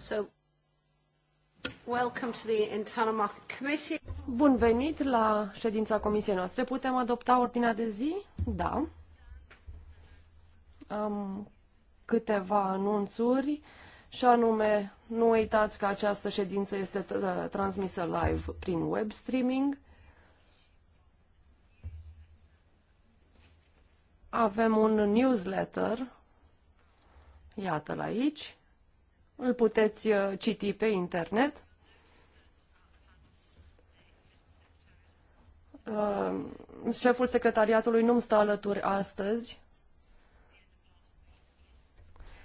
So, welcome to the Internal Market Committee. Bun venit la ședința comisiei noastre. Putem adopta ordinea de zi? Da. Am câteva anunțuri și anume, nu uitați că această ședință este transmisă live prin web streaming. Avem un newsletter, iată-l aici, îl puteți uh, citi pe internet. Uh, șeful secretariatului nu-mi stă alături astăzi.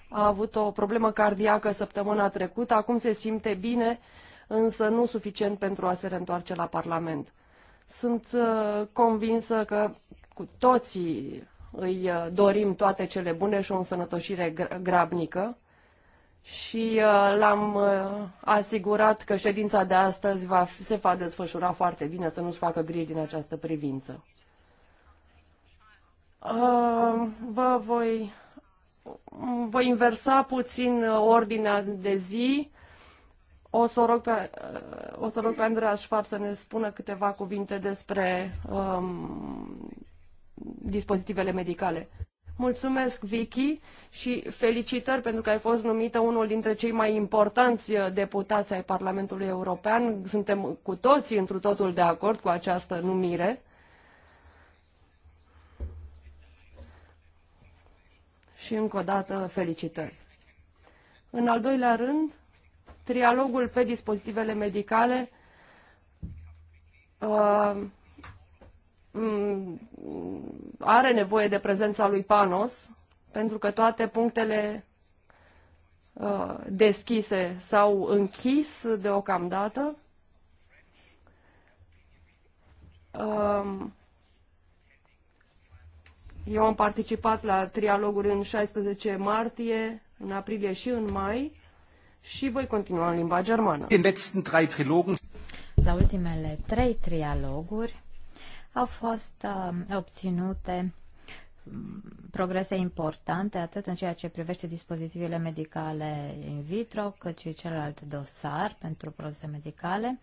A avut o problemă cardiacă săptămâna trecută, acum se simte bine, însă nu suficient pentru a se reîntoarce la Parlament. Sunt uh, convinsă că cu toții îi dorim toate cele bune și o însănătoșire grabnică și uh, l-am uh, asigurat că ședința de astăzi va, se va desfășura foarte bine, să nu-și facă griji din această privință. Uh, vă voi, voi inversa puțin ordinea de zi. O să, rog pe, o să rog pe Andreea Șfar să ne spună câteva cuvinte despre um, dispozitivele medicale. Mulțumesc, Vicky, și felicitări pentru că ai fost numită unul dintre cei mai importanți uh, deputați ai Parlamentului European. Suntem cu toții întru totul de acord cu această numire. Și încă o dată, felicitări. În al doilea rând, trialogul pe dispozitivele medicale uh, Mm, are nevoie de prezența lui Panos, pentru că toate punctele uh, deschise sau închis deocamdată. Um, eu am participat la trialoguri în 16 martie, în aprilie și în mai și voi continua în limba germană. La ultimele trei trialoguri au fost uh, obținute mm, progrese importante atât în ceea ce privește dispozitivele medicale in vitro, cât și celălalt dosar pentru produse medicale,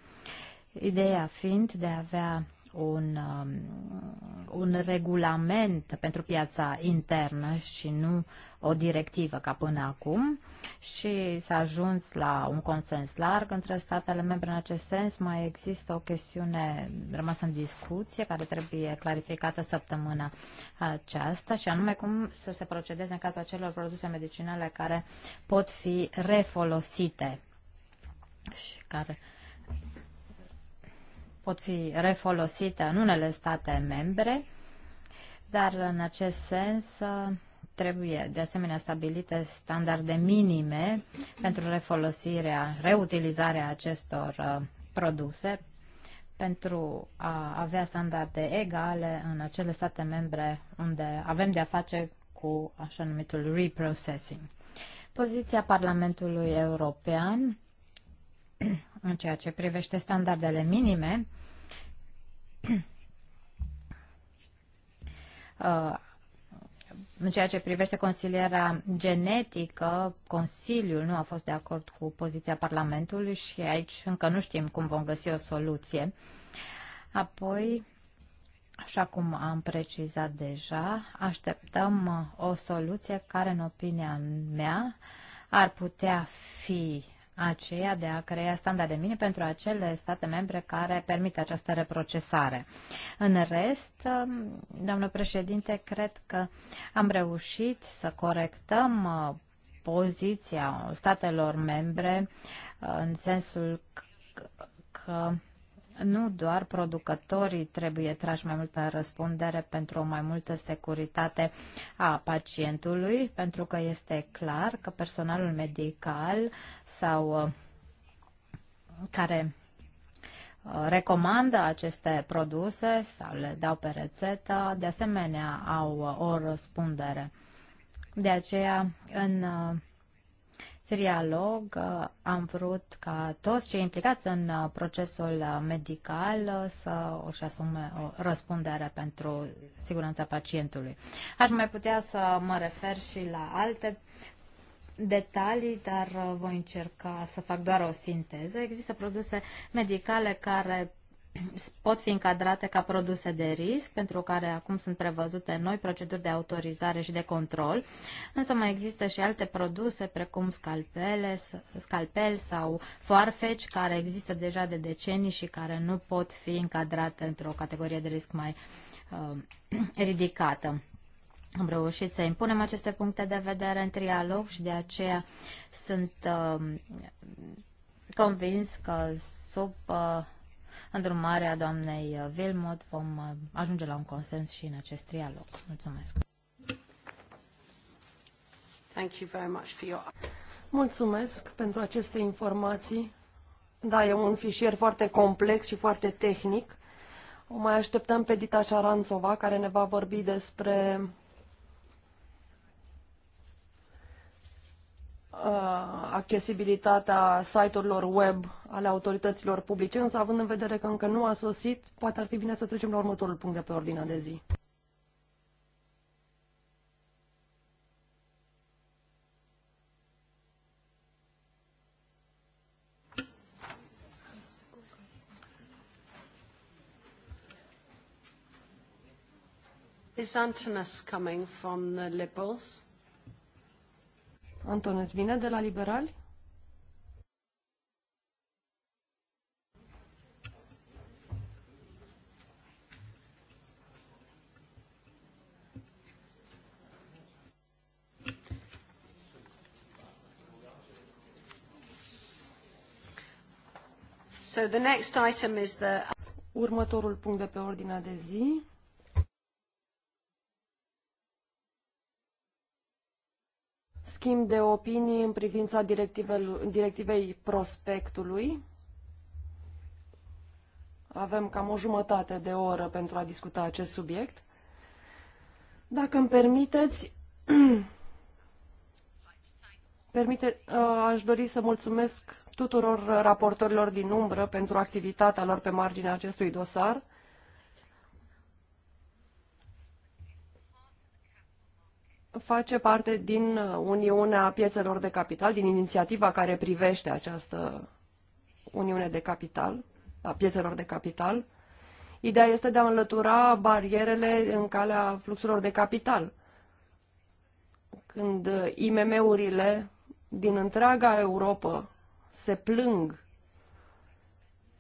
ideea fiind de a avea un, um, un regulament pentru piața internă și nu o directivă ca până acum și s-a ajuns la un consens larg între statele membre în acest sens. Mai există o chestiune rămasă în discuție care trebuie clarificată săptămâna aceasta și anume cum să se procedeze în cazul acelor produse medicinale care pot fi refolosite și care uh, pot fi refolosite în unele state membre, dar în acest sens uh, trebuie de asemenea stabilite standarde minime pentru refolosirea, reutilizarea acestor uh, produse pentru a avea standarde egale în acele state membre unde avem de-a face cu așa numitul reprocessing. Poziția Parlamentului European în ceea ce privește standardele minime, uh, în ceea ce privește consilierea genetică, Consiliul nu a fost de acord cu poziția Parlamentului și aici încă nu știm cum vom găsi o soluție. Apoi, Așa cum am precizat deja, așteptăm o soluție care, în opinia mea, ar putea fi aceea de a crea standarde minime pentru acele state membre care permit această reprocesare. În rest, um, doamnă președinte, cred că am reușit să corectăm uh, poziția statelor membre uh, în sensul că nu doar producătorii trebuie trași mai mult răspundere pentru o mai multă securitate a pacientului, pentru că este clar că personalul medical sau uh, care uh, recomandă aceste produse sau le dau pe rețetă, de asemenea au uh, o răspundere. De aceea, în trialog uh, am vrut ca toți cei implicați în uh, procesul uh, medical să își asume o răspundere pentru siguranța pacientului. Aș mai putea să mă refer și la alte detalii, dar voi încerca să fac doar o sinteză. Există produse medicale care pot fi încadrate ca produse de risc, pentru care acum sunt prevăzute noi proceduri de autorizare și de control, însă mai există și alte produse precum scalpele, scalpel sau foarfeci care există deja de decenii și care nu pot fi încadrate într-o categorie de risc mai uh, ridicată. Am reușit să impunem aceste puncte de vedere în trialog și de aceea sunt uh, convins că sub uh, îndrumarea doamnei Vilmot vom uh, ajunge la un consens și în acest trialog. Mulțumesc! Thank you very much for your... Mulțumesc pentru aceste informații. Da, e un fișier foarte complex și foarte tehnic. O mai așteptăm pe Dita Șaranțova, care ne va vorbi despre Uh, accesibilitatea site-urilor web ale autorităților publice, însă având în vedere că încă nu a sosit, poate ar fi bine să trecem la următorul punct de pe ordinea de zi. Is Antonis coming from the Liberals? Anton, îți vine de la Liberali? So the next item is the... Următorul punct de pe ordinea de zi schimb de opinii în privința directivei prospectului. Avem cam o jumătate de oră pentru a discuta acest subiect. Dacă îmi permiteți, permite, uh, aș dori să mulțumesc tuturor raportorilor din umbră pentru activitatea lor pe marginea acestui dosar. face parte din Uniunea Piețelor de Capital, din inițiativa care privește această Uniune de Capital, a piețelor de capital. Ideea este de a înlătura barierele în calea fluxurilor de capital. Când IMM-urile din întreaga Europa se plâng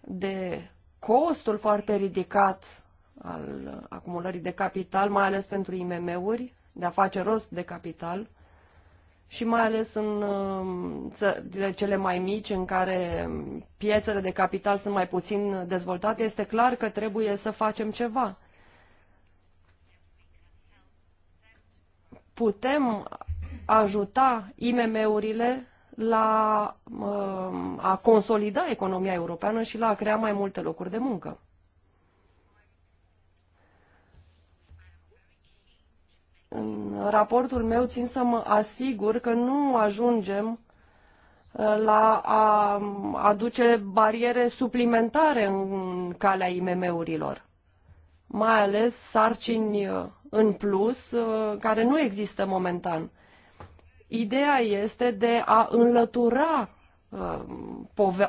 de costul foarte ridicat al acumulării de capital, mai ales pentru IMM-uri, de a face rost de capital și mai ales în țările um, cele mai mici, în care piețele de capital sunt mai puțin dezvoltate, este clar că trebuie să facem ceva. Putem ajuta IMM-urile la um, a consolida economia europeană și la a crea mai multe locuri de muncă. în raportul meu țin să mă asigur că nu ajungem uh, la a aduce bariere suplimentare în calea IMM-urilor, mai ales sarcini uh, în plus uh, care nu există momentan. Ideea este de a înlătura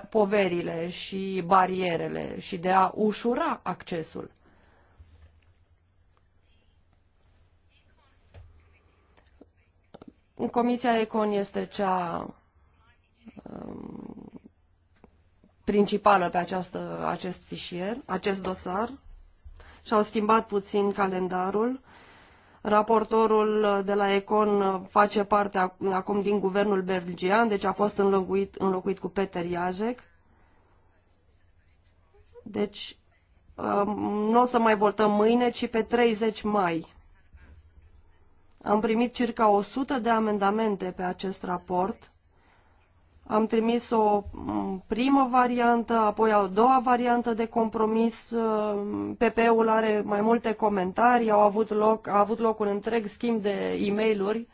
poverile și barierele și de a ușura accesul. Comisia Econ este cea um, principală pe această, acest fișier, acest dosar. Și-au schimbat puțin calendarul. Raportorul de la Econ face parte acum din guvernul belgian, deci a fost înlocuit, înlocuit cu Peter Iajec. Deci um, nu o să mai votăm mâine, ci pe 30 mai am primit circa 100 de amendamente pe acest raport. Am trimis o primă variantă, apoi o doua variantă de compromis. PP-ul are mai multe comentarii, au avut loc, a avut loc un întreg schimb de e mail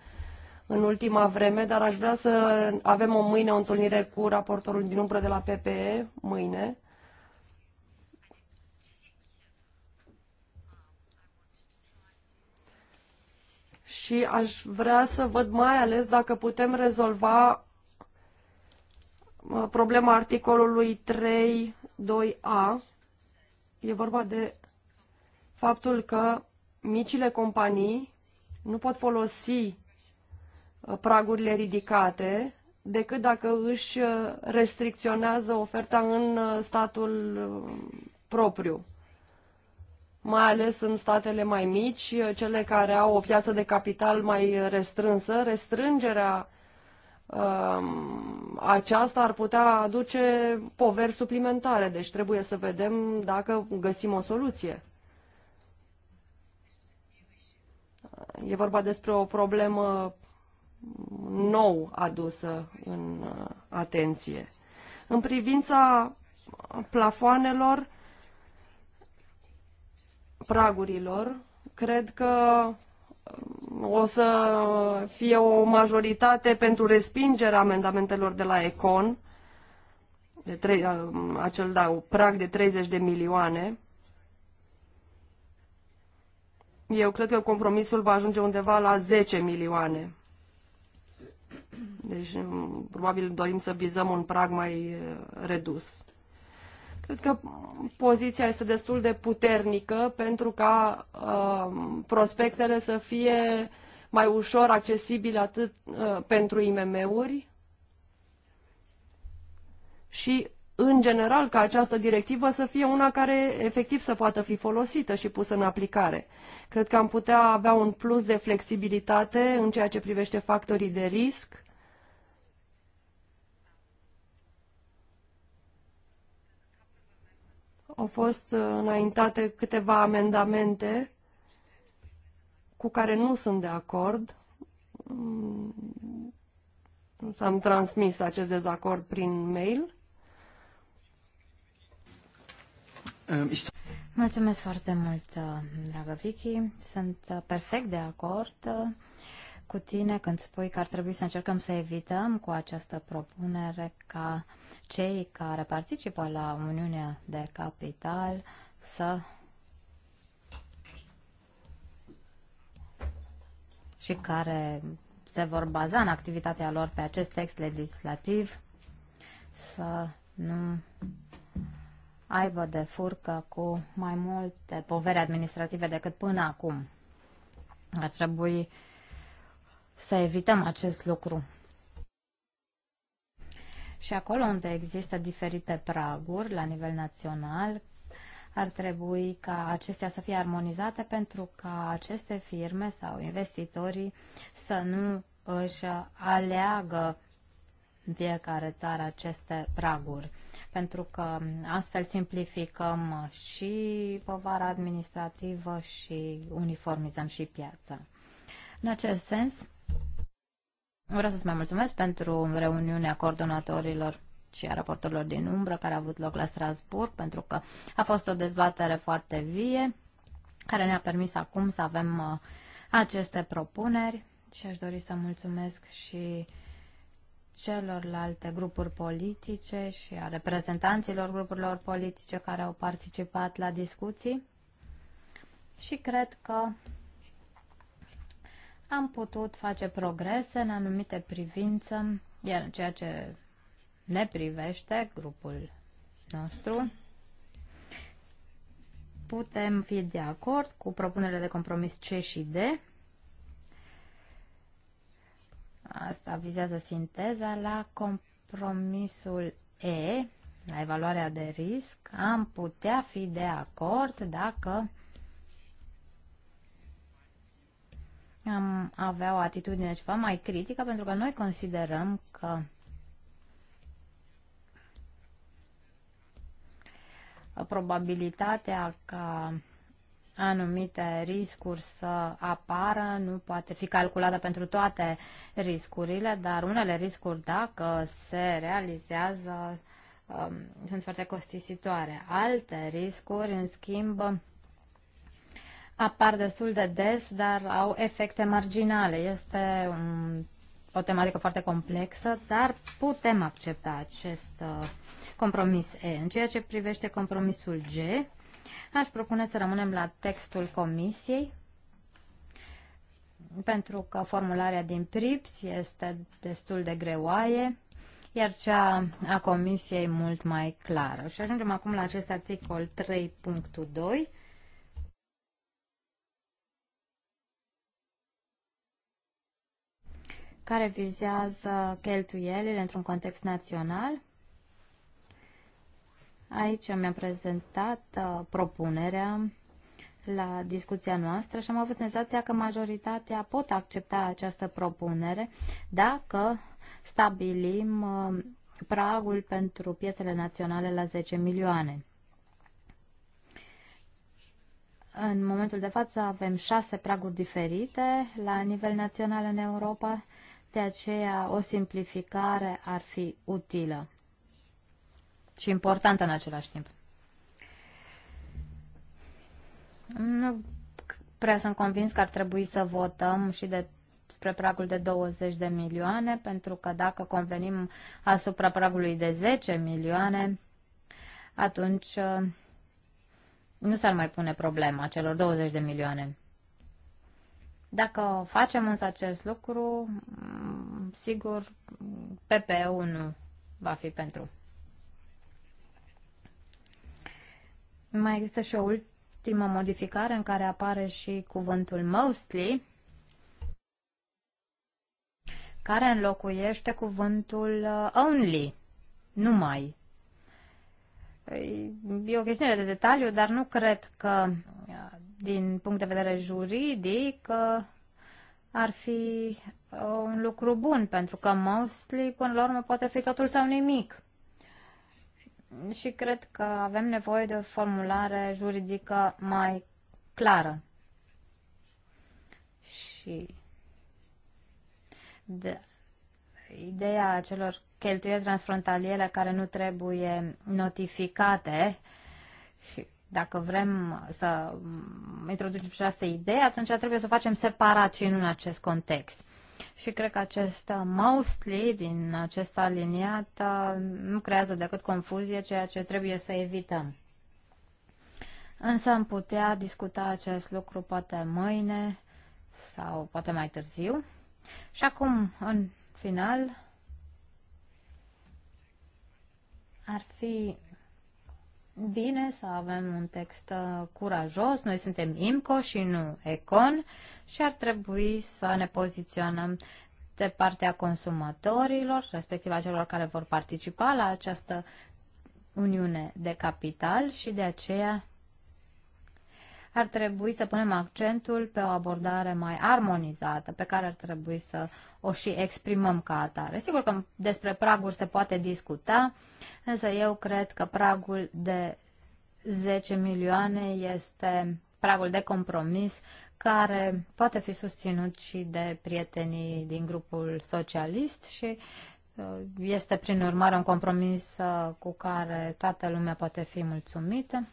în ultima vreme, dar aș vrea să avem o mâine o întâlnire cu raportorul din umbră de la PPE, mâine, și aș vrea să văd mai ales dacă putem rezolva uh, problema articolului 3.2a. E vorba de faptul că micile companii nu pot folosi uh, pragurile ridicate decât dacă își uh, restricționează oferta în statul propriu mai ales în statele mai mici, cele care au o piață de capital mai restrânsă. Restrângerea um, aceasta ar putea aduce poveri suplimentare, deci trebuie să vedem dacă găsim o soluție. E vorba despre o problemă nou adusă în uh, atenție. În privința plafoanelor, pragurilor, cred că um, o să fie o majoritate pentru respingerea amendamentelor de la Econ, de trei, um, acel da, prag de 30 de milioane. Eu cred că compromisul va ajunge undeva la 10 milioane. Deci, um, probabil dorim să vizăm un prag mai uh, redus. Cred că poziția este destul de puternică pentru ca uh, prospectele să fie mai ușor accesibile atât uh, pentru IMM-uri și, în general, ca această directivă să fie una care efectiv să poată fi folosită și pusă în aplicare. Cred că am putea avea un plus de flexibilitate în ceea ce privește factorii de risc, au fost uh, înaintate câteva amendamente cu care nu sunt de acord. Mm, s am transmis acest dezacord prin mail. Um, Mulțumesc foarte mult, uh, dragă Vicky. Sunt uh, perfect de acord cu tine când spui că ar trebui să încercăm să evităm cu această propunere ca cei care participă la Uniunea de Capital să și care se vor baza în activitatea lor pe acest text legislativ să nu aibă de furcă cu mai multe poveri administrative decât până acum. Ar trebui să evităm acest lucru. Și acolo unde există diferite praguri la nivel național, ar trebui ca acestea să fie armonizate pentru ca aceste firme sau investitorii să nu își aleagă în fiecare țară aceste praguri, pentru că astfel simplificăm și povara administrativă și uniformizăm și piața. În acest sens, Vreau să-ți mai mulțumesc pentru reuniunea coordonatorilor și a raportorilor din umbră care a avut loc la Strasburg, pentru că a fost o dezbatere foarte vie, care ne-a permis acum să avem uh, aceste propuneri și aș dori să mulțumesc și celorlalte grupuri politice și a reprezentanților grupurilor politice care au participat la discuții și cred că am putut face progrese în anumite privință, iar în ceea ce ne privește, grupul nostru, putem fi de acord cu propunerea de compromis C și D. Asta vizează sinteza la compromisul E, la evaluarea de risc. Am putea fi de acord dacă am avea o atitudine ceva mai critică, pentru că noi considerăm că probabilitatea ca anumite riscuri să apară nu poate fi calculată pentru toate riscurile, dar unele riscuri, dacă se realizează, um, sunt foarte costisitoare. Alte riscuri, în schimb, apar destul de des, dar au efecte marginale. Este un, o tematică foarte complexă, dar putem accepta acest uh, compromis E. În ceea ce privește compromisul G, aș propune să rămânem la textul comisiei, pentru că formularea din PRIPS este destul de greoaie, iar cea a comisiei mult mai clară. Și ajungem acum la acest articol 3.2, care vizează cheltuielile într-un context național. Aici mi-am prezentat uh, propunerea la discuția noastră și am avut senzația că majoritatea pot accepta această propunere dacă stabilim uh, pragul pentru piețele naționale la 10 milioane. În momentul de față avem șase praguri diferite la nivel național în Europa de aceea, o simplificare ar fi utilă și importantă în același timp. Nu prea sunt convins că ar trebui să votăm și de spre pragul de 20 de milioane, pentru că dacă convenim asupra pragului de 10 milioane, atunci uh, nu s-ar mai pune problema celor 20 de milioane. Dacă facem însă acest lucru, sigur, PP1 va fi pentru. Mai există și o ultimă modificare în care apare și cuvântul mostly, care înlocuiește cuvântul uh, only, numai. E o chestiune de detaliu, dar nu cred că, din punct de vedere juridic, ar fi uh, un lucru bun, pentru că mostly, până la urmă, poate fi totul sau nimic. Și cred că avem nevoie de o formulare juridică mai clară. Și de ideea celor cheltuieli transfrontaliere care nu trebuie notificate și dacă vrem să introducem și această idee, atunci trebuie să o facem separat și în acest context. Și cred că acest mostly din acest aliniat uh, nu creează decât confuzie, ceea ce trebuie să evităm. Însă am putea discuta acest lucru poate mâine sau poate mai târziu. Și acum, în final, ar fi bine să avem un text uh, curajos. Noi suntem IMCO și nu ECON și ar trebui să ne poziționăm de partea consumatorilor, respectiv a celor care vor participa la această uniune de capital și de aceea ar trebui să punem accentul pe o abordare mai armonizată, pe care ar trebui să o și exprimăm ca atare. Sigur că despre praguri se poate discuta, însă eu cred că pragul de 10 milioane este pragul de compromis care poate fi susținut și de prietenii din grupul socialist și uh, este prin urmare un compromis uh, cu care toată lumea poate fi mulțumită.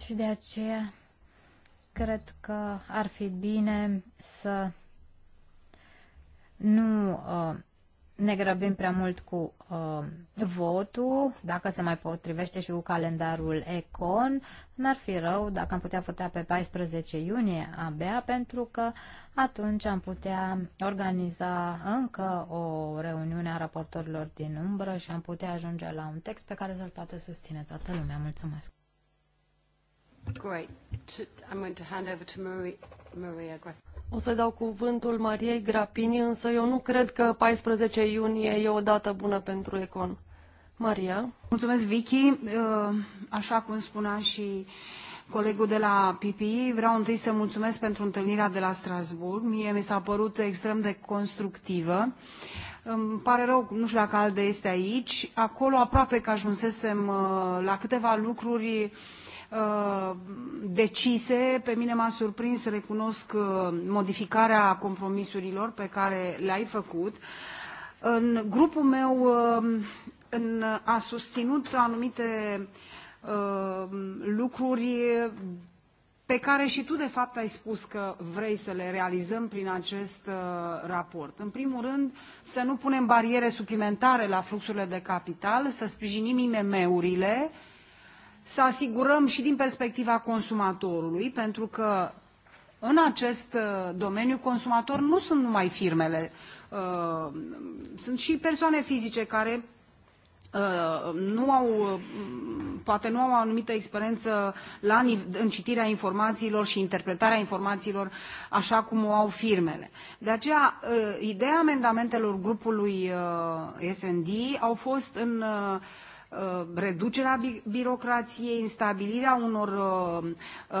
Și de aceea cred că ar fi bine să nu uh, ne grăbim prea mult cu uh, votul, dacă se mai potrivește și cu calendarul Econ, n-ar fi rău dacă am putea vota pe 14 iunie abia, pentru că atunci am putea organiza încă o reuniune a raportorilor din umbră și am putea ajunge la un text pe care să-l poată susține toată lumea. Mulțumesc! Great. I'm going to hand over to Marie, Maria Grappini. O să dau cuvântul Mariei Grapini, însă eu nu cred că 14 iunie e o dată bună pentru Econ. Maria. Mulțumesc, Vicky. Uh, așa cum spunea și colegul de la PPI, vreau întâi să mulțumesc pentru întâlnirea de la Strasbourg. Mie mi s-a părut extrem de constructivă. Îmi pare rău, nu știu dacă Alde este aici. Acolo aproape că ajunsesem uh, la câteva lucruri uh, Uh, decise. Pe mine m-a surprins, recunosc, uh, modificarea compromisurilor pe care le-ai făcut. În grupul meu uh, în, a susținut anumite lucruri pe care și tu, de fapt, ai spus că vrei să le realizăm prin acest raport. În primul rând, să nu punem bariere suplimentare la fluxurile de capital, să sprijinim IMM-urile uh, să asigurăm și din perspectiva consumatorului, pentru că în acest uh, domeniu consumator nu sunt numai firmele, uh, sunt și persoane fizice care uh, nu au, poate nu au o anumită experiență la, în citirea informațiilor și interpretarea informațiilor așa cum o au firmele. De aceea, ideea amendamentelor grupului SND au fost în Uh, reducerea birocrației, instabilirea unor uh,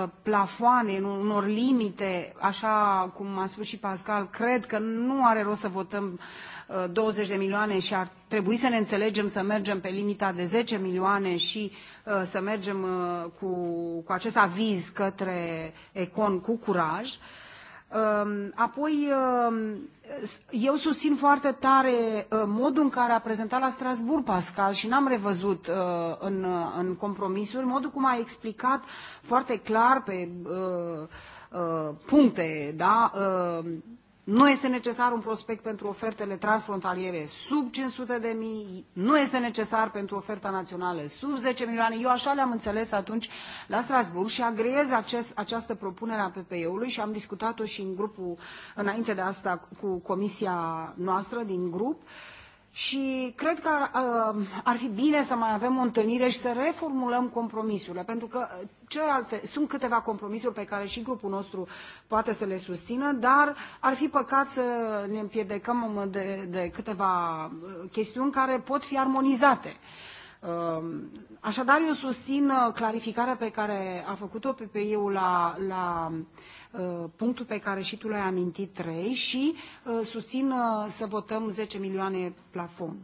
uh, plafoane, unor limite, așa cum a spus și Pascal, cred că nu are rost să votăm 20 de milioane și ar trebui să ne înțelegem să mergem pe limita de 10 milioane și să mergem cu, cu acest aviz către Econ cu curaj. Uh, Um, apoi, um, eu susțin foarte tare uh, modul în care a prezentat la Strasbourg Pascal și n-am revăzut uh, în, uh, în compromisuri, modul cum a explicat foarte clar pe puncte, da, nu este necesar un prospect pentru ofertele transfrontaliere sub 500 de mii, nu este necesar pentru oferta națională sub 10 milioane. Eu așa le-am înțeles atunci la Strasbourg și agreez acest, această propunere a PPE-ului și am discutat-o și în grupul, înainte de asta, cu comisia noastră din grup. Uh, și cred că uh, ar fi bine să mai avem o întâlnire și să reformulăm compromisurile, pentru că uh, celelalte, sunt câteva compromisuri pe care și grupul nostru poate să le susțină, dar ar fi păcat să ne împiedecăm de, de câteva uh, chestiuni care pot fi armonizate Așadar, eu susțin uh, clarificarea pe care a făcut-o PPI-ul la, la uh, punctul pe care și tu l-ai amintit, 3, și uh, susțin uh, să votăm 10 milioane plafon.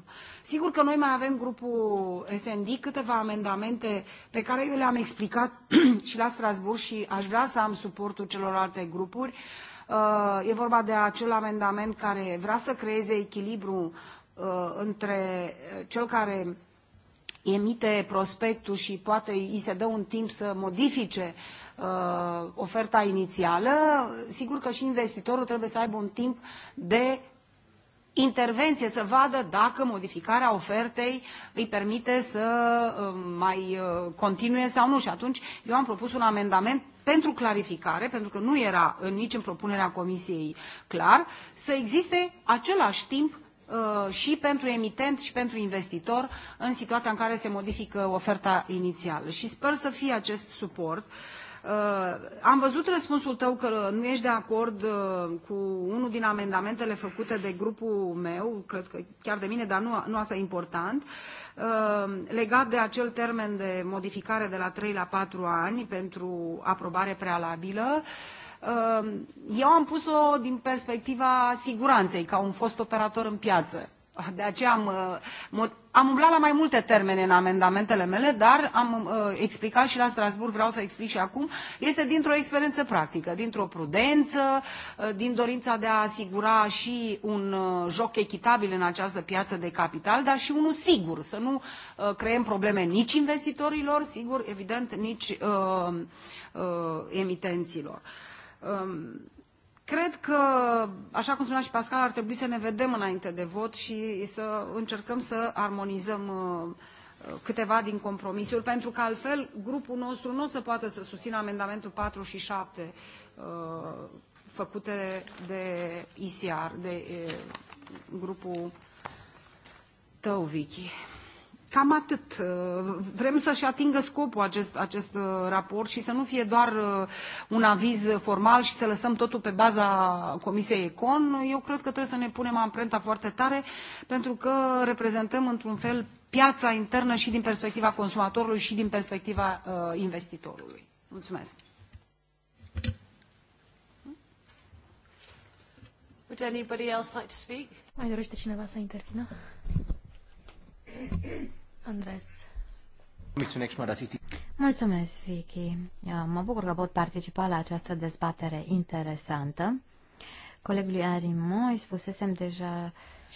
Sigur că noi mai avem grupul SND câteva amendamente pe care eu le-am explicat și la Strasbourg și aș vrea să am suportul celorlalte grupuri. Uh, e vorba de acel amendament care vrea să creeze echilibru uh, între cel care emite prospectul și poate îi se dă un timp să modifice uh, oferta inițială, sigur că și investitorul trebuie să aibă un timp de intervenție, să vadă dacă modificarea ofertei îi permite să uh, mai uh, continue sau nu. Și atunci eu am propus un amendament pentru clarificare, pentru că nu era nici în propunerea Comisiei clar, să existe același timp Uh, și pentru emitent și pentru investitor în situația în care se modifică oferta inițială. Și sper să fie acest suport. Uh, am văzut răspunsul tău că nu ești de acord uh, cu unul din amendamentele făcute de grupul meu, cred că chiar de mine, dar nu, nu asta e important, legat de acel termen de modificare de la 3 la 4 ani pentru aprobare prealabilă. Uh, Ehm, eu am pus-o din perspectiva siguranței, ca un fost operator în piață. De aceea am, eh, am umblat la mai multe termene în amendamentele mele, dar am eh, explicat și la Strasbourg vreau să explic și acum, este dintr-o experiență practică, dintr-o prudență, eh, din dorința de a asigura și un joc echitabil în această piață de capital, dar și unul sigur, să nu creăm probleme nici investitorilor, sigur, evident, nici uh, uh, emitenților. Uh, Um, cred că, așa cum spunea și Pascal, ar trebui să ne vedem înainte de vot și să încercăm să armonizăm uh, uh, câteva din compromisuri, pentru că altfel grupul nostru nu o să poată să susțină amendamentul 4 și 7 uh, făcute de ICR, de grupul tău, Vicky. Cam atât. Uh, vrem să-și atingă scopul acest, acest uh, raport și să nu fie doar uh, un aviz formal și să lăsăm totul pe baza Comisiei Econ. Eu cred că trebuie să ne punem amprenta foarte tare pentru că reprezentăm într-un fel piața internă și din perspectiva consumatorului și din perspectiva investitorului. Mulțumesc. Would anybody else like to speak? Mai dorește cineva să intervină? Andres. Mulțumesc, Vicky. Uh, mă bucur că pot participa la această dezbatere interesantă. Colegului Ari Moi spusesem deja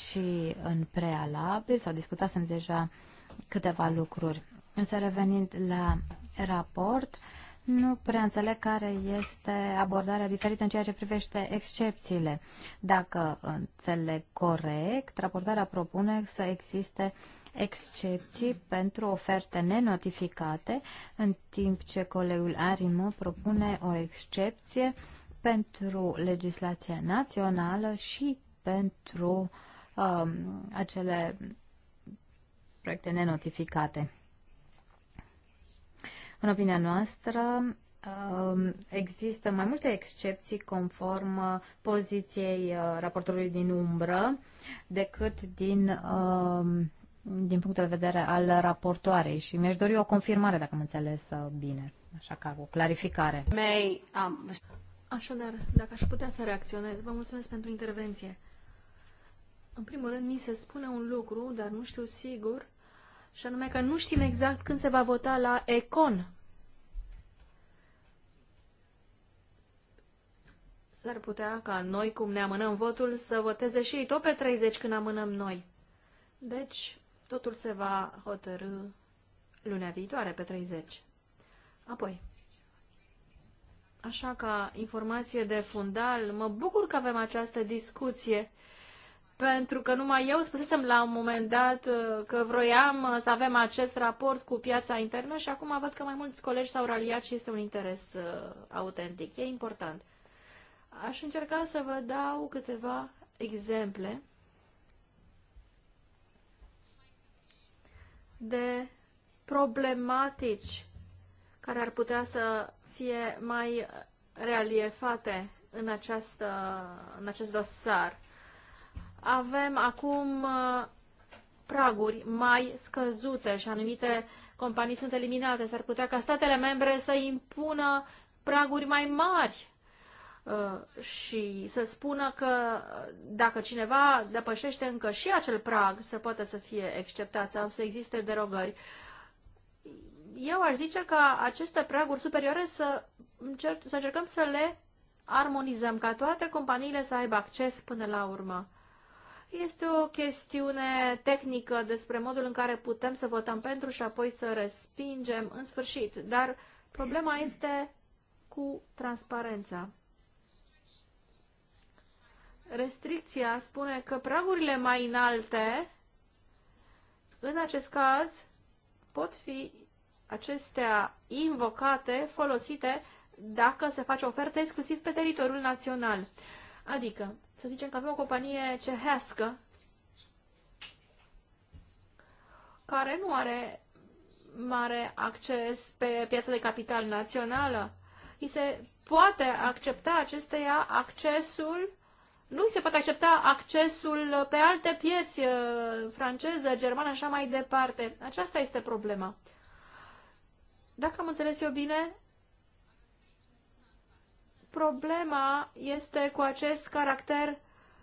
și în prealabil sau discutasem deja câteva lucruri. Însă revenind la raport, nu prea înțeleg care este abordarea diferită în ceea ce privește excepțiile. Dacă înțeleg corect, raportarea propune să existe excepții pentru oferte nenotificate, în timp ce colegul Arimo propune o excepție pentru legislația națională și pentru um, acele proiecte nenotificate. În opinia noastră, um, există mai multe excepții conform uh, poziției uh, raportorului din umbră decât din um, din punctul de vedere al raportoarei și mi-aș dori o confirmare, dacă am înțeles uh, bine, așa ca o clarificare. May, um... Așadar, dacă aș putea să reacționez, vă mulțumesc pentru intervenție. În primul rând, mi se spune un lucru, dar nu știu sigur, și anume că nu știm exact când se va vota la Econ. S-ar putea ca noi, cum ne amânăm votul, să voteze și ei tot pe 30 când amânăm noi. Deci, Totul se va hotărâ lunea viitoare, pe 30. Apoi, așa ca informație de fundal, mă bucur că avem această discuție, pentru că numai eu spusesem la un moment dat uh, că vroiam uh, să avem acest raport cu piața internă și acum văd că mai mulți colegi s-au raliat și este un interes uh, autentic. E important. Aș încerca să vă dau câteva exemple de problematici care ar putea să fie mai reliefate în, această, în acest dosar. Avem acum uh, praguri mai scăzute și anumite companii sunt eliminate. S-ar putea ca statele membre să impună praguri mai mari Uh, și să spună că dacă cineva depășește încă și acel prag, să poată să fie exceptat sau să existe derogări. Eu aș zice că aceste praguri superioare să, încerc, să încercăm să le armonizăm, ca toate companiile să aibă acces până la urmă. Este o chestiune tehnică despre modul în care putem să votăm pentru și apoi să respingem în sfârșit, dar problema este cu transparența restricția spune că pragurile mai înalte, în acest caz, pot fi acestea invocate, folosite, dacă se face ofertă exclusiv pe teritoriul național. Adică, să zicem că avem o companie cehească care nu are mare acces pe piața de capital națională, îi se poate accepta acesteia accesul nu se poate accepta accesul pe alte pieți, uh, franceză, germană, așa mai departe. Aceasta este problema. Dacă am înțeles eu bine, problema este cu acest caracter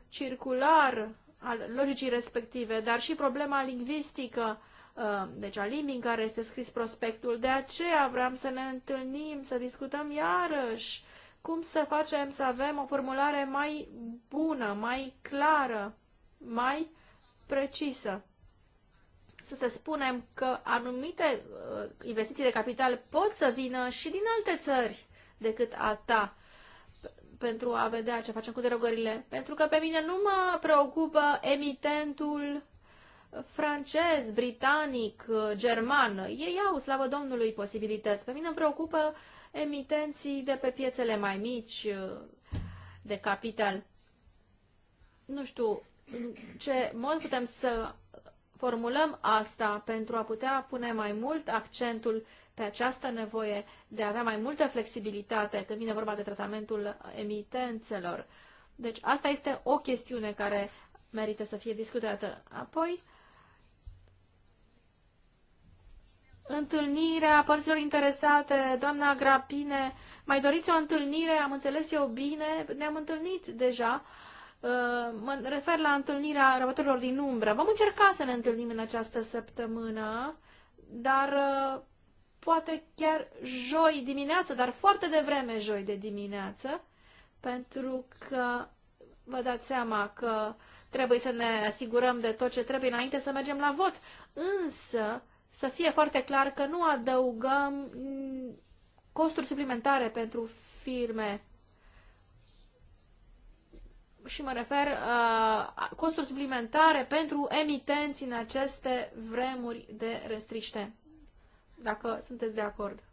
circular al logicii respective, dar și problema lingvistică, uh, deci a limbii în care este scris prospectul. De aceea vreau să ne întâlnim, să discutăm iarăși cum să facem să avem o formulare mai bună, mai clară, mai precisă. Să se spunem că anumite uh, investiții de capital pot să vină și din alte țări decât a ta pentru a vedea ce facem cu derogările. Pentru că pe mine nu mă preocupă emitentul francez, britanic, uh, german. Ei au, slavă Domnului, posibilități. Pe mine îmi preocupă uh, emitenții de pe piețele mai mici de capital. Nu știu ce mod putem să formulăm asta pentru a putea pune mai mult accentul pe această nevoie de a avea mai multă flexibilitate când vine vorba de tratamentul emitențelor. Deci asta este o chestiune care merită să fie discutată. Apoi, a părților interesate, doamna Grapine, mai doriți o întâlnire? Am înțeles eu bine, ne-am întâlnit deja. Uh, mă refer la întâlnirea răbătorilor din umbră. Vom încerca să ne întâlnim în această săptămână, dar uh, poate chiar joi dimineață, dar foarte devreme joi de dimineață, pentru că vă dați seama că trebuie să ne asigurăm de tot ce trebuie înainte să mergem la vot. Însă, să fie foarte clar că nu adăugăm costuri suplimentare pentru firme și mă refer uh, costuri suplimentare pentru emitenți în aceste vremuri de restriște. Dacă sunteți de acord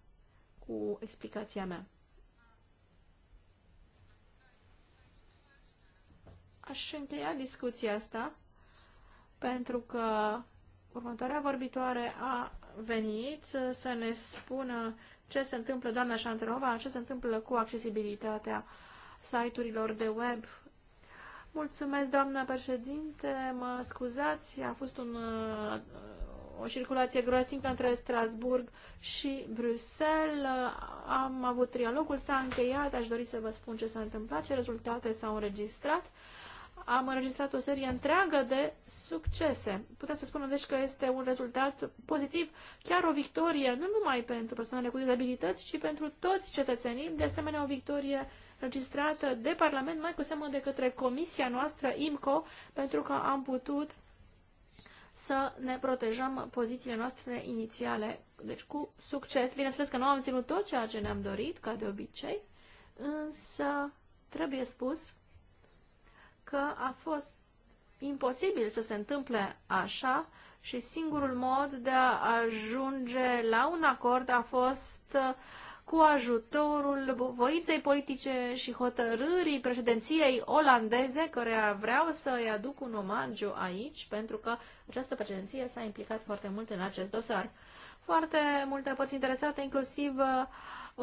cu explicația mea. Aș încheia discuția asta pentru că Următoarea vorbitoare a venit să ne spună ce se întâmplă, doamna Șantrova, ce se întâmplă cu accesibilitatea site-urilor de web. Mulțumesc, doamna președinte, mă scuzați, a fost un, uh, o circulație groasnică între Strasburg și Bruxelles. Am avut trialogul, s-a încheiat, aș dori să vă spun ce s-a întâmplat, ce rezultate s-au înregistrat am înregistrat o serie întreagă de succese. Putem să spunem deci că este un rezultat pozitiv, chiar o victorie, nu numai pentru persoanele cu dizabilități, ci pentru toți cetățenii, de asemenea o victorie registrată de Parlament, mai cu seamă de către comisia noastră IMCO, pentru că am putut să ne protejăm pozițiile noastre inițiale, deci cu succes. Bineînțeles că nu am ținut tot ceea ce ne-am dorit, ca de obicei, însă trebuie spus că a fost imposibil să se întâmple așa și singurul mod de a ajunge la un acord a fost uh, cu ajutorul voinței politice și hotărârii președinției olandeze, care vreau să-i aduc un omagiu aici, pentru că această președinție s-a implicat foarte mult în acest dosar. Foarte multe părți interesate, inclusiv uh,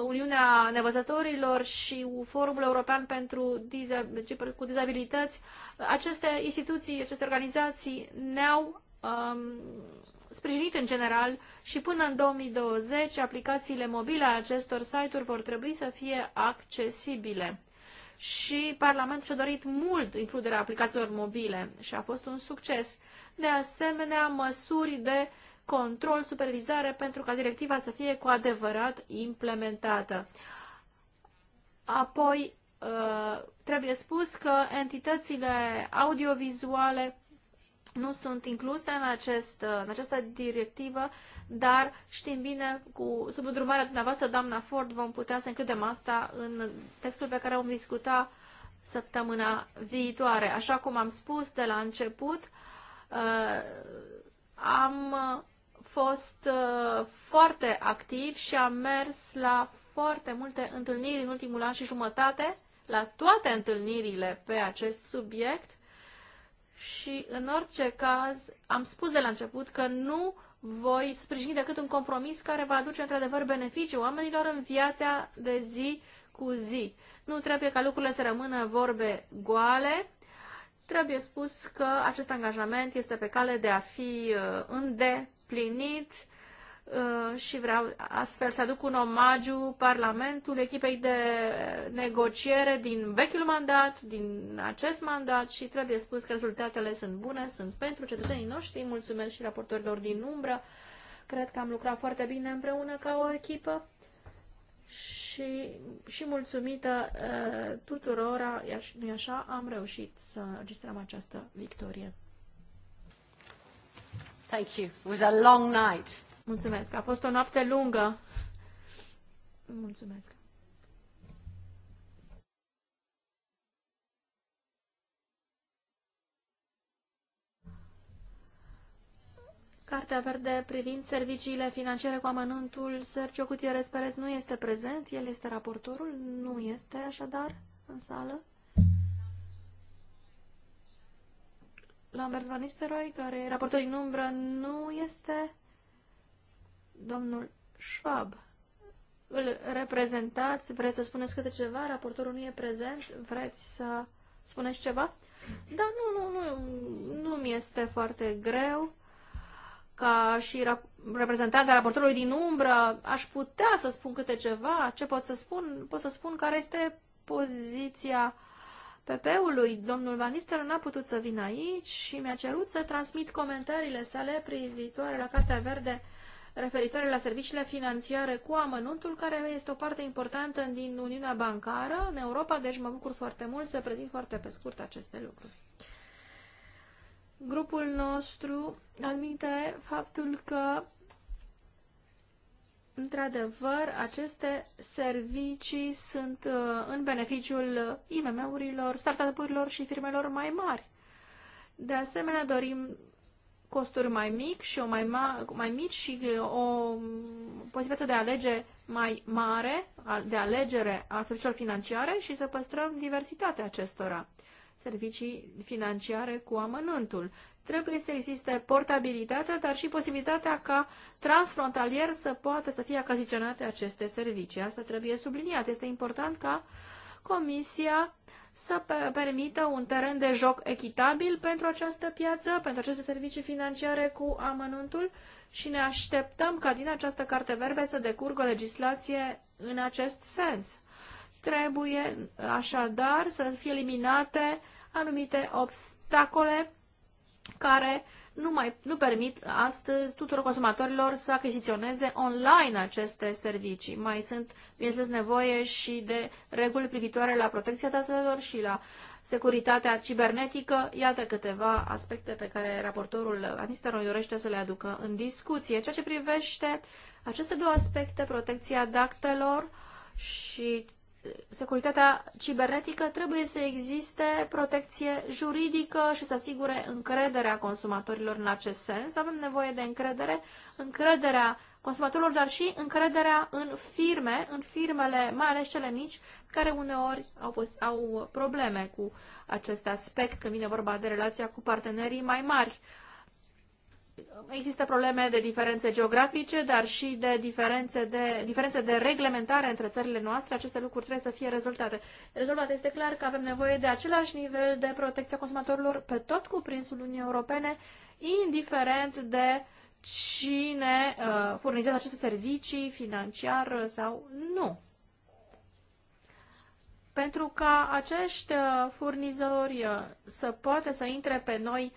Uniunea Nevăzătorilor și Forumul European pentru cu Dizabilități, aceste instituții, aceste organizații ne-au um, sprijinit în general și până în 2020 aplicațiile mobile ale acestor site-uri vor trebui să fie accesibile. Și Parlamentul și-a dorit mult includerea aplicațiilor mobile și a fost un succes. De asemenea, măsuri de uh, control, supervizare pentru ca directiva să fie cu adevărat implementată. Apoi, uh, trebuie spus că entitățile audiovizuale nu sunt incluse în, acest, uh, în această directivă, dar știm bine, cu subîndrumarea dumneavoastră, doamna Ford, vom putea să includem asta în textul pe care vom discuta săptămâna viitoare. Așa cum am spus de la început, uh, am fost uh, foarte activ și a mers la foarte multe întâlniri în ultimul an și jumătate, la toate întâlnirile pe acest subiect și în orice caz am spus de la început că nu voi sprijini decât un compromis care va aduce într-adevăr beneficiu oamenilor în viața de zi cu zi. Nu trebuie ca lucrurile să rămână vorbe goale. Trebuie spus că acest angajament este pe cale de a fi uh, îndeplinit împlinit uh, și vreau astfel să aduc un omagiu Parlamentul echipei de negociere din vechiul mandat, din acest mandat și trebuie spus că rezultatele sunt bune, sunt pentru cetățenii noștri, mulțumesc și raportorilor din umbră, cred că am lucrat foarte bine împreună ca o echipă și, și mulțumită uh, tuturora, nu-i așa, am reușit să înregistrăm această victorie. Thank you. It was a long night. Mulțumesc. A fost o noapte lungă. Mulțumesc. Cartea Verde privind serviciile financiare cu amănântul Sergio Gutierrez Perez nu este prezent, el este raportorul, nu este așadar în sală. Lambert Van Nistelrooy, care e raportor din umbră, nu este domnul Schwab. Îl reprezentați? Vreți să spuneți câte ceva? Raportorul nu e prezent? Vreți să spuneți ceva? Da, nu, nu, nu, nu mi este foarte greu. Ca și reprezentant al raportorului din umbră, aș putea să spun câte ceva. Ce pot să spun? Pot să spun care este poziția PP-ului, domnul Van Nistelrooy n-a putut să vină aici și mi-a cerut să transmit comentariile sale privitoare la Cartea Verde referitoare la serviciile financiare cu amănuntul, care este o parte importantă din Uniunea Bancară în Europa, deci mă bucur foarte mult să prezint foarte pe scurt aceste lucruri. Grupul nostru admite faptul că într-adevăr, aceste servicii sunt uh, în beneficiul IMM-urilor, startup-urilor și firmelor mai mari. De asemenea, dorim costuri mai mic și o mai, ma- mai mici și uh, o posibilitate de alege mai mare, de alegere a serviciilor financiare și să păstrăm diversitatea acestora servicii financiare cu amănântul. Trebuie să existe portabilitatea, dar și posibilitatea ca transfrontalier să poată să fie acaziționate aceste servicii. Asta trebuie subliniat. Este important ca Comisia să permită un teren de joc echitabil pentru această piață, pentru aceste servicii financiare cu amănuntul și ne așteptăm ca din această carte verde să decurgă legislație în acest sens. Trebuie așadar să fie eliminate anumite obstacole care nu, mai, nu permit astăzi tuturor consumatorilor să achiziționeze online aceste servicii. Mai sunt, bineînțeles, nevoie și de reguli privitoare la protecția datelor și la securitatea cibernetică. Iată câteva aspecte pe care raportorul Anisteroi dorește să le aducă în discuție. Ceea ce privește aceste două aspecte, protecția datelor și securitatea cibernetică, trebuie să existe protecție juridică și să asigure încrederea consumatorilor în acest sens. Avem nevoie de încredere, încrederea consumatorilor, dar și încrederea în firme, în firmele, mai ales cele mici, care uneori au, au probleme cu acest aspect când vine vorba de relația cu partenerii mai mari. Există probleme de diferențe geografice, dar și de diferențe de, diferențe de reglementare între țările noastre. Aceste lucruri trebuie să fie rezolvate. Rezolvat este clar că avem nevoie de același nivel de protecție a consumatorilor pe tot cuprinsul Uniunii Europene, indiferent de cine uh, furnizează aceste servicii financiar sau nu. Pentru ca acești uh, furnizori uh, să poată să intre pe noi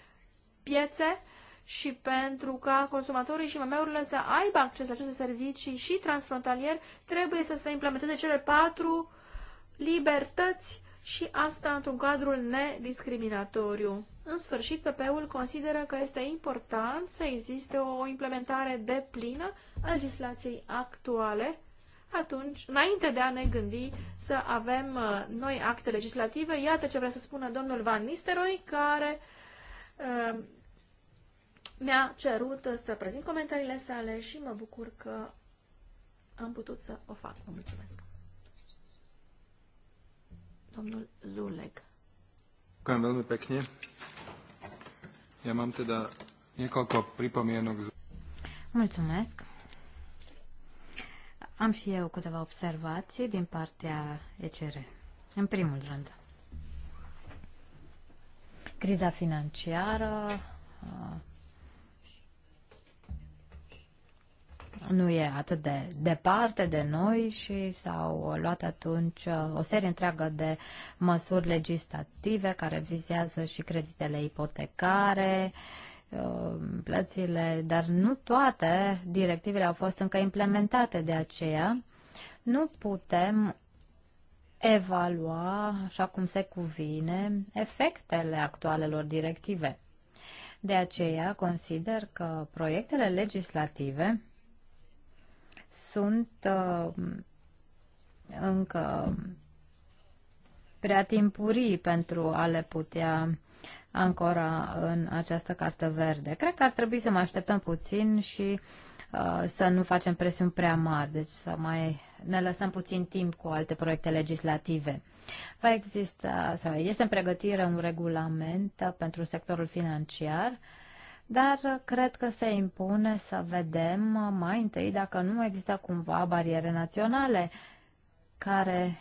piețe, și pentru ca consumatorii și mameurile să aibă acces la aceste servicii și transfrontalier, trebuie să se implementeze cele patru libertăți și asta într-un cadru nediscriminatoriu. În sfârșit, PP-ul consideră că este important să existe o implementare deplină a legislației actuale atunci, înainte de a ne gândi să avem uh, noi acte legislative, iată ce vrea să spună domnul Van Nisteroi, care uh, mi-a cerut să prezint comentariile sale și mă bucur că am putut să o fac. Vă mulțumesc. Domnul Zuleg. Cam veľmi pekne. Ja mám teda niekoľko pripomienok. Mulțumesc. Am și eu câteva observații din partea ECR. În primul rând, criza financiară nu e atât de departe de noi și s-au luat atunci uh, o serie întreagă de măsuri legislative care vizează și creditele ipotecare, uh, plățile, dar nu toate directivele au fost încă implementate, de aceea nu putem evalua, așa cum se cuvine, efectele actualelor directive. De aceea consider că proiectele legislative sunt uh, încă prea timpurii pentru a le putea ancora în această carte verde. Cred că ar trebui să mai așteptăm puțin și uh, să nu facem presiuni prea mari, deci să mai ne lăsăm puțin timp cu alte proiecte legislative. Va exista, sau este în pregătire un regulament uh, pentru sectorul financiar uh, dar uh, cred că se impune să vedem uh, mai întâi dacă nu există cumva bariere naționale care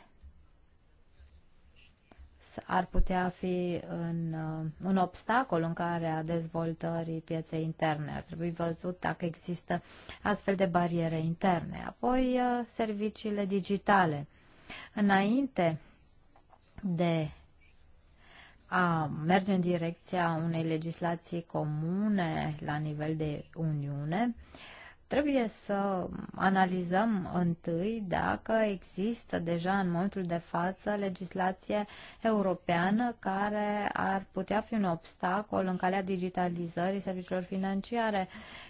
ar putea fi în, uh, un obstacol în care a dezvoltării pieței interne. Ar trebui văzut dacă există astfel de bariere interne. Apoi, serviciile digitale. Înainte de a merge în direcția unei legislații comune la nivel de Uniune, trebuie să analizăm întâi dacă există deja în momentul de față legislație europeană care ar putea fi un obstacol în calea digitalizării serviciilor financiare.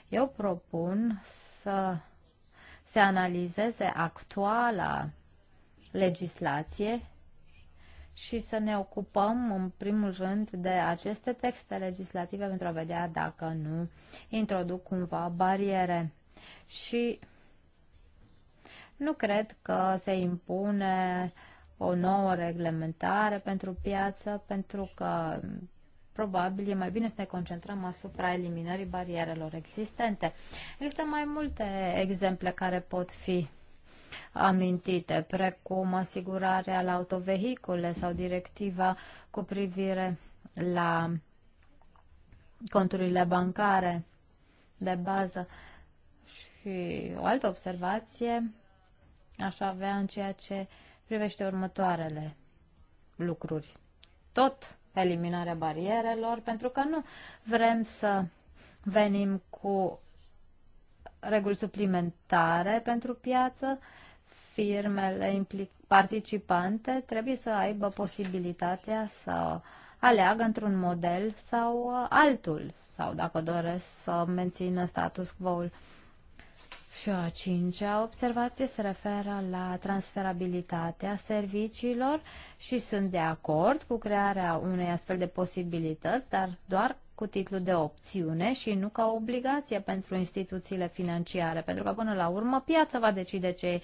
Eu propun să se analizeze actuala legislație și să ne ocupăm în primul rând de aceste texte legislative pentru a vedea dacă nu introduc cumva bariere. Și nu cred că se impune o nouă reglementare pentru piață, pentru că probabil e mai bine să ne concentrăm asupra eliminării barierelor existente. Există mai multe exemple care pot fi amintite, precum asigurarea la autovehicule sau directiva cu privire la conturile bancare de bază. Și o altă observație aș avea în ceea ce privește următoarele lucruri. Tot eliminarea barierelor, pentru că nu vrem să venim cu reguli suplimentare pentru piață, firmele participante trebuie să aibă posibilitatea să aleagă într-un model sau uh, altul, sau dacă doresc să mențină status quo-ul. Și a cincea observație se referă la transferabilitatea serviciilor și sunt de acord cu crearea unei astfel de posibilități, dar doar cu titlu de opțiune și nu ca obligație pentru instituțiile financiare, pentru că până la urmă piața va decide ce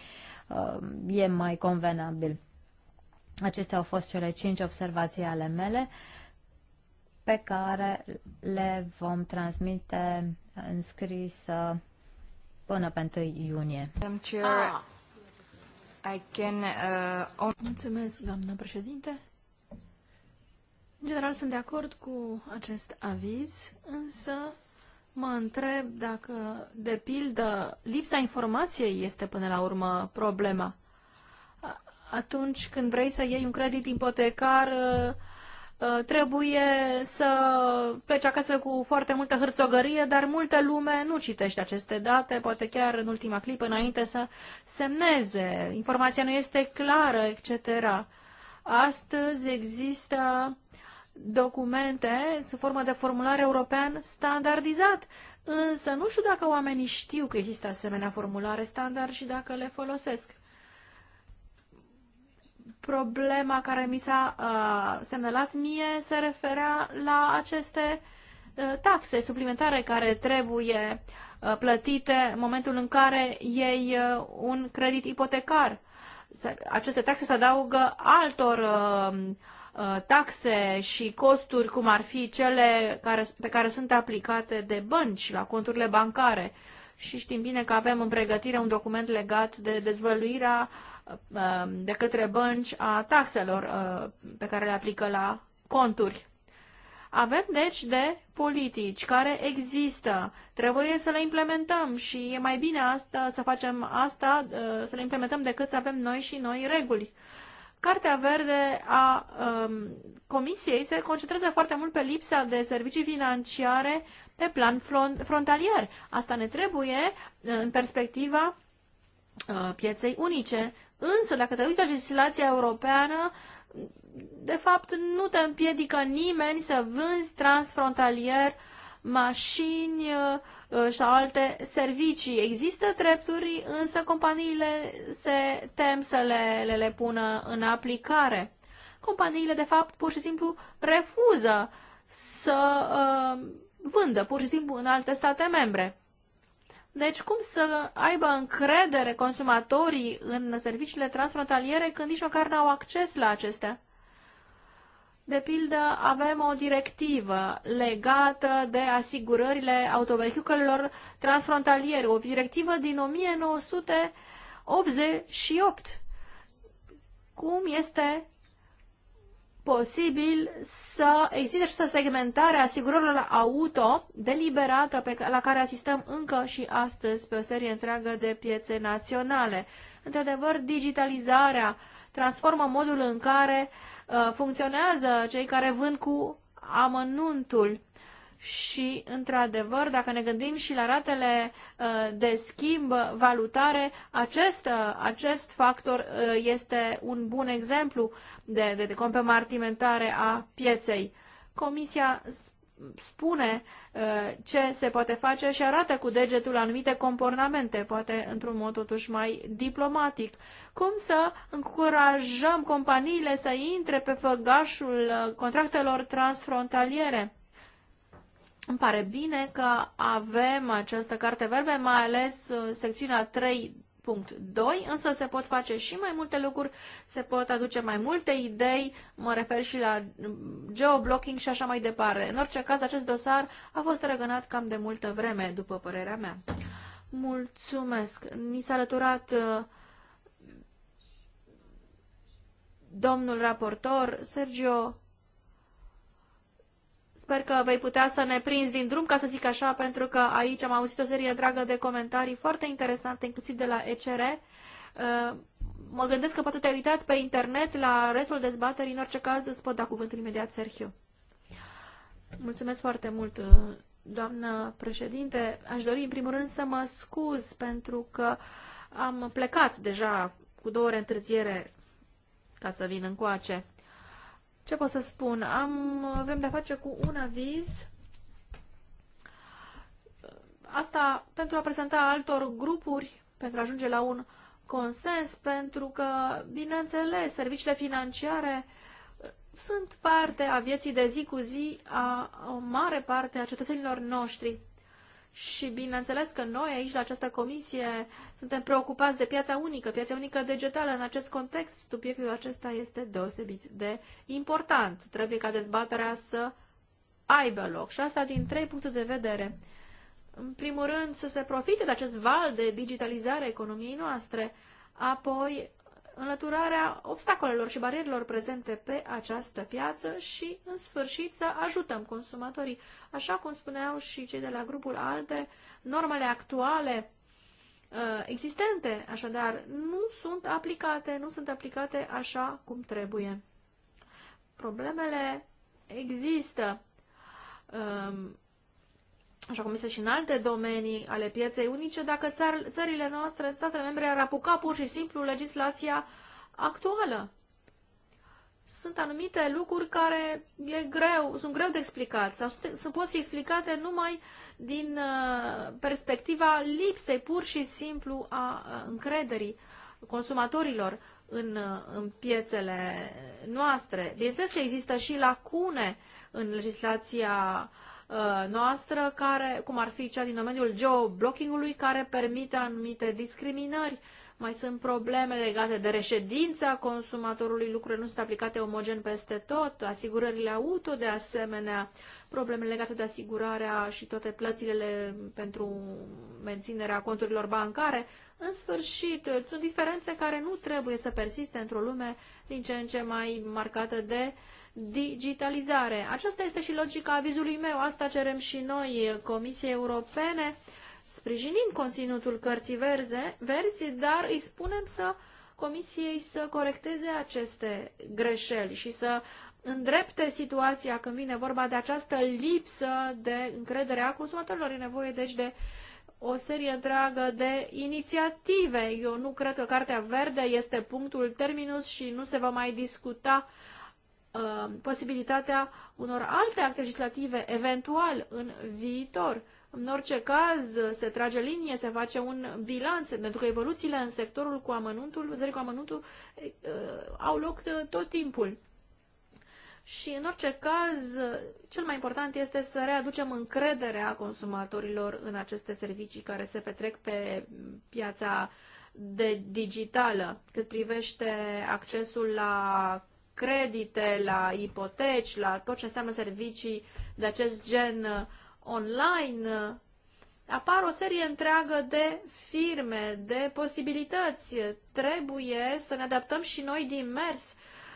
uh, e mai convenabil. Acestea au fost cele cinci observații ale mele pe care le vom transmite în scris până pe 1 iunie. Ah. I can, uh, Mulțumesc, doamnă președinte. În general sunt de acord cu acest aviz, însă mă întreb dacă, de pildă, lipsa informației este până la urmă problema. Atunci când vrei să iei un credit ipotecar, uh, trebuie să pleci acasă cu foarte multă hârțogărie, dar multă lume nu citește aceste date, poate chiar în ultima clipă, înainte să semneze. Informația nu este clară, etc. Astăzi există documente sub formă de formular european standardizat. Însă nu știu dacă oamenii știu că există asemenea formulare standard și dacă le folosesc. Problema care mi s-a uh, semnalat mie se referea la aceste uh, taxe suplimentare care trebuie uh, plătite în momentul în care iei uh, un credit ipotecar. Aceste taxe se adaugă altor uh, Uh, taxe și costuri, cum ar fi cele care, pe care sunt aplicate de bănci la conturile bancare. Și știm bine că avem în pregătire un document legat de dezvăluirea uh, de către bănci a taxelor uh, pe care le aplică la conturi. Avem deci de politici care există. Trebuie să le implementăm și e mai bine asta, să facem asta, să le implementăm decât să avem noi și noi reguli. Cartea verde a um, Comisiei se concentrează foarte mult pe lipsa de servicii financiare pe plan frontalier. Asta ne trebuie uh, în perspectiva uh, pieței unice. Însă, dacă te uiți la legislația europeană, de fapt nu te împiedică nimeni să vânzi transfrontalier mașini, uh, Uh, și alte servicii. Există drepturi, însă companiile se tem să le, le, le pună în aplicare. Companiile, de fapt, pur și simplu refuză să uh, vândă, pur și simplu, în alte state membre. Deci cum să aibă încredere consumatorii în serviciile transfrontaliere când nici măcar n-au acces la acestea? De pildă, avem o directivă legată de asigurările autovehiculelor transfrontaliere, o directivă din 1988. Cum este posibil să existe această segmentare a asigurărilor auto deliberată pe, la care asistăm încă și astăzi pe o serie întreagă de piețe naționale. Într-adevăr, digitalizarea transformă modul în care uh, Uh, funcționează, cei care vând cu amănuntul. Și, într-adevăr, dacă ne gândim și la ratele uh, de schimb valutare, acest, uh, acest factor este un bun exemplu de, de, de compartimentare a pieței. Comisia spune uh, ce se poate face și arată cu degetul anumite comportamente, poate într-un mod totuși mai diplomatic. Cum să încurajăm companiile să intre pe făgașul uh, contractelor transfrontaliere? Îmi pare bine că avem această carte verbe, mai ales uh, secțiunea 3 Punct 2, însă se pot face și mai multe lucruri, se pot aduce mai multe idei, mă refer și la geoblocking și așa mai departe. În orice caz, acest dosar a fost răgânat cam de multă vreme, după părerea mea. Mulțumesc! Ni s-a alăturat uh, domnul raportor Sergio Sper că vei putea să ne prinzi din drum, ca să zic așa, pentru că aici am auzit o serie întreagă de comentarii foarte interesante, inclusiv de la ECR. Uh, mă gândesc că poate te-ai uitat pe internet la restul dezbaterii. În orice caz, îți pot da cuvântul imediat, Sergio. Mulțumesc foarte mult, uh, doamnă președinte. Aș dori, în primul rând, să mă scuz pentru că am plecat deja cu două ore întârziere ca să vin încoace. Ce pot să spun? Am, avem de-a face cu un aviz asta pentru a prezenta altor grupuri, pentru a ajunge la un consens, pentru că, bineînțeles, serviciile financiare uh, sunt parte a vieții de zi cu zi a o mare parte a cetățenilor noștri. Și bineînțeles că noi aici, la această comisie, suntem preocupați de piața unică, piața unică digitală. În acest context, subiectul acesta este deosebit de important. Trebuie ca dezbaterea să aibă loc și asta din trei puncte de vedere. În primul rând, să se profite de acest val de digitalizare a economiei noastre, apoi înlăturarea obstacolelor și barierelor prezente pe această piață și, în sfârșit, să ajutăm consumatorii. Așa cum spuneau și cei de la grupul ALDE, normele actuale Uh, existente, așadar nu sunt aplicate, nu sunt aplicate așa cum trebuie. Problemele există, um, așa cum este și în alte domenii ale pieței unice, dacă țar, țările noastre, statele membre ar apuca pur și simplu legislația actuală sunt anumite lucruri care e greu, sunt greu de explicat sau sunt, pot fi explicate numai din uh, perspectiva lipsei pur și simplu a încrederii consumatorilor în, uh, în piețele noastre. Bineînțeles că există și lacune în legislația uh, noastră, care, cum ar fi cea din domeniul geoblockingului, care permite anumite discriminări mai sunt probleme legate de reședința consumatorului, lucrurile nu sunt aplicate omogen peste tot, asigurările auto de asemenea, probleme legate de asigurarea și toate plățile pentru menținerea conturilor bancare. În sfârșit, sunt diferențe care nu trebuie să persiste într-o lume din ce în ce mai marcată de digitalizare. Aceasta este și logica avizului meu, asta cerem și noi Comisiei Europene sprijinim conținutul cărții verze, verzi, dar îi spunem să comisiei să corecteze aceste greșeli și să îndrepte situația când vine vorba de această lipsă de încredere a consumatorilor. E nevoie deci de o serie întreagă de inițiative. Eu nu cred că Cartea Verde este punctul terminus și nu se va mai discuta uh, posibilitatea unor alte acte legislative eventual în viitor. În orice caz, se trage linie, se face un bilanț, pentru că evoluțiile în sectorul cu amănuntul, vânzării cu amănuntul, eh, au loc eh, tot timpul. Și, în orice caz, cel mai important este să readucem încrederea consumatorilor în aceste servicii care se petrec pe piața de digitală, cât privește accesul la credite, la ipoteci, la tot ce înseamnă servicii de acest gen online, apar o serie întreagă de firme, de posibilități. Trebuie să ne adaptăm și noi din mers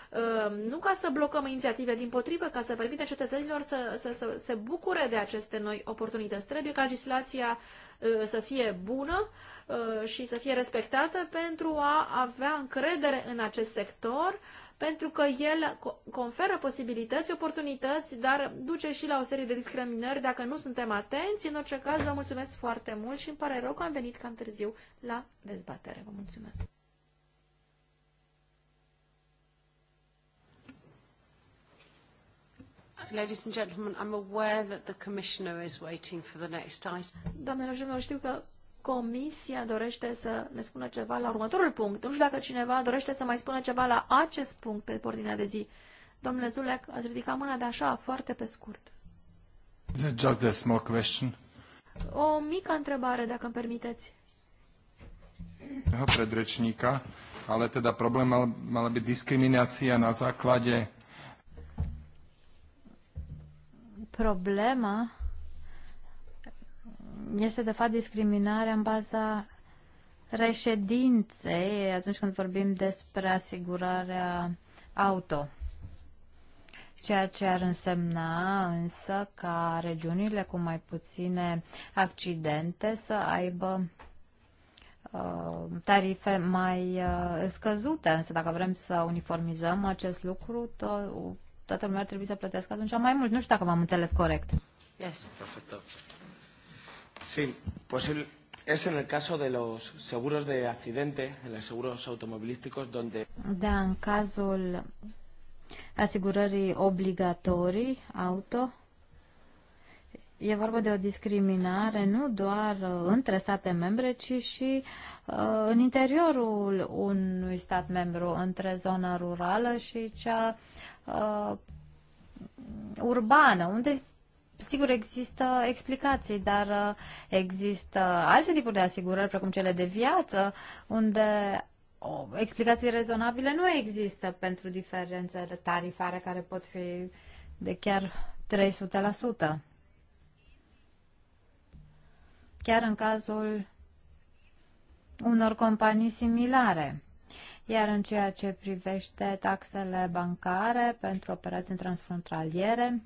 uh, nu ca să blocăm inițiative, din potrivă, ca să permitem cetățenilor să, să, să se bucure de aceste noi oportunități. Trebuie ca legislația uh, să fie bună uh, și să fie respectată pentru a avea încredere în acest sector, pentru că el conferă posibilități, oportunități, dar duce și la o serie de discriminări dacă nu suntem atenți. În orice caz, vă mulțumesc foarte mult și îmi pare rău că am venit cam târziu la dezbatere. Vă mulțumesc! Ladies and gentlemen, I'm aware that the Commissioner is waiting for the next item. Doamnelor și domnilor, știu că Comisia dorește să ne spună ceva la următorul punct. Nu știu dacă cineva dorește să mai spună ceva la acest punct pe ordinea de zi. Domnule Zulec, ați ridicat mâna de așa, foarte pe scurt. Just a small question. O mică întrebare, dacă îmi permiteți. Predrecnica, ale teda problema mal, mala byť diskriminácia na základe... Problema este de fapt discriminarea în baza reședinței atunci când vorbim despre asigurarea auto. Ceea ce ar însemna însă ca regiunile cu mai puține accidente să aibă uh, tarife mai uh, scăzute. Însă dacă vrem să uniformizăm acest lucru, to- toată lumea ar trebui să plătească atunci mai mult. Nu știu dacă m-am înțeles corect. Yes. Perfect. Sí, pues el, es en el caso de los seguros de accidente, en los seguros automovilísticos, donde... Da, în cazul asigurării obligatorii auto, e vorba de o discriminare nu doar uh, între state membre, ci și uh, în interiorul unui stat membru, între zona rurală și cea uh, urbană, unde Sigur, există explicații, dar uh, există alte tipuri de asigurări, precum cele de viață, unde o, explicații rezonabile nu există pentru diferențele tarifare care pot fi de chiar 300%. Chiar în cazul unor companii similare. Iar în ceea ce privește taxele bancare pentru operațiuni transfrontaliere,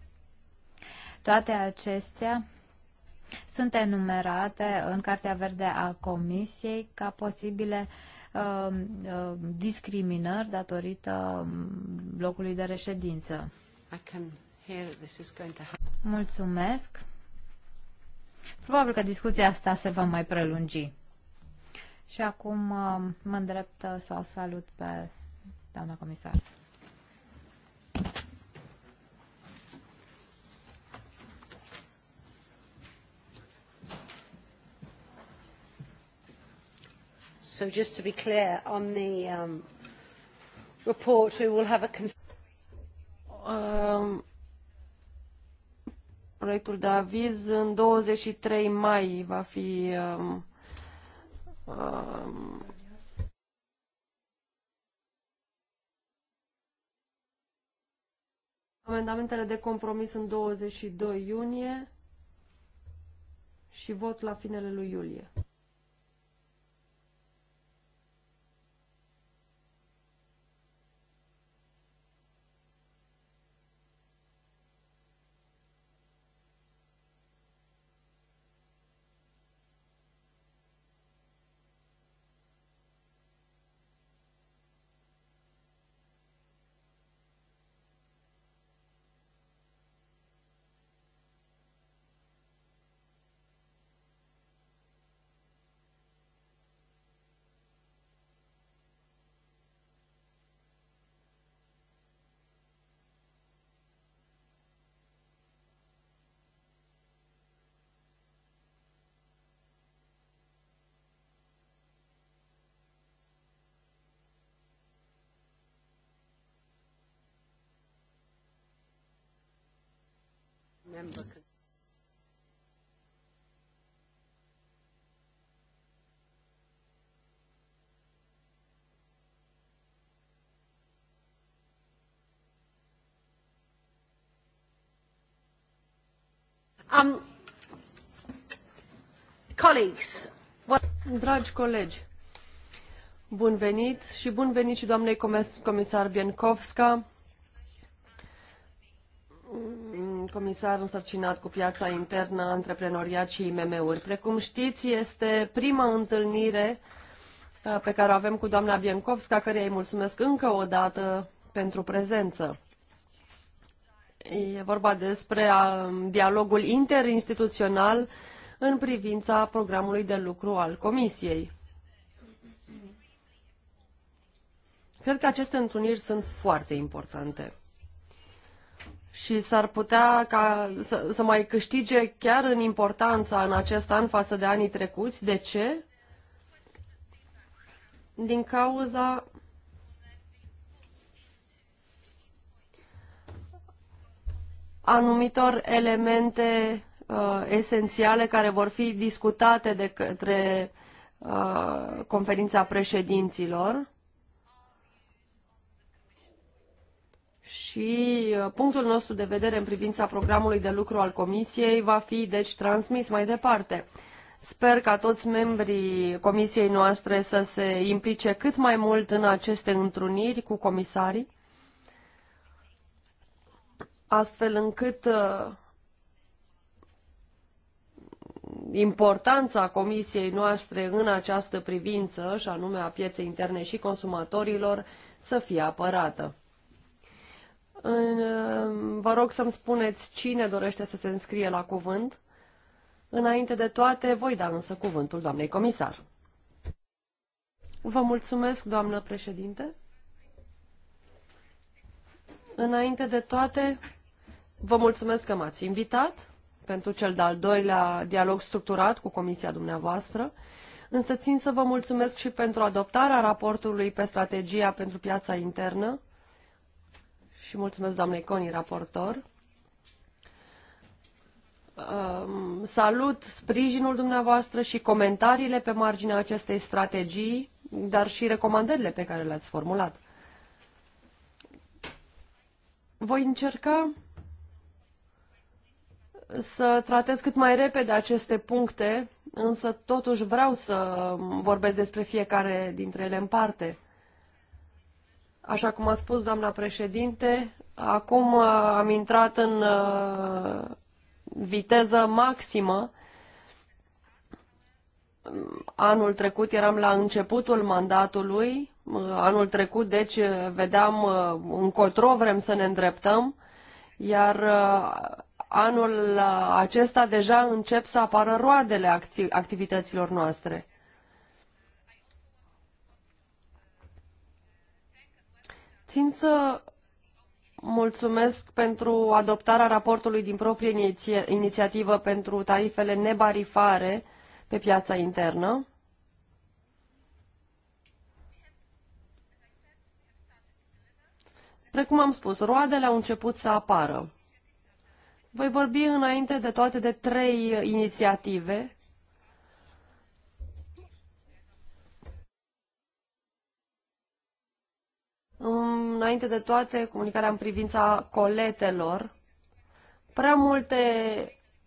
toate acestea sunt enumerate în Cartea Verde a Comisiei ca posibile um, um, discriminări datorită um, locului de reședință. Mulțumesc. Probabil că discuția asta se va mai prelungi. Și acum mă îndrept uh, sau salut pe doamna comisar. So just to be clear, on the um, report we will have a... Um, proiectul de aviz în 23 mai va fi um, um, Amendamentele de compromis în 22 iunie și vot la finele lui iulie. member can Um, colleagues, what... Dragi colegi, bun venit și bun venit și doamnei comisar Biencovska, comisar însărcinat cu piața internă, antreprenoriat și IMM-uri. Precum știți, este prima întâlnire uh, pe care o avem cu doamna Biencovska, care îi mulțumesc încă o dată pentru prezență. E vorba despre um, dialogul interinstituțional în privința programului de lucru al Comisiei. Cred că aceste întâlniri sunt foarte importante și s-ar putea ca să, să mai câștige chiar în importanța în acest an față de anii trecuți. De ce? Din cauza anumitor elemente uh, esențiale care vor fi discutate de către uh, conferința președinților. și uh, punctul nostru de vedere în privința programului de lucru al Comisiei va fi, deci, transmis mai departe. Sper ca toți membrii Comisiei noastre să se implice cât mai mult în aceste întruniri cu comisarii, astfel încât uh, importanța Comisiei noastre în această privință, și anume a pieței interne și consumatorilor, să fie apărată. Uh, vă rog să-mi spuneți cine dorește să se înscrie la cuvânt. Înainte de toate, voi da însă cuvântul doamnei comisar. Vă mulțumesc, doamnă președinte. Înainte de toate, vă mulțumesc că m-ați invitat pentru cel de-al doilea dialog structurat cu comisia dumneavoastră, însă țin să vă mulțumesc și pentru adoptarea raportului pe strategia pentru piața internă, și mulțumesc doamnei Coni, raportor. Um, salut sprijinul dumneavoastră și comentariile pe marginea acestei strategii, dar și recomandările pe care le-ați formulat. Voi încerca să tratez cât mai repede aceste puncte, însă totuși vreau să vorbesc despre fiecare dintre ele în parte. Așa cum a spus doamna președinte, acum uh, am intrat în uh, viteză maximă. Anul trecut eram la începutul mandatului, uh, anul trecut deci vedeam încotro vrem să ne îndreptăm, iar anul acesta deja încep să apară roadele activităților noastre. Țin să mulțumesc pentru adoptarea raportului din proprie iniția inițiativă pentru tarifele nebarifare pe piața internă. Precum am spus, roadele au început să apară. Voi vorbi înainte de toate de trei inițiative Înainte de toate, comunicarea în privința coletelor. Prea multe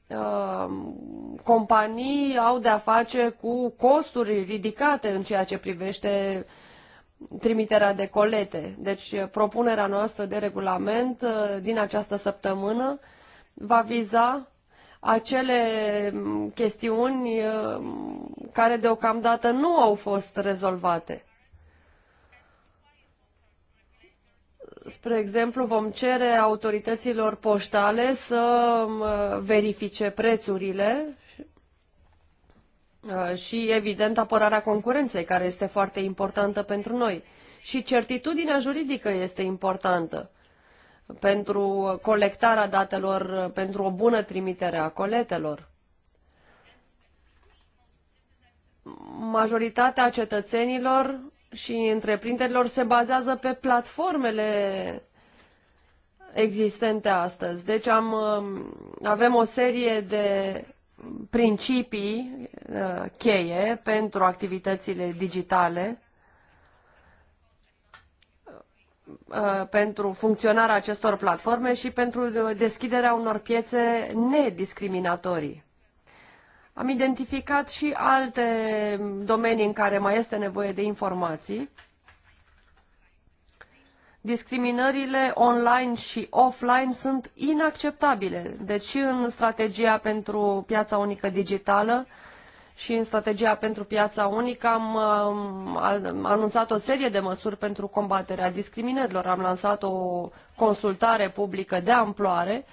uh, companii au de-a face cu costuri ridicate în ceea ce privește trimiterea de colete. Deci uh, propunerea noastră de regulament uh, din această săptămână va viza acele mm, chestiuni care deocamdată nu au fost rezolvate. spre exemplu, vom cere autorităților poștale să uh, verifice prețurile uh, și, evident, apărarea concurenței, care este foarte importantă pentru noi. Și certitudinea juridică este importantă pentru colectarea datelor, pentru o bună trimitere a coletelor. Majoritatea cetățenilor și întreprinderilor se bazează pe platformele existente astăzi. Deci am, um, avem o serie de principii uh, cheie pentru activitățile digitale, uh, pentru funcționarea acestor platforme și pentru deschiderea unor piețe nediscriminatorii. Am identificat și alte domenii în care mai este nevoie de informații. Discriminările online și offline sunt inacceptabile. Deci în strategia pentru piața unică digitală și în strategia pentru piața unică am, um, am anunțat o serie de măsuri pentru combaterea discriminărilor. Am lansat o consultare publică de amploare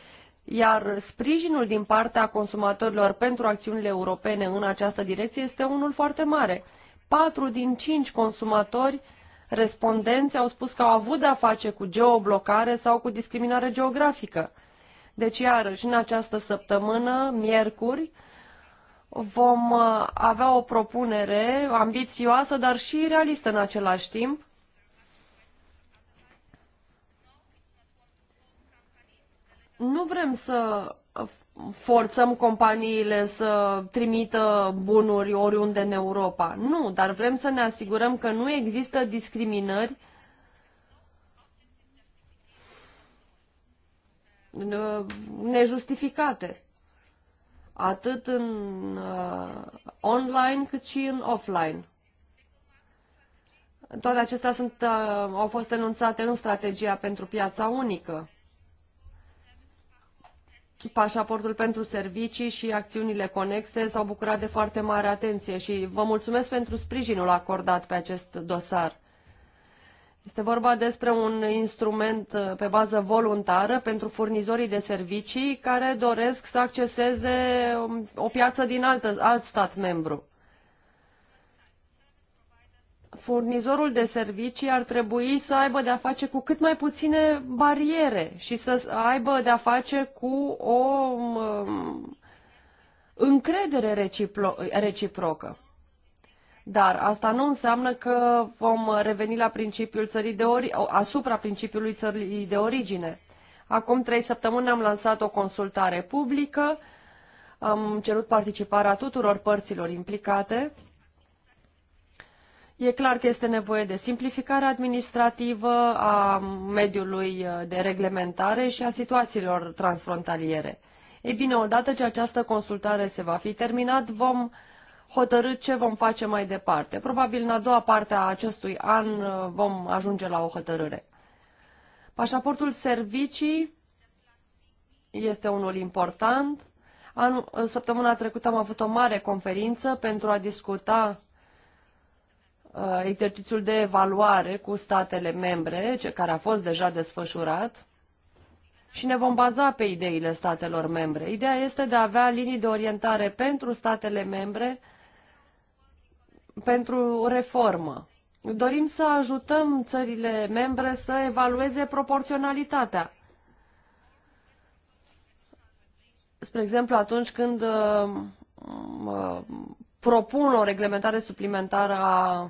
iar sprijinul din partea consumatorilor pentru acțiunile europene în această direcție este unul foarte mare. Patru din cinci consumatori respondenți au spus că au avut de-a face cu geoblocare sau cu discriminare geografică. Deci, iarăși, în această săptămână, miercuri, vom uh, avea o propunere ambițioasă, dar și realistă în același timp, Nu vrem să uh, forțăm companiile să trimită bunuri oriunde în Europa. Nu, dar vrem să ne asigurăm că nu există discriminări uh, nejustificate, atât în uh, online cât și în offline. Toate acestea sunt, uh, au fost enunțate în strategia pentru piața unică pașaportul pentru servicii și acțiunile conexe s-au bucurat de foarte mare atenție și vă mulțumesc pentru sprijinul acordat pe acest dosar. Este vorba despre un instrument uh, pe bază voluntară pentru furnizorii de servicii care doresc să acceseze um, o piață din altă, alt stat membru furnizorul de servicii ar trebui să aibă de-a face cu cât mai puține bariere și să aibă de-a face cu o um, încredere recipro reciprocă. Dar asta nu înseamnă că vom reveni la principiul țării de ori, asupra principiului țării de origine. Acum trei săptămâni am lansat o consultare publică, am cerut participarea tuturor părților implicate E clar că este nevoie de simplificare administrativă a mediului uh, de reglementare și a situațiilor transfrontaliere. Ei bine, odată ce această consultare se va fi terminat, vom hotărâ ce vom face mai departe. Probabil în a doua parte a acestui an uh, vom ajunge la o hotărâre. Pașaportul servicii este unul important. Anul, uh, săptămâna trecută am avut o mare conferință pentru a discuta Uh, exercițiul de evaluare cu statele membre, care a fost deja desfășurat, și ne vom baza pe ideile statelor membre. Ideea este de a avea linii de orientare pentru statele membre pentru reformă. Dorim să ajutăm țările membre să evalueze proporționalitatea. Spre exemplu, atunci când uh, uh, propun o reglementare suplimentară a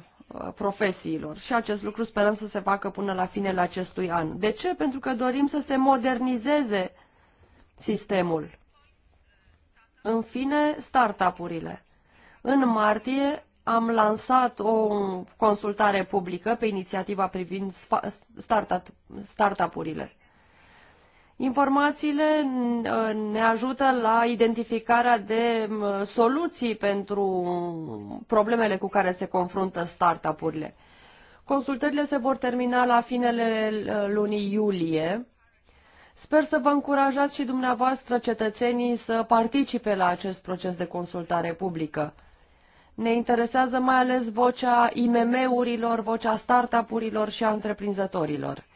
profesiilor. Și acest lucru sperăm să se facă până la finele acestui an. De ce? Pentru că dorim să se modernizeze sistemul. În fine, startup-urile. În martie am lansat o consultare publică pe inițiativa privind startup-urile. Informațiile uh, ne ajută la identificarea de uh, soluții pentru problemele cu care se confruntă startup-urile. Consultările se vor termina la finele uh, lunii iulie. Sper să vă încurajați și dumneavoastră cetățenii să participe la acest proces de consultare publică. Ne interesează mai ales vocea IMM-urilor, vocea startup-urilor și a întreprinzătorilor.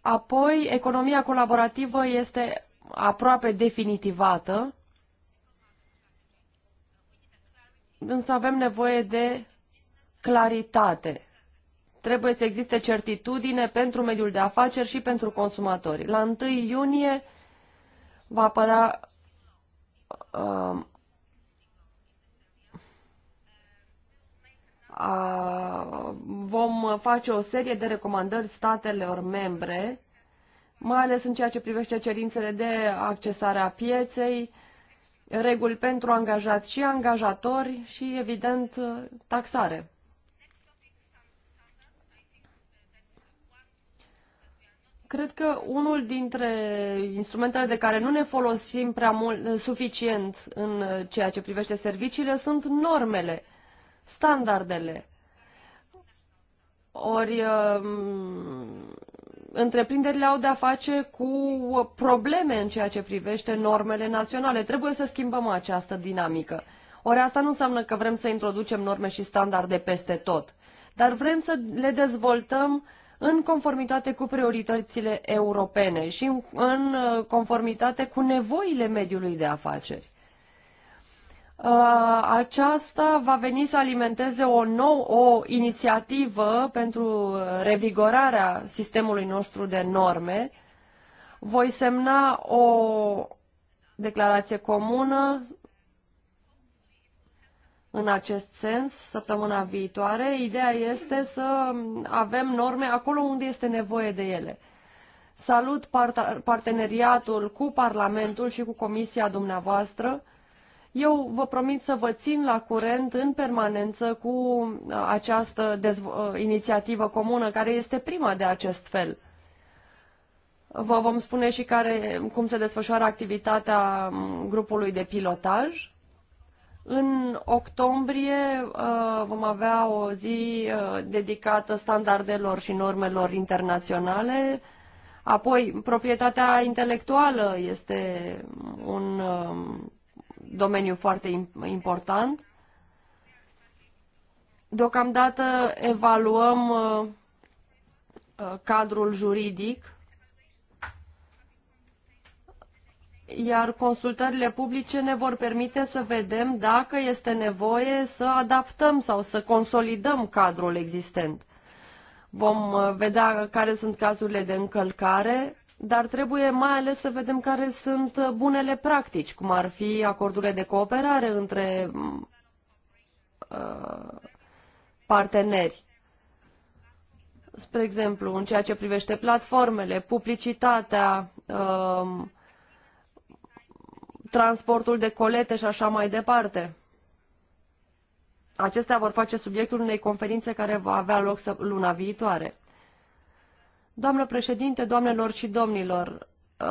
Apoi, economia colaborativă este aproape definitivată, însă avem nevoie de claritate. Trebuie să existe certitudine pentru mediul de afaceri și pentru consumatori. La 1 iunie va apărea um, vom face o serie de recomandări statelor membre, mai ales în ceea ce privește cerințele de accesare a pieței, reguli pentru angajați și angajatori și, evident, taxare. Cred că unul dintre instrumentele de care nu ne folosim prea mult, suficient în ceea ce privește serviciile sunt normele standardele. Ori um, întreprinderile au de-a face cu probleme în ceea ce privește normele naționale. Trebuie să schimbăm această dinamică. Ori asta nu înseamnă că vrem să introducem norme și standarde peste tot, dar vrem să le dezvoltăm în conformitate cu prioritățile europene și în conformitate cu nevoile mediului de afaceri. Uh, aceasta va veni să alimenteze o nouă o inițiativă pentru revigorarea sistemului nostru de norme. Voi semna o declarație comună în acest sens săptămâna viitoare. Ideea este să avem norme acolo unde este nevoie de ele. Salut parteneriatul cu Parlamentul și cu Comisia dumneavoastră eu vă promit să vă țin la curent în permanență cu uh, această uh, inițiativă comună, care este prima de acest fel. Vă vom spune și care, cum se desfășoară activitatea um, grupului de pilotaj. În octombrie uh, vom avea o zi dedicată standardelor și normelor internaționale. Apoi, proprietatea intelectuală este un um, domeniu foarte important. Deocamdată evaluăm uh, uh, cadrul juridic, iar consultările publice ne vor permite să vedem dacă este nevoie să adaptăm sau să consolidăm cadrul existent. Vom uh, vedea care sunt cazurile de încălcare dar trebuie mai ales să vedem care sunt bunele practici, cum ar fi acordurile de cooperare între uh, parteneri. Spre exemplu, în ceea ce privește platformele, publicitatea, uh, transportul de colete și așa mai departe. Acestea vor face subiectul unei conferințe care va avea loc luna viitoare. Doamnă președinte, doamnelor și domnilor,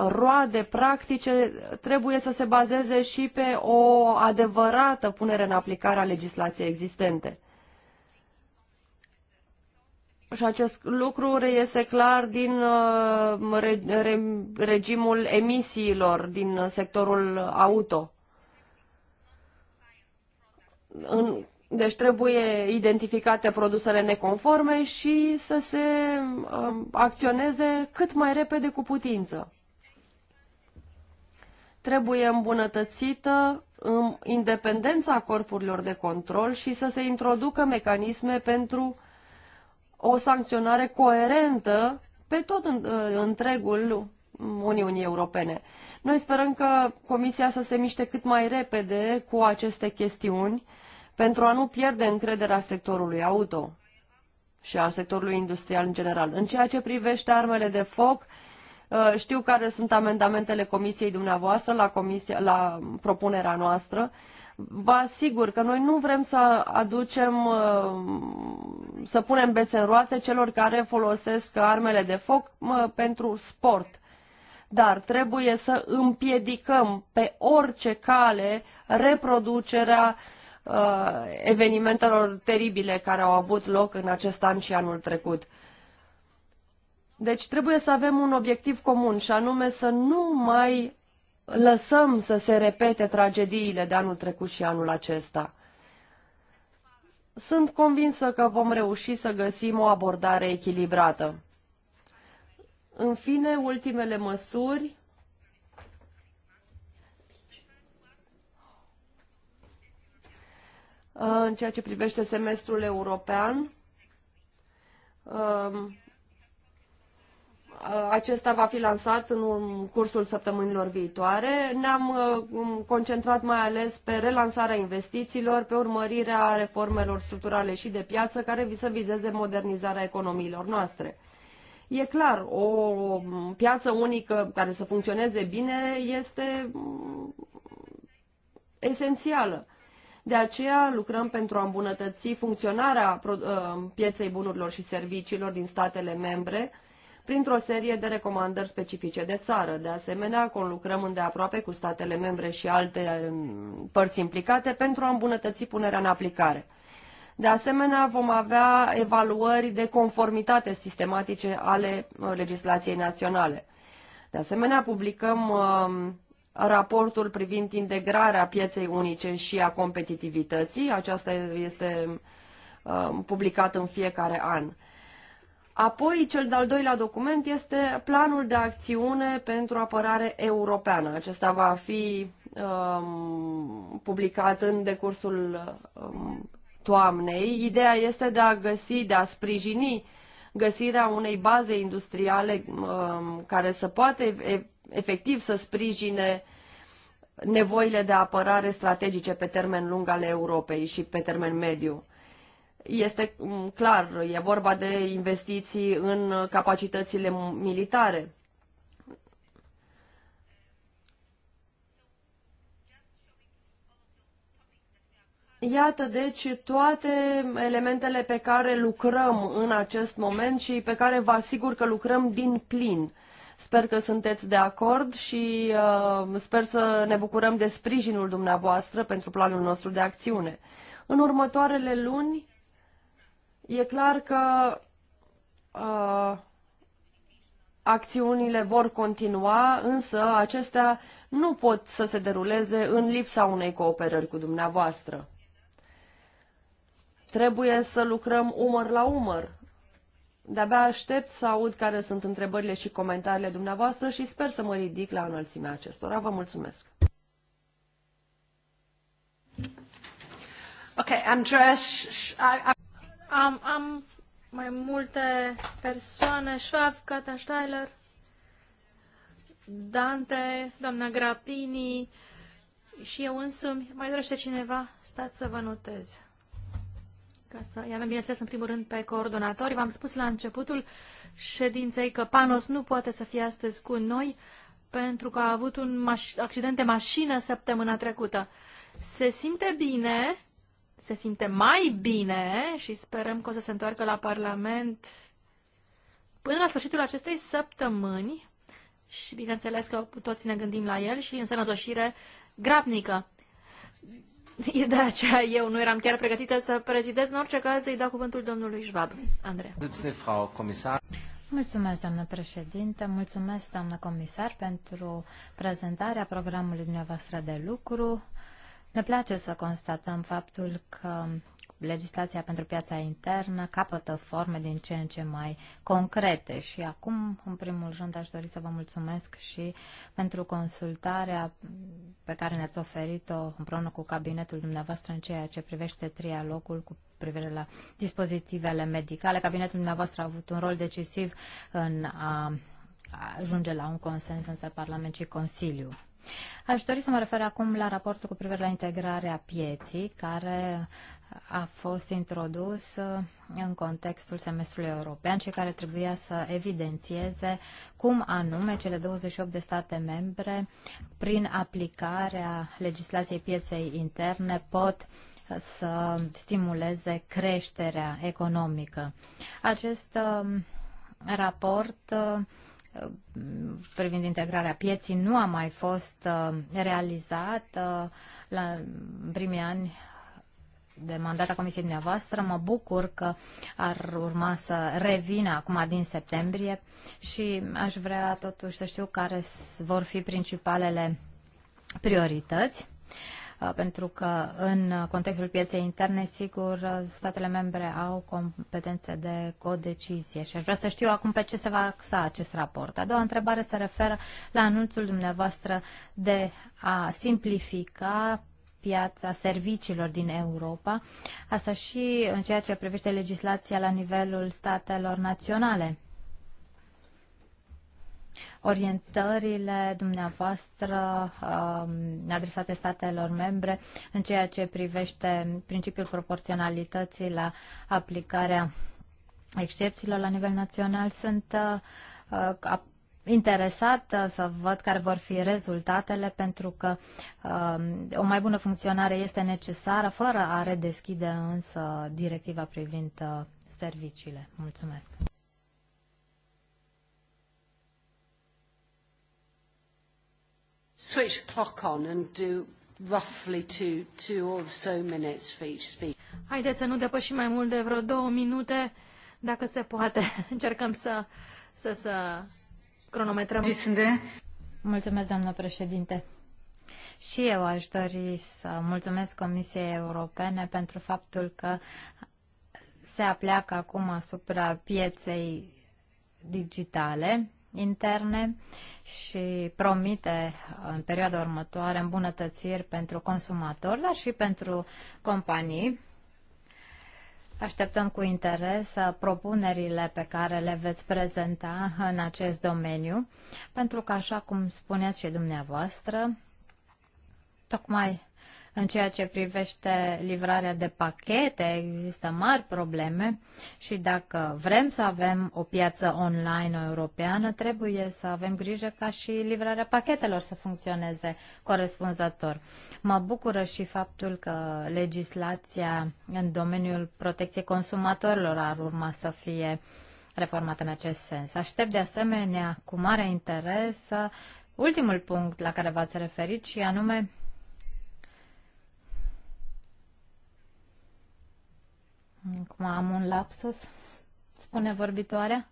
roade practice trebuie să se bazeze și pe o adevărată punere în aplicare a legislației existente. Și acest lucru reiese clar din uh, re, re, regimul emisiilor din sectorul auto. În deci trebuie identificate produsele neconforme și să se um, acționeze cât mai repede cu putință. Trebuie îmbunătățită um, independența corpurilor de control și să se introducă mecanisme pentru o sancționare coerentă pe tot uh, întregul Uniunii Europene. Noi sperăm că Comisia să se miște cât mai repede cu aceste chestiuni pentru a nu pierde încrederea sectorului auto și al sectorului industrial în general. În ceea ce privește armele de foc, uh, știu care sunt amendamentele comisiei dumneavoastră la, comisie, la propunerea noastră. Vă asigur că noi nu vrem să aducem, uh, să punem bețe în roate celor care folosesc armele de foc pentru sport. Dar trebuie să împiedicăm pe orice cale reproducerea Uh, evenimentelor teribile care au avut loc în acest an și anul trecut. Deci trebuie să avem un obiectiv comun și anume să nu mai lăsăm să se repete tragediile de anul trecut și anul acesta. Sunt convinsă că vom reuși să găsim o abordare echilibrată. În fine, ultimele măsuri Uh, în ceea ce privește semestrul european. Um, uh, acesta va fi lansat în cursul săptămânilor viitoare. Ne-am uh, um, concentrat mai ales pe relansarea investițiilor, pe urmărirea reformelor structurale și de piață care să vizeze modernizarea economiilor noastre. E clar, o piață unică care să funcționeze bine este um, esențială de aceea lucrăm pentru a îmbunătăți funcționarea uh, pieței bunurilor și serviciilor din statele membre printr-o serie de recomandări specifice de țară. De asemenea, conlucrăm îndeaproape cu statele membre și alte um, părți implicate pentru a îmbunătăți punerea în aplicare. De asemenea, vom avea evaluări de conformitate sistematice ale uh, legislației naționale. De asemenea, publicăm um, raportul privind integrarea pieței unice și a competitivității. Aceasta este um, publicat în fiecare an. Apoi, cel de-al doilea document este planul de acțiune pentru apărare europeană. Acesta va fi um, publicat în decursul um, toamnei. Ideea este de a găsi, de a sprijini găsirea unei baze industriale um, care să poate efectiv să sprijine nevoile de apărare strategice pe termen lung ale Europei și pe termen mediu. Este mm, clar, e vorba de investiții în capacitățile militare. Iată, deci, toate elementele pe care lucrăm în acest moment și pe care vă asigur că lucrăm din plin. Sper că sunteți de acord și uh, sper să ne bucurăm de sprijinul dumneavoastră pentru planul nostru de acțiune. În următoarele luni, e clar că uh, acțiunile vor continua, însă acestea nu pot să se deruleze în lipsa unei cooperări cu dumneavoastră. Trebuie să lucrăm umăr la umăr de-abia aștept să aud care sunt întrebările și comentariile dumneavoastră și sper să mă ridic la înălțimea acestora. Vă mulțumesc! Ok, Andreas, I, I... Am, am mai multe persoane, Schwab, Kata Steiler, Dante, doamna Grapini și eu însumi. Mai dorește cineva? Stați să vă notez ca să îi avem, bineînțeles, în primul rând pe coordonatori. V-am spus la începutul ședinței că Panos nu poate să fie astăzi cu noi pentru că a avut un accident de mașină săptămâna trecută. Se simte bine, se simte mai bine și sperăm că o să se întoarcă la Parlament până la sfârșitul acestei săptămâni și bineînțeles că toți ne gândim la el și în sănătoșire grabnică de aceea eu nu eram chiar pregătită să prezidez. În orice caz, îi dau cuvântul domnului Schwab. Andreea. Mulțumesc, doamnă președinte, mulțumesc, doamnă comisar, pentru prezentarea programului dumneavoastră de lucru. Ne place să constatăm faptul că legislația pentru piața internă capătă forme din ce în ce mai concrete. Și acum, în primul rând, aș dori să vă mulțumesc și pentru consultarea pe care ne-ați oferit-o împreună cu cabinetul dumneavoastră în ceea ce privește trialogul cu privire la dispozitivele medicale. Cabinetul dumneavoastră a avut un rol decisiv în a ajunge la un consens între Parlament și Consiliu. Aș dori să mă refer acum la raportul cu privire la integrarea pieții, care a fost introdus uh, în contextul semestrului european și care trebuia să evidențieze cum anume cele 28 de state membre, prin aplicarea legislației pieței interne, pot uh, să stimuleze creșterea economică. Acest uh, raport privind integrarea pieții nu a mai fost uh, realizat uh, la primii ani de mandata comisiei dumneavoastră. Mă bucur că ar urma să revină acum din septembrie și aș vrea totuși să știu care vor fi principalele priorități. Uh, pentru că în contextul pieței interne, sigur, statele membre au competențe de codecizie și aș vrea să știu acum pe ce se va axa acest raport. A doua întrebare se referă la anunțul dumneavoastră de a simplifica piața serviciilor din Europa, asta și în ceea ce privește legislația la nivelul statelor naționale orientările dumneavoastră um, adresate statelor membre în ceea ce privește principiul proporționalității la aplicarea excepțiilor la nivel național. Sunt uh, interesat uh, să văd care vor fi rezultatele, pentru că um, o mai bună funcționare este necesară, fără a redeschide însă directiva privind uh, serviciile. Mulțumesc! switch the clock on and do roughly two, two or so minutes for each speaker. Haideți să nu depășim mai mult de vreo două minute, dacă se poate. Încercăm să, să, să cronometrăm. Mulțumesc, doamnă președinte. Și eu aș dori să mulțumesc Comisiei Europene pentru faptul că se apleacă acum asupra pieței digitale interne și promite în perioada următoare îmbunătățiri pentru consumatori, dar și pentru companii. Așteptăm cu interes propunerile pe care le veți prezenta în acest domeniu, pentru că, așa cum spuneți și dumneavoastră, tocmai în ceea ce privește livrarea de pachete, există mari probleme și dacă vrem să avem o piață online europeană, trebuie să avem grijă ca și livrarea pachetelor să funcționeze corespunzător. Mă bucură și faptul că legislația în domeniul protecției consumatorilor ar urma să fie reformată în acest sens. Aștept de asemenea cu mare interes ultimul punct la care v-ați referit și anume Acum am un lapsus, spune vorbitoarea.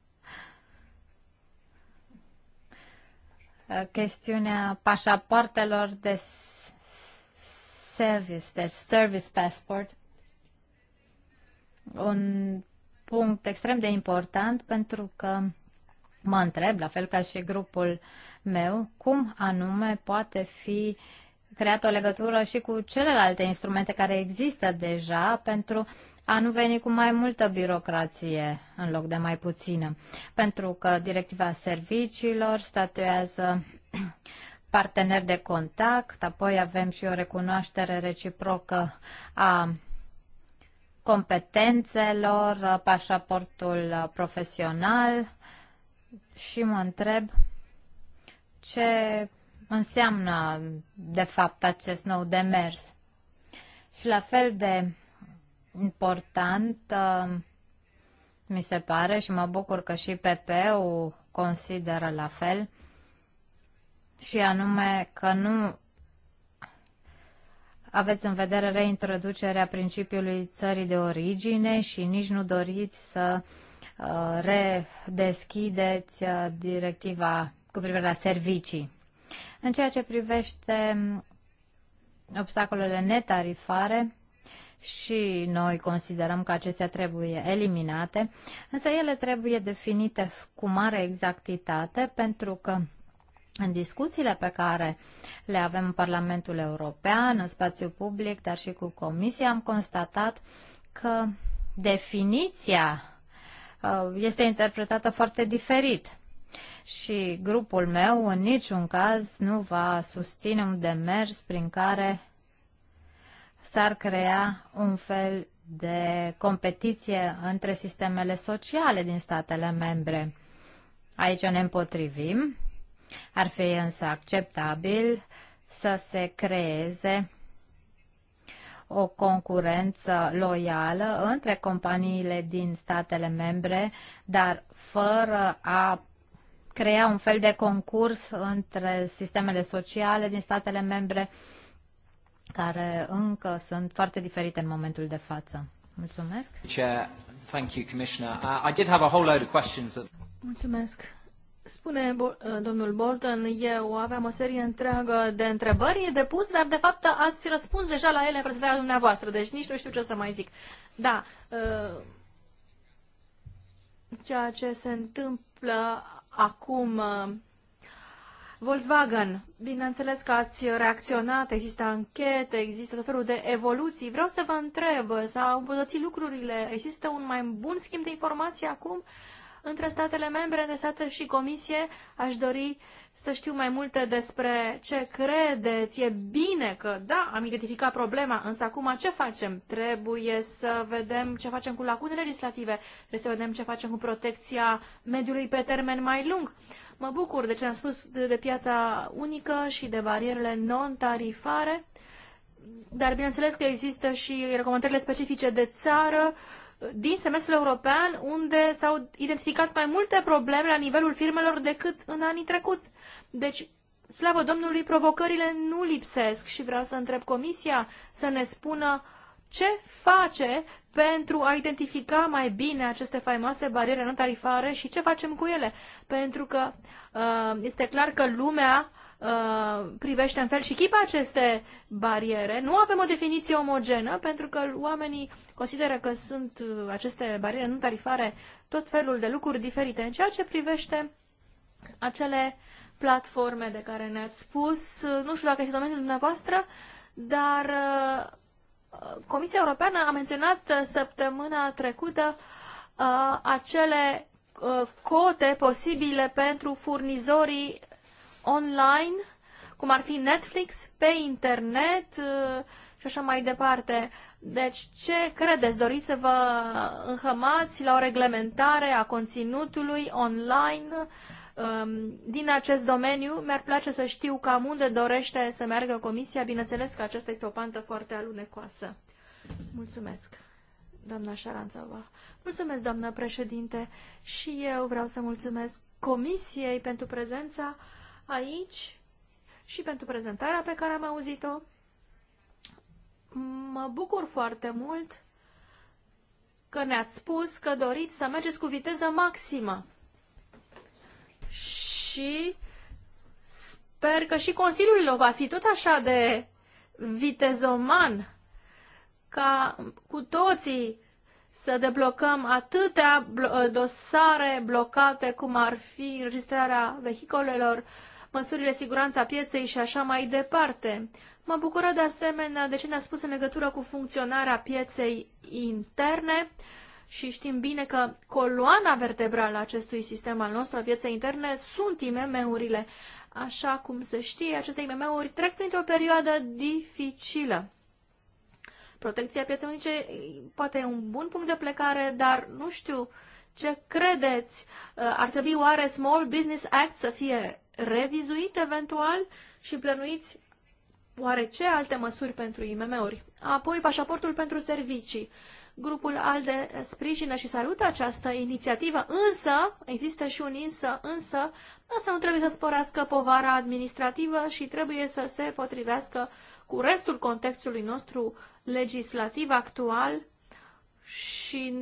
Chestiunea pașapoartelor de service, deci service passport, un punct extrem de important pentru că mă întreb, la fel ca și grupul meu, cum anume poate fi uh, creat o legătură și cu celelalte instrumente care există deja pentru a nu veni cu mai multă birocrație în loc de mai puțină. Pentru că directiva serviciilor statuează partener de contact, apoi avem și o recunoaștere reciprocă a competențelor, pașaportul profesional și mă întreb ce înseamnă, de fapt, acest nou demers. Și la fel de important uh, mi se pare și mă bucur că și PP-ul consideră la fel și anume că nu aveți în vedere reintroducerea principiului țării de origine și nici nu doriți să uh, redeschideți uh, directiva cu privire la servicii. În ceea ce privește obstacolele netarifare, și noi considerăm că acestea trebuie eliminate, însă ele trebuie definite cu mare exactitate pentru că în discuțiile pe care le avem în Parlamentul European, în spațiu public, dar și cu Comisia, am constatat că definiția uh, este interpretată foarte diferit. Și grupul meu în niciun caz nu va susține un demers prin care s-ar crea un fel de competiție între sistemele sociale din statele membre. Aici ne împotrivim. Ar fi însă acceptabil să se creeze o concurență loială între companiile din statele membre, dar fără a crea un fel de concurs între sistemele sociale din statele membre care încă sunt foarte diferite în momentul de față. Mulțumesc. Thank you, Commissioner. Uh, I did have a whole load of questions that... Mulțumesc. Spune uh, domnul Bolton, eu aveam o serie întreagă de întrebări de pus, dar de fapt ați răspuns deja la ele în prezentarea dumneavoastră, deci nici nu știu ce să mai zic. Da, uh, ceea ce se întâmplă Acum, uh, Volkswagen, bineînțeles că ați reacționat, există anchete, există tot felul de evoluții. Vreau să vă întreb, s-au îmbunătățit lucrurile, există un mai bun schimb de informații acum? între statele membre, între state și comisie. Aș dori să știu mai multe despre ce credeți. E bine că, da, am identificat problema, însă acum ce facem? Trebuie să vedem ce facem cu lacunele legislative, trebuie să vedem ce facem cu protecția mediului pe termen mai lung. Mă bucur de ce am spus de piața unică și de barierele non-tarifare, dar bineînțeles că există și recomandările specifice de țară, din semestrul european, unde s-au identificat mai multe probleme la nivelul firmelor decât în anii trecuți. Deci, slavă Domnului, provocările nu lipsesc și vreau să întreb Comisia să ne spună ce face pentru a identifica mai bine aceste faimoase bariere non tarifare și ce facem cu ele. Pentru că uh, este clar că lumea Uh, privește în fel și chip aceste bariere. Nu avem o definiție omogenă, pentru că oamenii consideră că sunt uh, aceste bariere nu tarifare tot felul de lucruri diferite. În ceea ce privește acele platforme de care ne-ați spus, uh, nu știu dacă este domeniul dumneavoastră, dar Comisia Europeană a menționat săptămâna trecută acele cote posibile pentru furnizorii online, cum ar fi Netflix, pe internet uh, și așa mai departe. Deci, ce credeți? Doriți să vă înhămați la o reglementare a conținutului online um, din acest domeniu? Mi-ar place să știu cam unde dorește să meargă comisia. Bineînțeles că aceasta este o pantă foarte alunecoasă. Mulțumesc, doamna Șaranțova. Mulțumesc, doamna președinte. Și eu vreau să mulțumesc comisiei pentru prezența aici și pentru prezentarea pe care am auzit-o. Mă bucur foarte mult că ne-ați spus că doriți să mergeți cu viteză maximă. Și sper că și Consiliul va fi tot așa de vitezoman ca cu toții să deblocăm atâtea dosare blocate cum ar fi înregistrarea vehicolelor, măsurile siguranța pieței și așa mai departe. Mă bucură de asemenea de ce ne-a spus în legătură cu funcționarea pieței interne și știm bine că coloana vertebrală a acestui sistem al nostru, a pieței interne, sunt IMM-urile. Așa cum se știe, aceste IMM-uri trec printr-o perioadă dificilă. Protecția pieței unice poate e un bun punct de plecare, dar nu știu ce credeți. Ar trebui oare Small Business Act să fie revizuit eventual și plănuiți oare ce alte măsuri pentru IMM-uri? Apoi, pașaportul pentru servicii. Grupul ALDE sprijină și salută această inițiativă, însă, există și un însă, însă, asta nu trebuie să sporească povara administrativă și trebuie să se potrivească cu restul contextului nostru legislativ actual și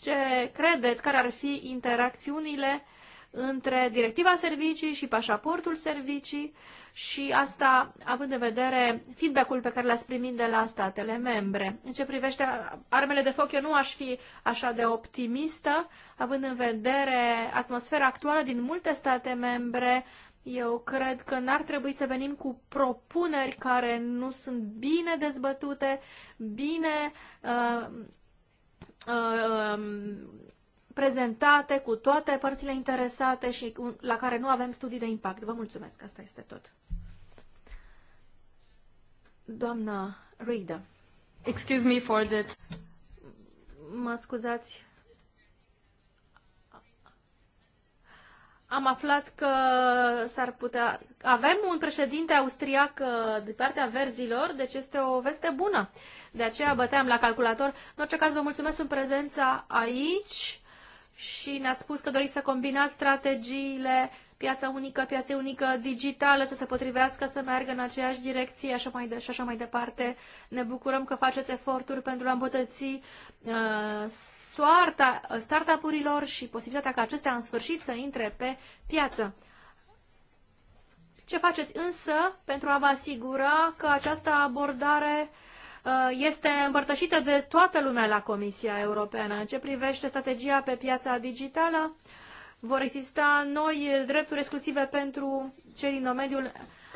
ce credeți, care ar fi interacțiunile între directiva servicii și pașaportul servicii și asta având în vedere feedback-ul pe care l-ați primit de la statele membre. În ce privește armele de foc, eu nu aș fi așa de optimistă, având în vedere atmosfera actuală din multe state membre, eu cred că n-ar trebui să venim cu propuneri care nu sunt bine dezbătute, bine uh, uh, um, prezentate cu toate părțile interesate și la care nu avem studii de impact. Vă mulțumesc, asta este tot. Doamna Rida. Excuse me for that. Mă scuzați. Am aflat că s-ar putea... Avem un președinte austriac uh, de partea verzilor, deci este o veste bună. De aceea băteam la calculator. În orice caz, vă mulțumesc în prezența aici și ne-ați spus că doriți să combinați strategiile piața unică, piața unică digitală să se potrivească, să meargă în aceeași direcție așa mai de, și așa mai departe. Ne bucurăm că faceți eforturi pentru a îmbătăți uh, soarta startup-urilor și posibilitatea ca acestea în sfârșit să intre pe piață. Ce faceți însă pentru a vă asigura că această abordare uh, Uh, este împărtășită de toată lumea la Comisia Europeană. În ce privește strategia pe piața digitală, vor exista noi drepturi exclusive pentru cei din domeniul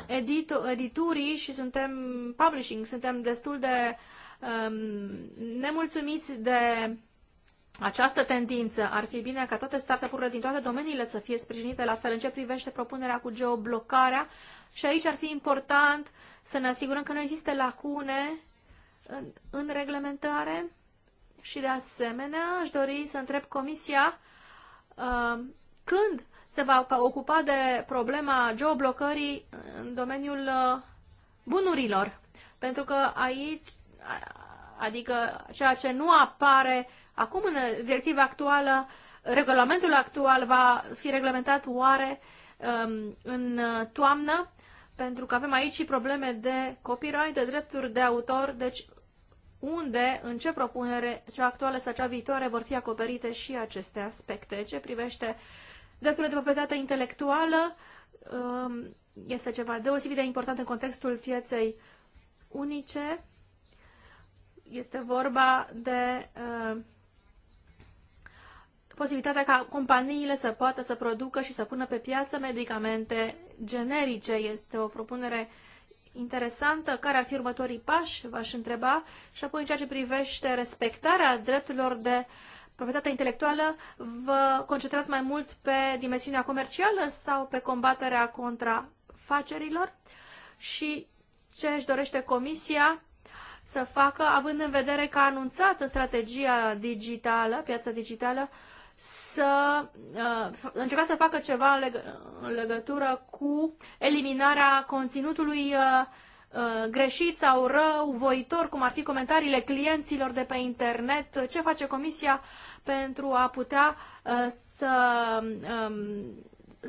edit editurii și suntem publishing, suntem destul de um, nemulțumiți de această tendință. Ar fi bine ca toate startup-urile din toate domeniile să fie sprijinite la fel în ce privește propunerea cu geoblocarea și aici ar fi important să ne asigurăm că nu există lacune în, în reglementare și de asemenea aș dori să întreb Comisia uh, când se va ocupa de problema geoblocării în domeniul uh, bunurilor. Pentru că aici, adică ceea ce nu apare acum în directiva actuală, regulamentul actual va fi reglementat oare um, în uh, toamnă, pentru că avem aici și probleme de copyright, de drepturi de autor, deci unde, în ce propunere, cea actuală sau cea viitoare, vor fi acoperite și aceste aspecte. Ce privește drepturile de proprietate intelectuală, um, este ceva deosebit de important în contextul pieței unice. Este vorba de uh, posibilitatea ca companiile să poată să producă și să pună pe piață medicamente generice. Este o propunere uh, interesantă, care ar fi următorii pași, v-aș întreba, și apoi în ceea ce privește respectarea drepturilor de proprietate intelectuală, vă concentrați mai mult pe dimensiunea comercială sau pe combaterea contrafacerilor și ce își dorește Comisia să facă, având în vedere că a anunțat în strategia digitală, piața digitală, uh, să uh, încerca să facă ceva în, leg- în legătură cu eliminarea conținutului uh, uh, greșit sau rău, voitor, cum ar fi comentariile clienților de pe internet, ce face Comisia pentru a putea uh, să um,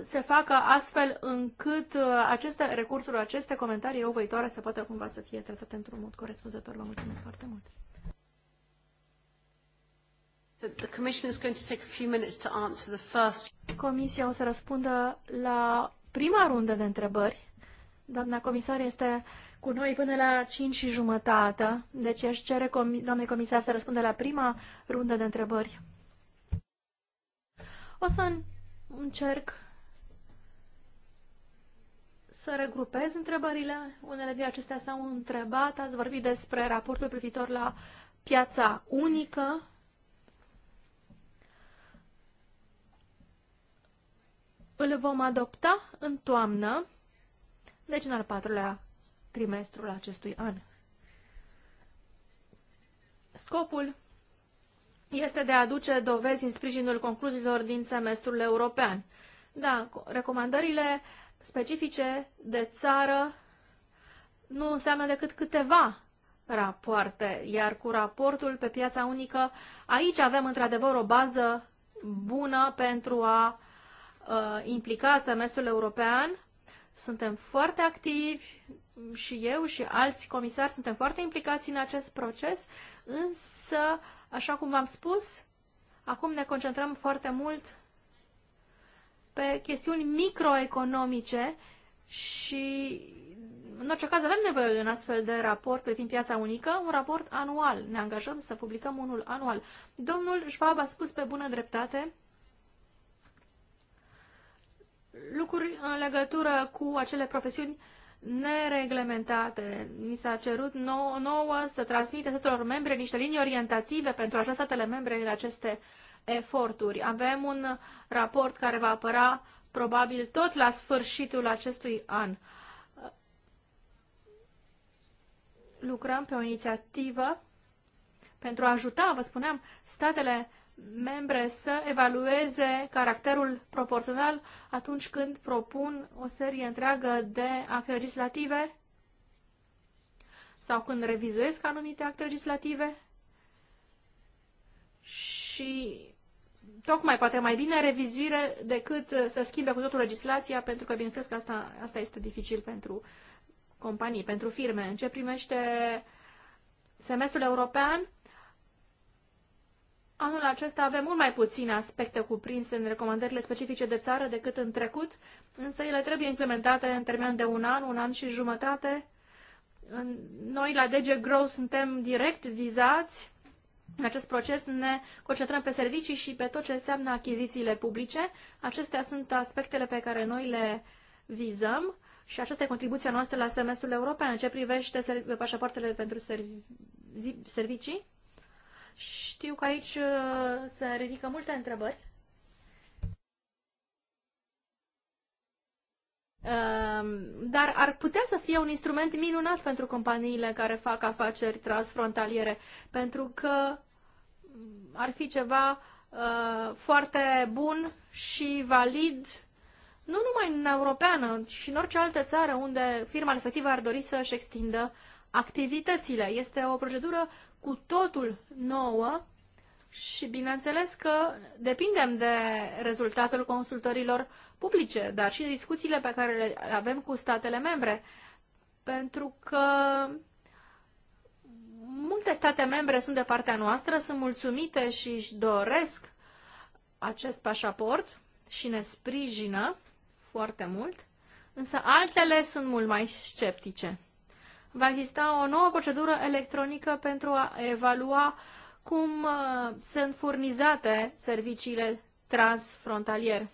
se facă astfel încât uh, aceste recursuri, aceste comentarii răuvoitoare să poată cumva să fie tratate într-un mod corespunzător. Vă mulțumesc foarte mult! Comisia o să răspundă la prima rundă de întrebări. Doamna comisar este cu noi până la 5 și jumătate, deci aș cere doamnei comisar să răspundă la prima rundă de întrebări. O să încerc să regrupez întrebările. Unele dintre acestea s-au întrebat. Ați vorbit despre raportul privitor la piața unică, Îl vom adopta în toamnă, deci în al patrulea trimestrul acestui an. Scopul este de a aduce dovezi în sprijinul concluziilor din semestrul european. Da, recomandările specifice de țară nu înseamnă decât câteva rapoarte, iar cu raportul pe piața unică, aici avem într-adevăr o bază bună pentru a Uh, implica semestrul european. Suntem foarte activi și eu și alți comisari suntem foarte implicați în acest proces, însă, așa cum v-am spus, acum ne concentrăm foarte mult pe chestiuni microeconomice și, în orice caz, avem nevoie de un astfel de raport privind piața unică, un raport anual. Ne angajăm să publicăm unul anual. Domnul Schwab a spus pe bună dreptate lucruri în legătură cu acele profesiuni nereglementate. Ni s-a cerut nou, nouă să transmită statelor membre niște linii orientative pentru așa statele membre în aceste eforturi. Avem un raport care va apăra probabil tot la sfârșitul acestui an. Lucrăm pe o inițiativă pentru a ajuta, vă spuneam, statele membre să evalueze caracterul proporțional atunci când propun o serie întreagă de acte legislative sau când revizuiesc anumite acte legislative și tocmai poate mai bine revizuire decât să schimbe cu totul legislația, pentru că bineînțeles că asta, asta este dificil pentru companii, pentru firme. În ce primește semestrul european, Anul acesta avem mult mai puține aspecte cuprinse în recomandările specifice de țară decât în trecut, însă ele trebuie implementate în termen de un an, un an și jumătate. Noi la DG Grow suntem direct vizați. În acest proces ne concentrăm pe servicii și pe tot ce înseamnă achizițiile publice. Acestea sunt aspectele pe care noi le vizăm și aceasta e contribuția noastră la semestrul european în ce privește pașapoartele pentru servicii știu că aici uh, se ridică multe întrebări. Um, dar ar putea să fie un instrument minunat pentru companiile care fac afaceri transfrontaliere, pentru că ar fi ceva uh, foarte bun și valid nu numai în europeană, ci și în orice altă țară unde firma respectivă ar dori să-și extindă uh, activitățile. Este o procedură cu totul nouă și bineînțeles că depindem de rezultatul consultărilor publice, dar și discuțiile pe care le avem cu statele membre, pentru că multe state membre sunt de partea noastră, sunt mulțumite și își doresc acest pașaport și ne sprijină foarte mult, însă altele sunt mult mai sceptice va exista o nouă procedură electronică pentru a evalua cum uh, sunt furnizate serviciile transfrontalier.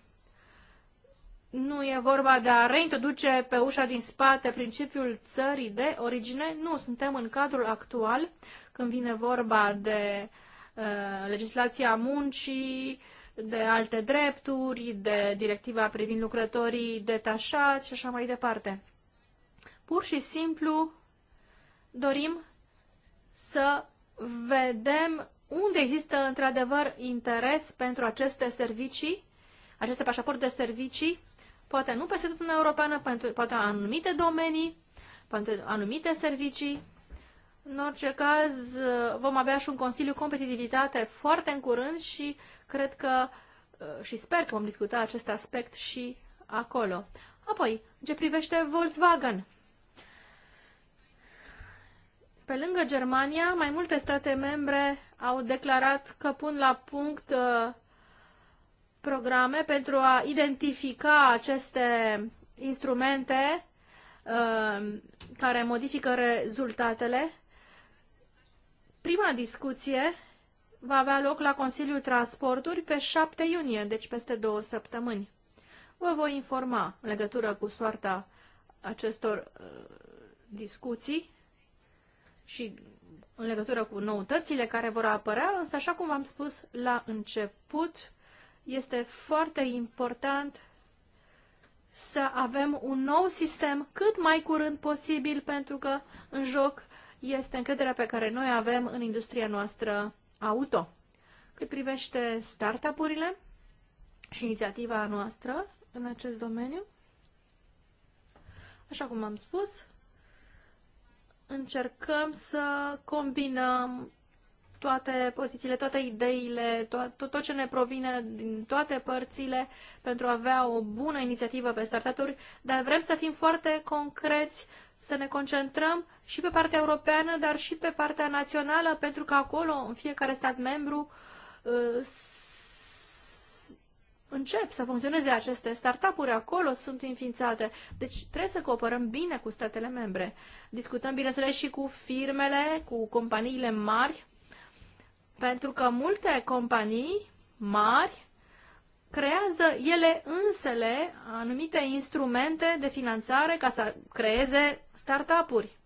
Nu e vorba de a reintroduce pe ușa din spate principiul țării de origine. Nu, suntem în cadrul actual, când vine vorba de uh, legislația muncii, de alte drepturi, de directiva privind lucrătorii detașați și așa mai departe. Pur și simplu dorim să vedem unde există într-adevăr interes pentru aceste servicii, aceste pașaporte de servicii, poate nu peste tot în Europeană, pentru, poate anumite domenii, pentru anumite servicii. În orice caz, vom avea și un Consiliu Competitivitate foarte în curând și cred că și sper că vom discuta acest aspect și acolo. Apoi, ce privește Volkswagen, pe lângă Germania, mai multe state membre au declarat că pun la punct uh, programe pentru a identifica aceste instrumente uh, care modifică rezultatele. Prima discuție va avea loc la Consiliul Transporturi pe 7 iunie, deci peste două săptămâni. Vă voi informa în legătură cu soarta acestor uh, discuții și în legătură cu noutățile care vor apărea, însă așa cum v-am spus la început, este foarte important să avem un nou sistem cât mai curând posibil, pentru că în joc este încrederea pe care noi avem în industria noastră auto. Cât privește startup-urile și inițiativa noastră în acest domeniu, așa cum am spus, încercăm să combinăm toate pozițiile, toate ideile, tot, tot ce ne provine din toate părțile pentru a avea o bună inițiativă pe startaturi, dar vrem să fim foarte concreți, să ne concentrăm și pe partea europeană, dar și pe partea națională, pentru că acolo, în fiecare stat membru, uh, încep să funcționeze aceste startup-uri, acolo sunt înființate. Deci trebuie să cooperăm bine cu statele membre. Discutăm, bineînțeles, și cu firmele, cu companiile mari, pentru că multe companii mari creează ele însele anumite instrumente de finanțare ca să creeze startup-uri.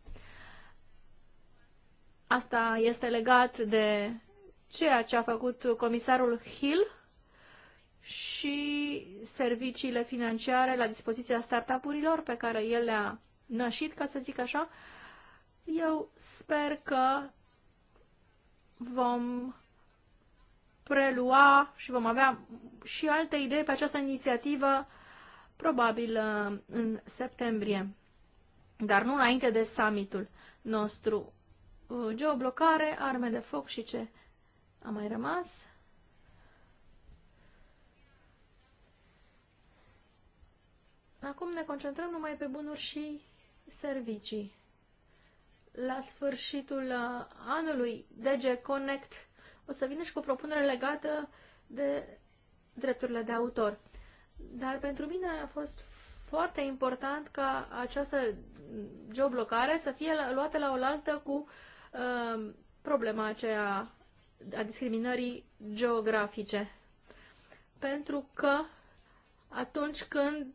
Asta este legat de ceea ce a făcut comisarul Hill și serviciile financiare la dispoziția startup-urilor pe care el le-a nășit, ca să zic așa. Eu sper că vom prelua și vom avea și alte idei pe această inițiativă, probabil uh, în septembrie, dar nu înainte de summitul nostru. Uh, geoblocare, arme de foc și ce a mai rămas? Acum ne concentrăm numai pe bunuri și servicii. La sfârșitul uh, anului, DG Connect o să vină și cu o propunere legată de drepturile de autor. Dar pentru mine a fost foarte important ca această geoblocare să fie luată la oaltă cu uh, problema aceea a discriminării geografice. Pentru că atunci când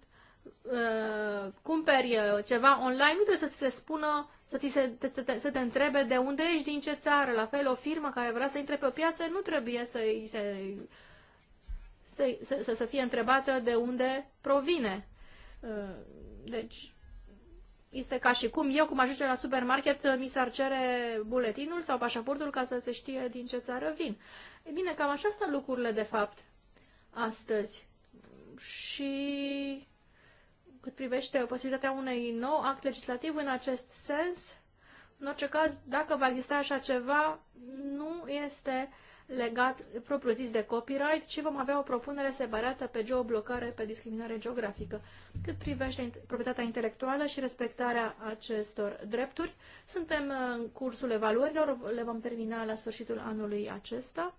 Uh, cumperi uh, ceva online, nu trebuie să ți se spună, să, ți se, te, te, să te întrebe de unde ești, din ce țară. La fel, o firmă care vrea să intre pe o piață nu trebuie să, să, să, să, să fie întrebată de unde provine. Uh, deci, este ca și cum eu, cum ajunge la supermarket, mi s-ar cere buletinul sau pașaportul ca să se știe din ce țară vin. E bine, cam așa stau lucrurile de fapt astăzi. Și cât privește posibilitatea unei nou act legislativ în acest sens. În orice caz, dacă va exista așa ceva, nu este legat propriu-zis de copyright, ci vom avea o propunere separată pe geoblocare, pe discriminare geografică. Cât privește proprietatea intelectuală și respectarea acestor drepturi, suntem în cursul evaluărilor, le vom termina la sfârșitul anului acesta.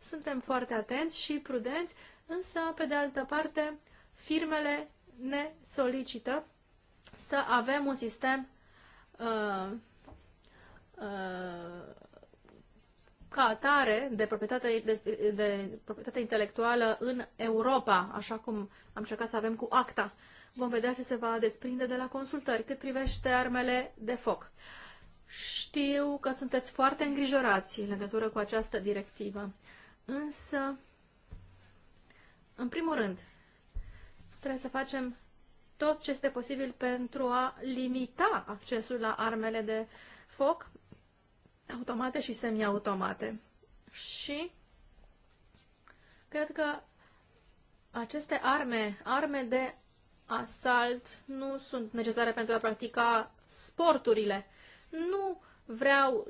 Suntem foarte atenți și prudenți, însă, pe de altă parte, firmele ne solicită să avem un sistem uh, uh, ca atare de proprietate, de, de proprietate intelectuală în Europa, așa cum am încercat să avem cu ACTA. Vom vedea ce se va desprinde de la consultări cât privește armele de foc. Știu că sunteți foarte îngrijorați în legătură cu această directivă, însă, în primul rând, Trebuie să facem tot ce este posibil pentru a limita accesul la armele de foc automate și semiautomate. Și cred că aceste arme, arme de asalt, nu sunt necesare pentru a practica sporturile. Nu vreau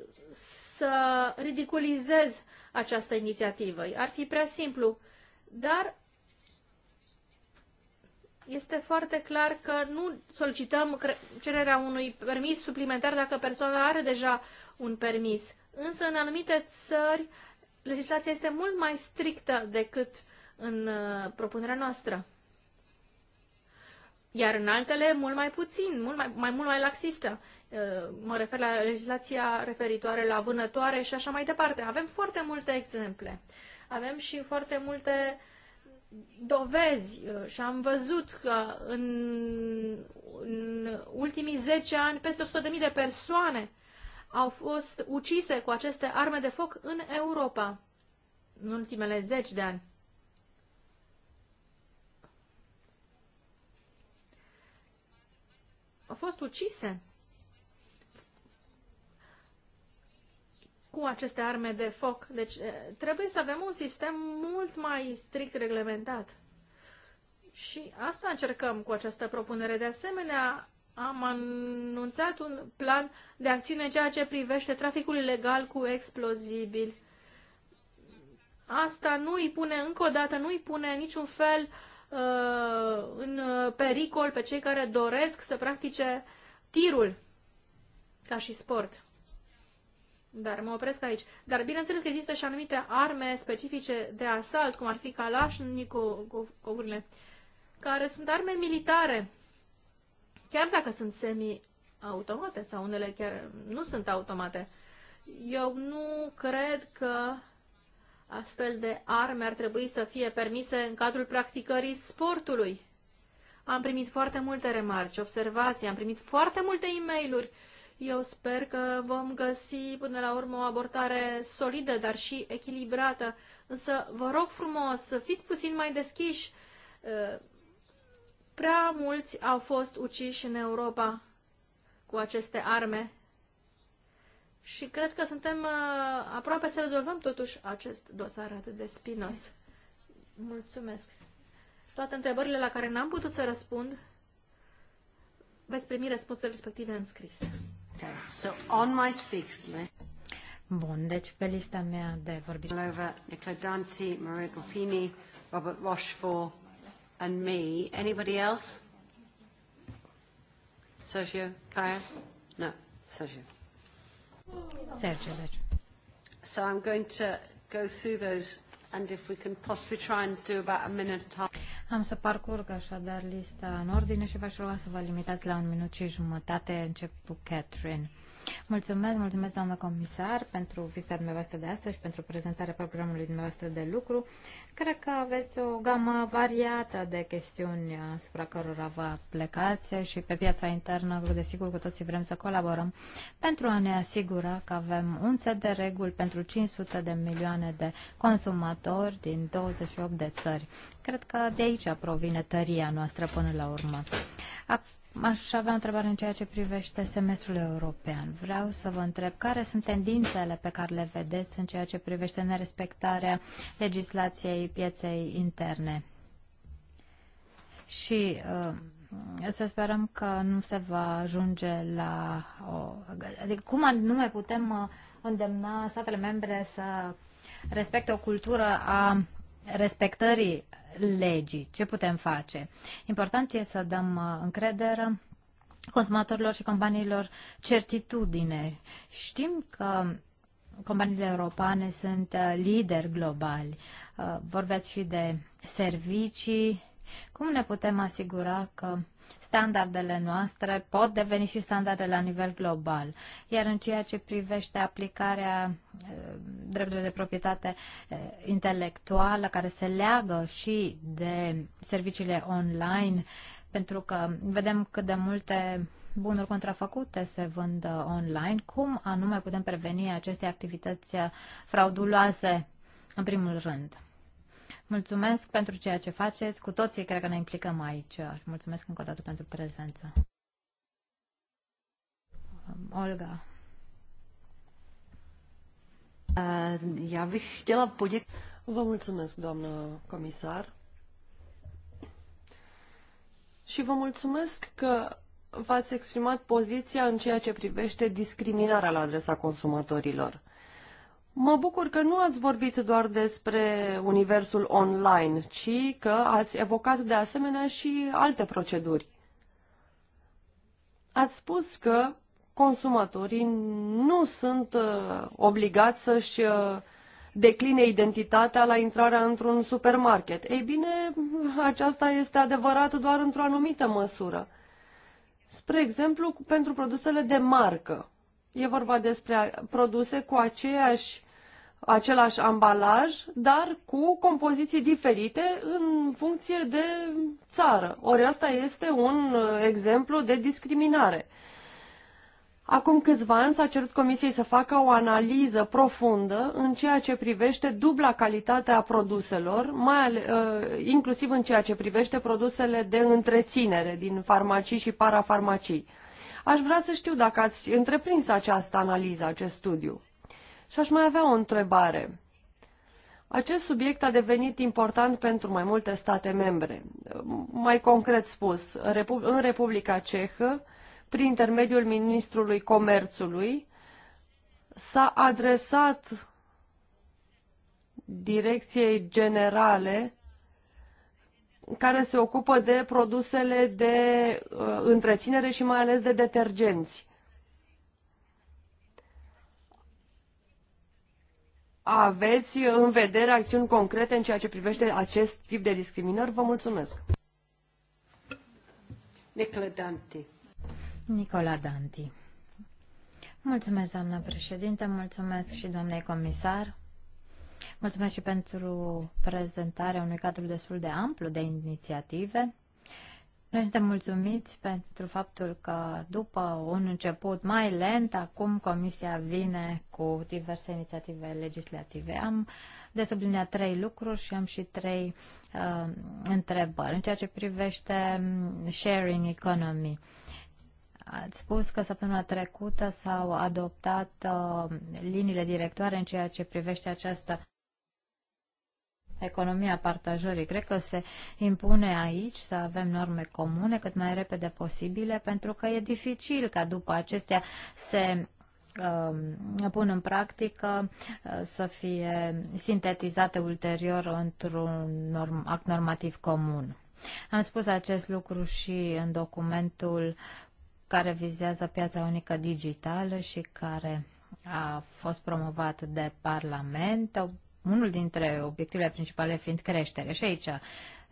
să ridiculizez această inițiativă. Ar fi prea simplu, dar este foarte clar că nu solicităm cererea unui permis suplimentar dacă persoana are deja un permis. Însă, în anumite țări, legislația este mult mai strictă decât în uh, propunerea noastră. Iar în altele, mult mai puțin, mult mai, mai mult mai laxistă. Uh, mă refer la legislația referitoare la vânătoare și așa mai departe. Avem foarte multe exemple. Avem și foarte multe uh, dovezi uh, și am văzut că în, în ultimii 10 ani peste 100.000 de persoane au fost ucise cu aceste arme de foc în Europa în ultimele 10 de ani. Au fost ucise. cu aceste arme de foc. Deci eh, trebuie să avem un sistem mult mai strict reglementat. Și asta încercăm cu această propunere. De asemenea, am anunțat un plan de acțiune în ceea ce privește traficul ilegal cu explozibili. Asta nu îi pune, încă o dată, nu îi pune niciun fel uh, în pericol pe cei care doresc să practice tirul ca și sport. Dar mă opresc aici. Dar bineînțeles că există și anumite arme specifice de asalt, cum ar fi calașnicovurile, care sunt arme militare, chiar dacă sunt semi-automate sau unele chiar nu sunt automate. Eu nu cred că astfel de arme ar trebui să fie permise în cadrul practicării sportului. Am primit foarte multe remarci, observații, am primit foarte multe e-mail-uri uh, eu sper că vom găsi până la urmă o abordare solidă, dar și echilibrată. Însă vă rog frumos să fiți puțin mai deschiși. Prea mulți au fost uciși în Europa cu aceste arme. Și cred că suntem aproape să rezolvăm totuși acest dosar atât de spinos. Mulțumesc. Toate întrebările la care n-am putut să răspund, veți primi răspunsurile respective în scris. Okay. So on my speaks list. Bun, deci pe lista mea de vorbit: Over Nicola Danti, Maria Goffini, Robert Rochefort and me. Anybody else? Sergio, Kaya? No, Sergio. Sergio, deci. So I'm going to go through those And if we can possibly try and do about a minute Am să parcurg așadar lista în ordine și v-aș rog să vă limitați la un minut și jumătate, încep cu Catherine. Mulțumesc, mulțumesc, doamnă comisar, pentru vizita dumneavoastră de astăzi și pentru prezentarea programului dumneavoastră de lucru. Cred că aveți o gamă variată de chestiuni asupra cărora vă plecați și pe piața internă, desigur, cu toții vrem să colaborăm pentru a ne asigura că avem un set de reguli pentru 500 de milioane de consumatori din 28 de țări. Cred că de aici provine tăria noastră până la urmă. Aș avea întrebare în ceea ce privește semestrul european. Vreau să vă întreb care sunt tendințele pe care le vedeți în ceea ce privește nerespectarea legislației pieței interne. Și uh, să sperăm că nu se va ajunge la o... Adică cum nu mai putem uh, îndemna statele membre să respecte o cultură a respectării legii. Ce putem face? Important e să dăm uh, încredere consumatorilor și companiilor certitudine. Știm că companiile europene sunt uh, lideri globali. Uh, vorbeați și de servicii. Cum ne putem asigura că standardele noastre pot deveni și standarde la nivel global. Iar în ceea ce privește aplicarea eh, drepturilor de proprietate eh, intelectuală, care se leagă și de serviciile online, pentru că vedem cât de multe bunuri contrafăcute se vând eh, online, cum anume putem preveni aceste activități frauduloase în primul rând. Mulțumesc pentru ceea ce faceți. Cu toții cred că ne implicăm aici. Mulțumesc încă o dată pentru prezență. Olga. Uh, ja bych chtěla poděkovat. Vă mulțumesc, doamnă comisar. Și vă mulțumesc că v-ați exprimat poziția în ceea ce privește discriminarea la adresa consumatorilor. Mă bucur că nu ați vorbit doar despre universul online, ci că ați evocat de asemenea și alte proceduri. Ați spus că consumatorii nu sunt uh, obligați să-și uh, decline identitatea la intrarea într-un supermarket. Ei bine, aceasta este adevărat doar într-o anumită măsură. Spre exemplu, pentru produsele de marcă. E vorba despre produse cu aceeași același ambalaj, dar cu compoziții diferite în funcție de țară. Ori asta este un exemplu de discriminare. Acum câțiva ani s-a cerut Comisiei să facă o analiză profundă în ceea ce privește dubla calitate a produselor, mai ale, ă, inclusiv în ceea ce privește produsele de întreținere din farmacii și parafarmacii. Aș vrea să știu dacă ați întreprins această analiză, acest studiu. Și aș mai avea o întrebare. Acest subiect a devenit important pentru mai multe state membre. Mai concret spus, în Republica Cehă, prin intermediul Ministrului Comerțului, s-a adresat Direcției Generale care se ocupă de produsele de uh, întreținere și mai ales de detergenți. aveți în vedere acțiuni concrete în ceea ce privește acest tip de discriminări? Vă mulțumesc! Nicola Danti. Nicola Danti. Mulțumesc, doamnă președinte, mulțumesc și doamnei comisar. Mulțumesc și pentru prezentarea unui cadru destul de amplu de inițiative. Noi suntem mulțumiți pentru faptul că după un început mai lent, acum Comisia vine cu diverse inițiative legislative. Am de subliniat trei lucruri și am și trei uh, întrebări. În ceea ce privește mm, sharing economy, ați spus că săptămâna trecută s-au adoptat uh, liniile directoare în ceea ce privește această economia partajării. Cred că se impune aici să avem norme comune cât mai repede posibile, pentru că e dificil ca după acestea se uh, pun în practică uh, să fie sintetizate ulterior într-un norm, act normativ comun. Am spus acest lucru și în documentul care vizează piața unică digitală și care a fost promovat de Parlament unul dintre obiectivele principale fiind creștere. Și aici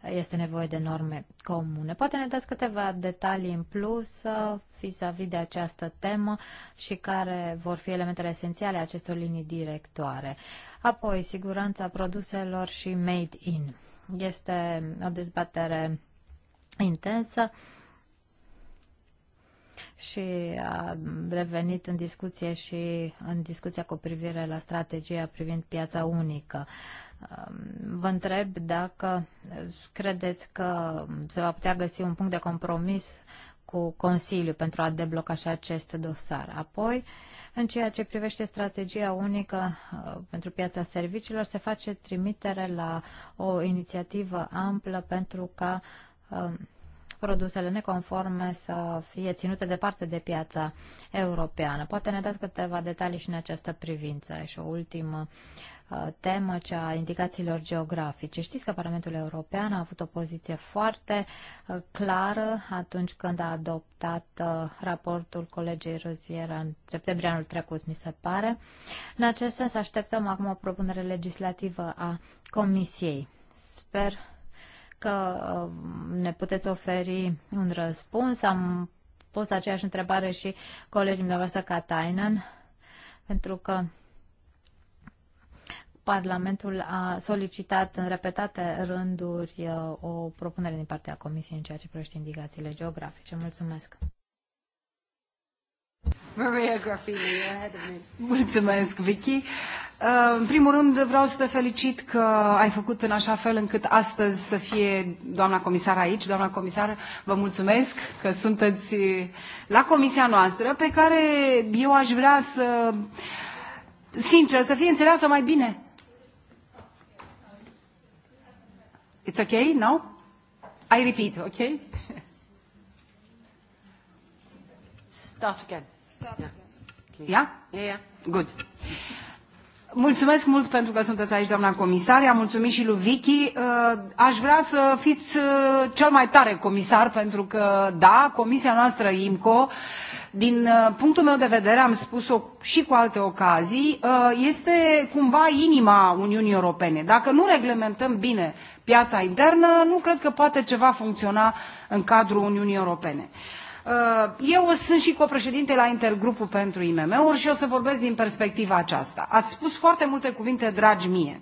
este nevoie de norme comune. Poate ne dați câteva detalii în plus uh, vis-a-vis -vis de această temă și care vor fi elementele esențiale acestor linii directoare. Apoi, siguranța produselor și made in. Este o dezbatere intensă. Uh, și a revenit în discuție și în discuția cu privire la strategia privind piața unică. Um, vă întreb dacă credeți că se va putea găsi un punct de compromis cu Consiliu pentru a debloca și acest dosar. Apoi, în ceea ce privește strategia unică uh, pentru piața serviciilor, se face trimitere la o inițiativă amplă pentru ca um, produsele neconforme să fie ținute departe de piața europeană. Poate ne dați câteva detalii și în această privință. Și o ultimă uh, temă, cea a indicațiilor geografice. Știți că Parlamentul European a avut o poziție foarte uh, clară atunci când a adoptat uh, raportul colegei Roziera în septembrie anul trecut, mi se pare. În acest sens așteptăm acum o propunere legislativă a Comisiei. Sper că um, ne puteți oferi un răspuns. Am pus aceeași întrebare și colegii dumneavoastră Katainen, pentru că Parlamentul a solicitat în repetate rânduri uh, o propunere din partea Comisiei în ceea ce privește indicațiile geografice. Mulțumesc! Maria Grafini, Mulțumesc, Vicky. Uh, în primul rând vreau să te felicit că ai făcut în așa fel încât astăzi să fie doamna comisar aici. Doamna comisar, vă mulțumesc că sunteți uh, la comisia noastră pe care eu aș vrea să, sincer, să fie înțeleasă mai bine. It's okay No? I repeat, okay? Start again. Da. Ia? yeah. Good. Mulțumesc mult pentru că sunteți aici, doamna comisar. am mulțumit și lui Vicky. Uh, aș vrea să fiți uh, cel mai tare comisar, pentru că, da, comisia noastră IMCO, din uh, punctul meu de vedere, am spus-o și cu alte ocazii, este cumva inima Uniunii Europene. Dacă nu reglementăm bine piața internă, nu cred că poate ceva funcționa în cadrul Uniunii Europene. Uh, eu sunt și copreședinte la Intergrupul pentru IMM-uri și o să vorbesc din perspectiva aceasta. Ați spus foarte multe cuvinte dragi mie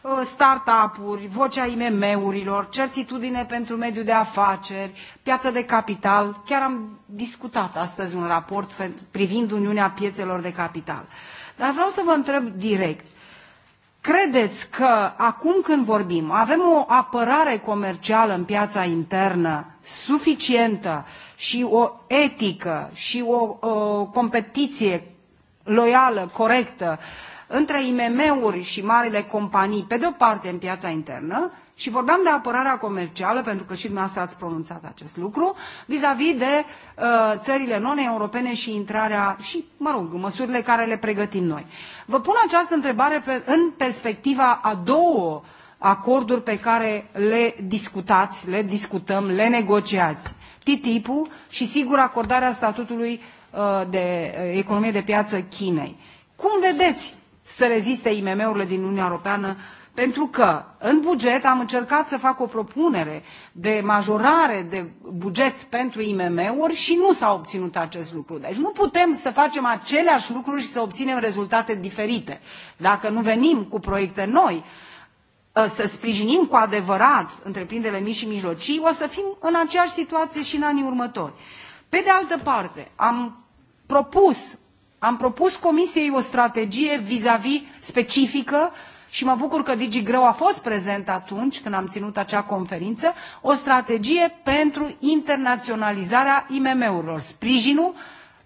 uh, up uri vocea IMM-urilor, certitudine pentru mediul de afaceri, piață de capital. Chiar am discutat astăzi un raport privind Uniunea Piețelor de Capital. Dar vreau să vă întreb direct. Credeți că acum când vorbim, avem o apărare comercială în piața internă suficientă și o etică și o, competiție loială, corectă între IMM-uri și marile companii, pe de o parte în piața internă, și vorbeam de apărarea comercială, pentru că și dumneavoastră ați pronunțat acest lucru, vis a -vis de uh, țările non-europene și intrarea și, mă rog, măsurile care le pregătim noi. Vă pun această întrebare pe, în perspectiva a două uh, acorduri pe care le discutați, le discutăm, le negociați. TTIP-ul și, sigur, acordarea statutului uh, de uh, economie de piață Chinei. Cum vedeți să reziste IMM-urile din Uniunea Europeană pentru că în buget am încercat să fac o propunere de majorare de buget pentru imm uri și nu s a obținut acest lucru. Deci nu putem să facem aceleași lucruri și să obținem rezultate diferite. Dacă nu venim cu proiecte noi, uh, Ă, să sprijinim cu adevărat întreprinderile mici și mijlocii, o să fim în aceeași situație și în anii următori. Pe de altă parte, am propus, am propus Comisiei o strategie vis-a-vis -vis specifică și mă bucur că DG Greu a fost prezent atunci când am ținut acea conferință, o strategie pentru internaționalizarea IMM-urilor, sprijinul uh,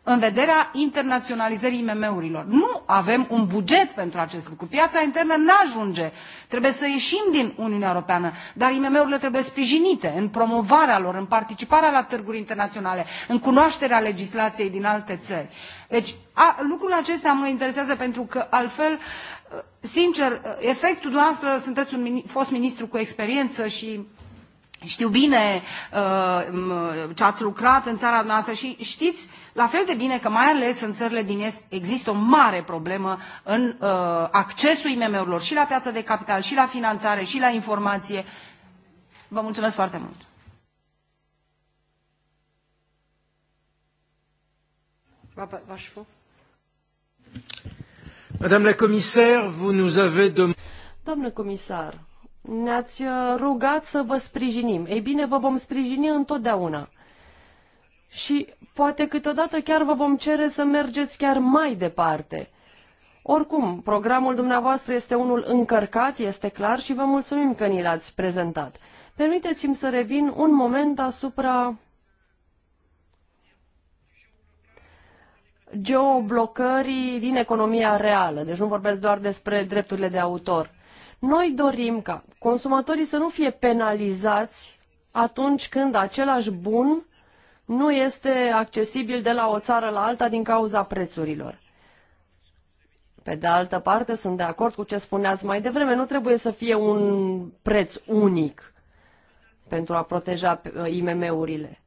în vederea internaționalizării imm urilor. Nu avem un buget pentru acest lucru. Piața internă nu ajunge. Trebuie să ieșim din Uniunea Europeană, dar imm urile trebuie sprijinite în promovarea lor, în participarea la târguri internaționale, în cunoașterea legislației din alte țări. Deci a, lucrurile acestea mă interesează pentru că altfel sincer efectul dumneavoastră sunteți un fost ministru cu experiență și știu bine uh, ce ați lucrat în țara noastră și știți la fel de bine că mai ales în țările din Est există o mare problemă în uh, accesul IMM-urilor și la piața de capital, și la finanțare, și la informație. Vă mulțumesc foarte mult! Madame la commissaire, vous nous comisar, ne-ați uh, rugat să vă sprijinim. Ei bine, vă vom sprijini întotdeauna. Și poate câteodată chiar vă vom cere să mergeți chiar mai departe. Oricum, programul dumneavoastră este unul încărcat, este clar și vă mulțumim că ni l-ați prezentat. Permiteți-mi să revin un moment asupra geoblocării din economia reală. Deci nu vorbesc doar despre drepturile de autor. Noi dorim ca consumatorii să nu fie penalizați atunci când același bun nu este accesibil de la o țară la alta din cauza prețurilor. Pe de altă parte, sunt de acord cu ce spuneați mai devreme, nu trebuie să fie un preț unic pentru a proteja uh, IMM-urile.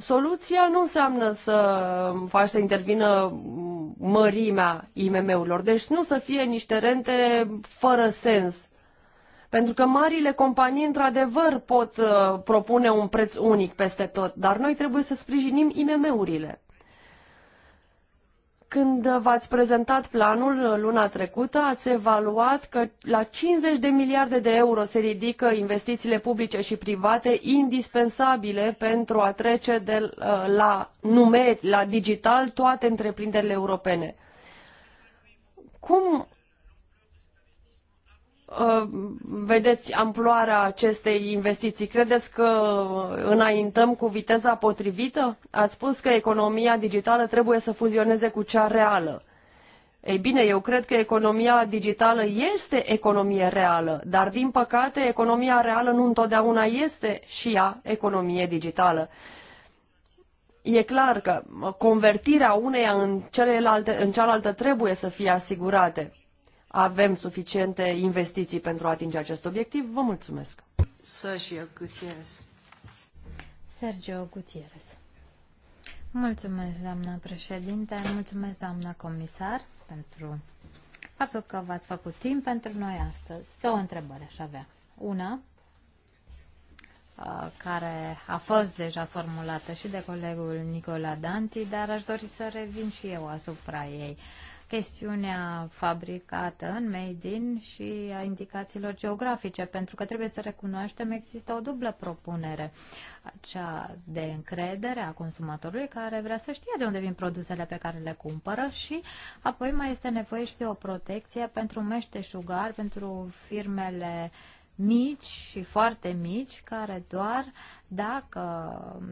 Soluția nu înseamnă să faci să intervină mărimea IMM-urilor, deci nu să fie niște rente fără sens. Pentru că marile companii, într-adevăr, pot uh, propune un preț unic peste tot, dar noi trebuie să sprijinim IMM-urile. Când v-ați prezentat planul uh, luna trecută, ați evaluat că la 50 de miliarde de euro se ridică investițiile publice și private indispensabile pentru a trece de uh, la numeri, la digital, toate întreprinderile europene. Cum Uh, vedeți amploarea acestei investiții? Credeți că înaintăm cu viteza potrivită? Ați spus că economia digitală trebuie să fuzioneze cu cea reală. Ei bine, eu cred că economia digitală este economie reală, dar din păcate economia reală nu întotdeauna este și ea economie digitală. E clar că convertirea uneia în, celelalte, în cealaltă trebuie să fie asigurate avem suficiente investiții pentru a atinge acest obiectiv. Vă mulțumesc! Sergio Gutierrez. Sergio Gutierrez. Mulțumesc, doamna președinte, mulțumesc, doamna comisar, pentru faptul că v-ați făcut timp pentru noi astăzi. Două întrebări aș avea. Una, uh, care a fost deja formulată și de colegul Nicola Danti, dar aș dori să revin și eu asupra ei. Uh, chestiunea fabricată în made in și a indicațiilor geografice, pentru că trebuie să recunoaștem există o dublă propunere, cea de încredere a consumatorului care vrea să știe de unde vin produsele pe care le cumpără și apoi mai este nevoie și de o protecție pentru meșteșugari, pentru firmele uh, mici și foarte mici, care doar dacă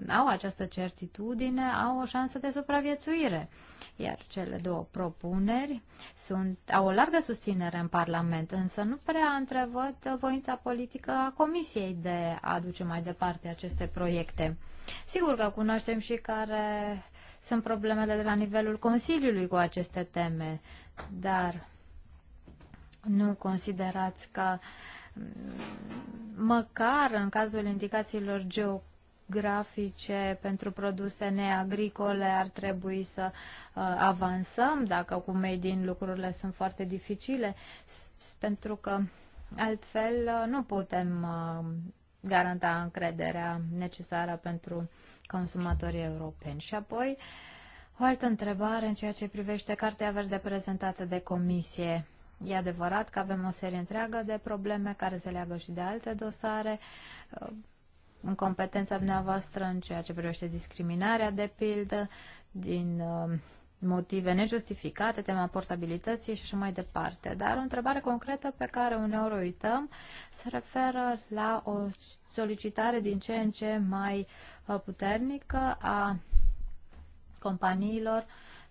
au această certitudine, au o șansă de supraviețuire. Iar cele două propuneri sunt, au o largă susținere în Parlament, însă nu prea întrevăd voința politică a Comisiei de a aduce mai departe aceste proiecte. Sigur că cunoaștem și care sunt problemele de la nivelul Consiliului cu aceste teme, dar nu considerați că uh, măcar în cazul indicațiilor geografice pentru produse neagricole ar trebui să uh, avansăm, dacă cu made in lucrurile sunt foarte dificile, pentru că altfel uh, nu putem uh, garanta încrederea necesară pentru consumatorii europeni. Și apoi, o altă întrebare în ceea ce privește Cartea Verde prezentată de Comisie. E adevărat că avem o serie întreagă de probleme care se leagă și de alte dosare. Uh, în competența dumneavoastră în ceea ce privește discriminarea, de pildă, din uh, motive nejustificate, tema portabilității și așa mai departe. Dar o întrebare concretă pe care uneori o uităm se referă la o solicitare din ce în ce mai uh, puternică a companiilor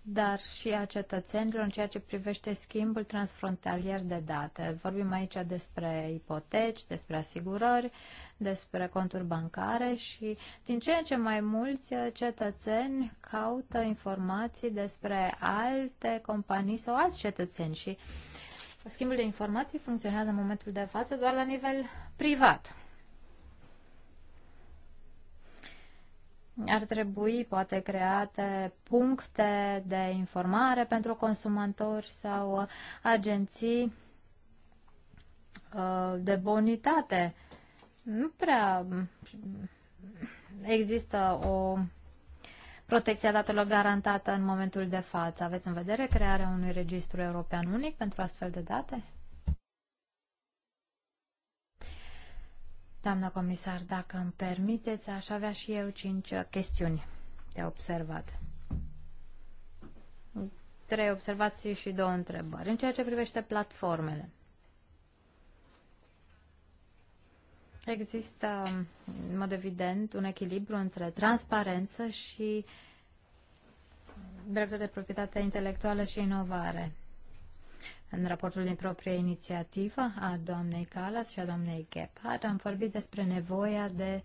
dar și a cetățenilor în ceea ce privește schimbul transfrontalier de date. Vorbim aici despre ipoteci, despre asigurări, despre conturi bancare și din ce în ce mai mulți cetățeni caută informații despre alte companii sau alți cetățeni și schimbul de informații funcționează în momentul de față doar la nivel privat. ar trebui poate create puncte de informare pentru consumatori sau agenții uh, de bonitate. Nu prea există o protecția datelor garantată în momentul de față. Aveți în vedere crearea unui registru european unic pentru astfel de date? Doamnă comisar, dacă îmi permiteți, aș avea și eu cinci uh, chestiuni de observat. Trei observații și două întrebări. În ceea ce privește platformele, există, în mod evident, un echilibru între transparență și dreptul de proprietate intelectuală și inovare. În raportul din proprie inițiativă a doamnei Calas și a doamnei Gephardt am vorbit despre nevoia de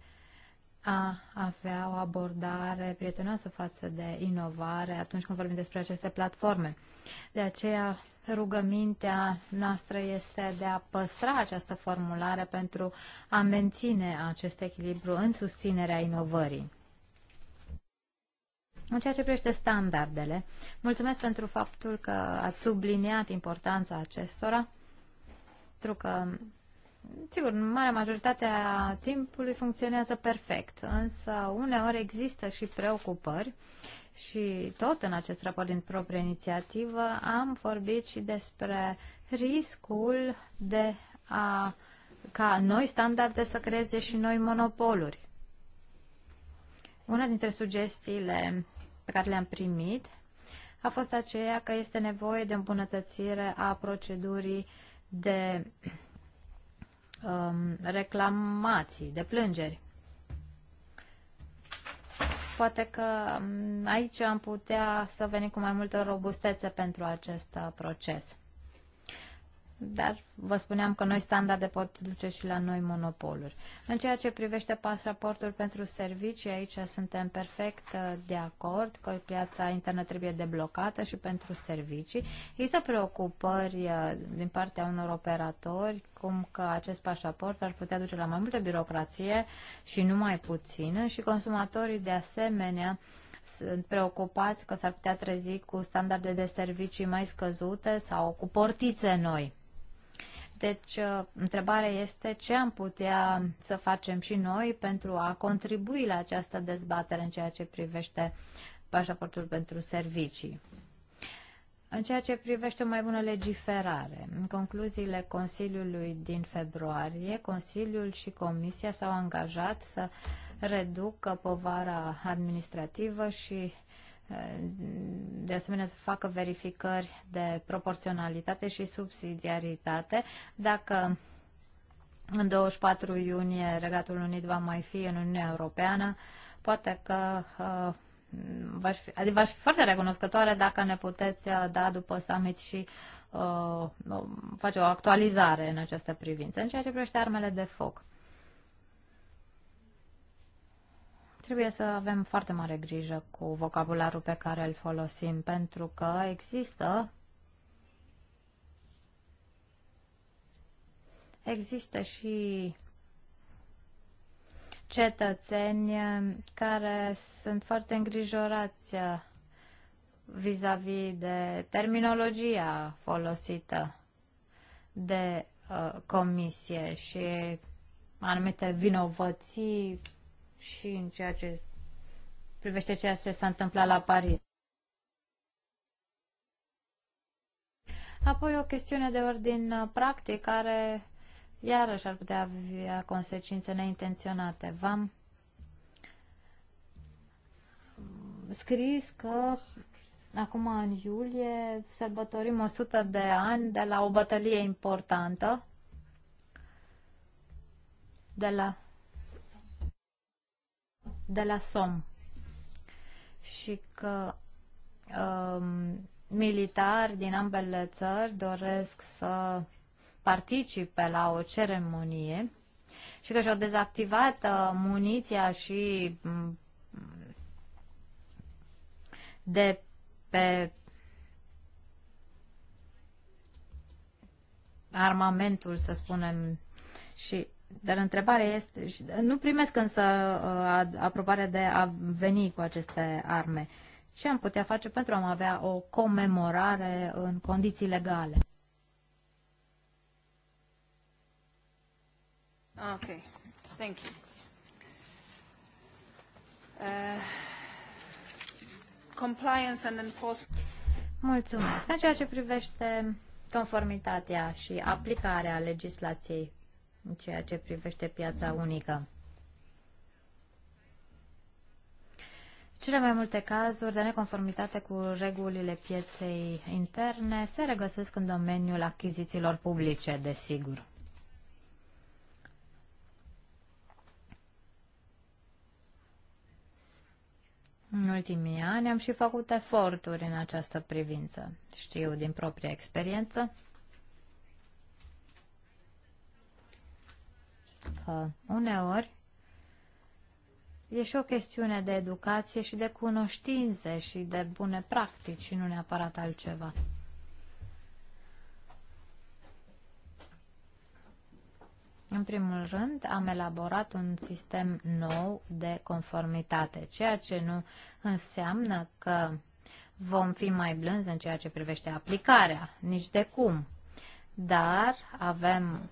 a avea o abordare prietenoasă față de inovare atunci când vorbim despre aceste platforme. De aceea, rugămintea noastră este de a păstra această formulare pentru a menține acest echilibru în susținerea inovării. În ceea ce privește standardele, mulțumesc pentru faptul că ați subliniat importanța acestora, pentru că, sigur, în marea majoritate a timpului funcționează perfect, însă uneori există și preocupări și tot în acest raport din proprie inițiativă am vorbit și despre riscul de a ca noi standarde să creeze și noi monopoluri. Una dintre sugestiile pe care le-am primit a fost aceea că este nevoie de îmbunătățire a procedurii de um, reclamații, de plângeri. Poate că um, aici am putea să venim cu mai multă robustețe pentru acest uh, proces. Dar vă spuneam că noi standarde pot duce și la noi monopoluri. În ceea ce privește pasaportul pentru servicii, aici suntem perfect uh, de acord că piața internă trebuie deblocată și pentru servicii. Există preocupări uh, din partea unor operatori cum că acest pașaport ar putea duce la mai multă birocrație și nu mai puțină și consumatorii de asemenea sunt preocupați că s-ar putea trezi cu standarde de servicii mai scăzute sau cu portițe noi. Deci, uh, întrebarea este ce am putea să facem și noi pentru a contribui la această dezbatere în ceea ce privește pașaportul pentru servicii. În ceea ce privește o mai bună legiferare, în concluziile Consiliului din februarie, Consiliul și Comisia s-au angajat să reducă povara administrativă și de asemenea să facă verificări de proporționalitate și subsidiaritate. Dacă în 24 iunie Regatul Unit va mai fi în Uniunea Europeană, poate că uh, v-aș fi, adică v-aș fi foarte recunoscătoare dacă ne puteți uh, da după summit și uh, um, face o actualizare în această privință. În ceea ce privește armele de foc, trebuie să avem foarte mare grijă cu vocabularul pe care îl folosim, pentru că există există și cetățeni care sunt foarte îngrijorați vis-a-vis -vis de terminologia folosită de uh, comisie și anumite vinovății și în ceea ce privește ceea ce s-a întâmplat la Paris. Apoi o chestiune de ordin uh, practic care iarăși ar putea avea consecințe neintenționate. V-am scris că acum în iulie sărbătorim 100 de ani de la o bătălie importantă de la de la SOM și că um, militari din ambele țări doresc să participe la o ceremonie și că și-au dezactivat uh, muniția și mm, de pe armamentul, să spunem, și dar întrebarea este, nu primesc însă uh, aprobarea de a veni cu aceste arme. Ce am putea face pentru a avea o comemorare în condiții legale? Ah, ok, thank you. Uh, compliance and enforcement. Mulțumesc. În ceea ce privește conformitatea și aplicarea legislației în ceea ce privește piața unică. Cele mai multe cazuri de neconformitate cu regulile pieței interne se regăsesc în domeniul achizițiilor publice, desigur. În ultimii ani am și făcut eforturi în această privință. Știu din propria experiență că uneori e și o chestiune de educație și de cunoștințe și de bune practici și nu neapărat altceva. În primul rând, am elaborat un sistem nou de conformitate, ceea ce nu înseamnă că vom fi mai blânzi în ceea ce privește aplicarea, nici de cum. Dar avem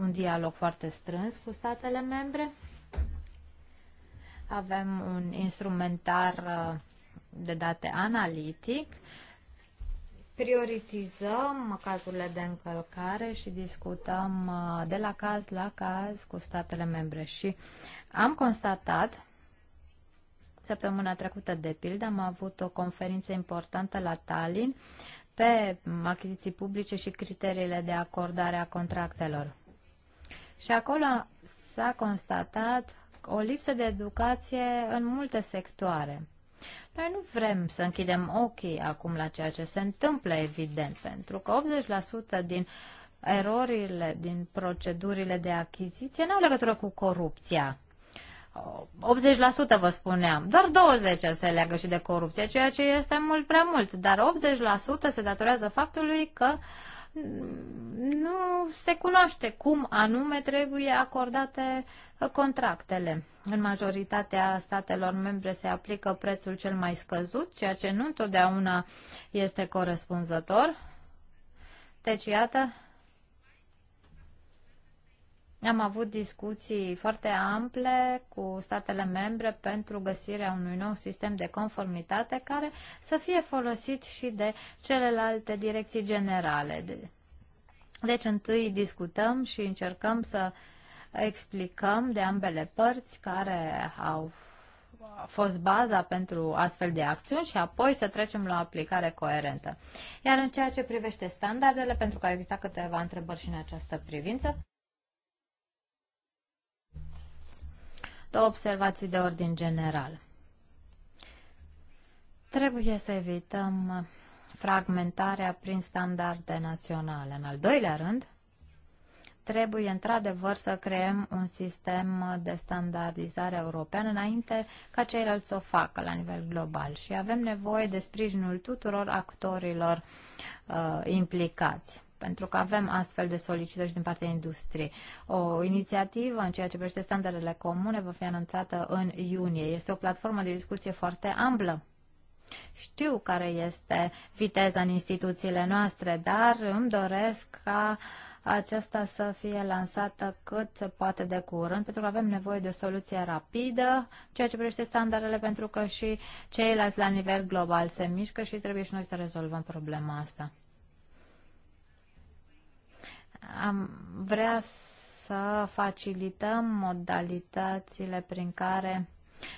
un dialog foarte strâns cu statele membre. Avem un instrumentar uh, de date analitic. Prioritizăm cazurile de încălcare și discutăm uh, de la caz la caz cu statele membre. Și am constatat Săptămâna trecută, de pildă, am avut o conferință importantă la Tallinn pe achiziții publice și criteriile de acordare a contractelor. Și acolo s-a constatat o lipsă de educație în multe sectoare. Noi nu vrem să închidem ochii acum la ceea ce se întâmplă, evident, pentru că 80% din erorile din procedurile de achiziție nu au legătură cu corupția. 80% vă spuneam, doar 20% se leagă și de corupție, ceea ce este mult prea mult, dar 80% se datorează faptului că mm, nu se cunoaște cum anume trebuie acordate contractele. În majoritatea statelor membre se aplică prețul cel mai scăzut, ceea ce nu întotdeauna este corespunzător. Deci, iată, am avut discuții foarte ample cu statele membre pentru găsirea unui nou sistem de conformitate care să fie folosit și de celelalte direcții generale. Deci întâi discutăm și încercăm să explicăm de ambele părți care au a fost baza pentru astfel de acțiuni și apoi să trecem la o aplicare coerentă. Iar în ceea ce privește standardele, pentru că au existat câteva întrebări și în această privință, Două observații de ordin general. Trebuie să evităm fragmentarea prin standarde naționale. În al doilea rând, trebuie într-adevăr să creăm un sistem de standardizare european înainte ca ceilalți să o facă la nivel global și avem nevoie de sprijinul tuturor actorilor uh, implicați pentru că avem astfel de solicitări din partea industriei. O inițiativă în ceea ce privește standardele comune va fi anunțată în iunie. Este o platformă de discuție foarte amplă. Știu care este viteza în instituțiile noastre, dar îmi doresc ca aceasta să fie lansată cât se poate de curând, pentru că avem nevoie de o soluție rapidă, ceea ce privește standardele, pentru că și ceilalți la nivel global se mișcă și trebuie și noi să rezolvăm problema asta am vrea să facilităm modalitățile prin care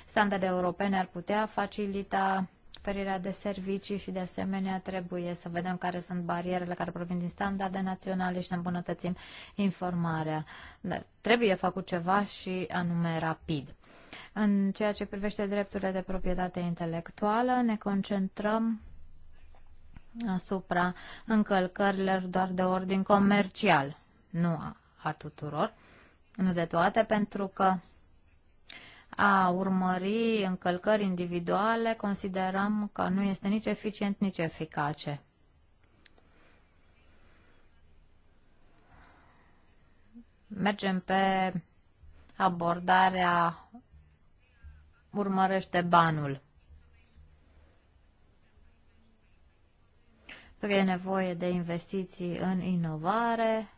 standarde europene ar putea facilita oferirea de servicii și de asemenea trebuie să vedem care sunt barierele care provin din standarde naționale și ne îmbunătățim informarea. Dar trebuie făcut ceva și anume rapid. În ceea ce privește drepturile de proprietate intelectuală, ne concentrăm asupra încălcărilor doar de ordin comercial, nu a, a tuturor, nu de toate, pentru că a urmări încălcări individuale considerăm că nu este nici eficient, nici eficace. Mergem pe abordarea urmărește banul. că e nevoie de investiții în inovare,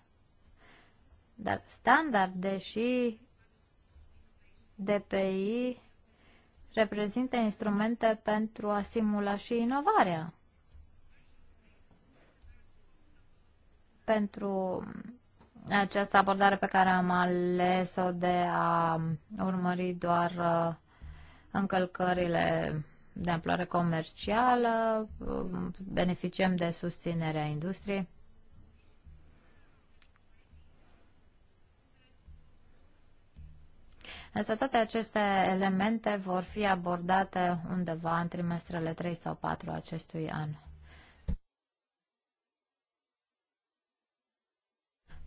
dar standarde și DPI reprezintă instrumente pentru a stimula și inovarea. Pentru această abordare pe care am ales-o de a urmări doar uh, încălcările de amploare comercială, beneficiem de susținerea industriei. Însă toate aceste elemente vor fi abordate undeva în trimestrele 3 sau 4 acestui an.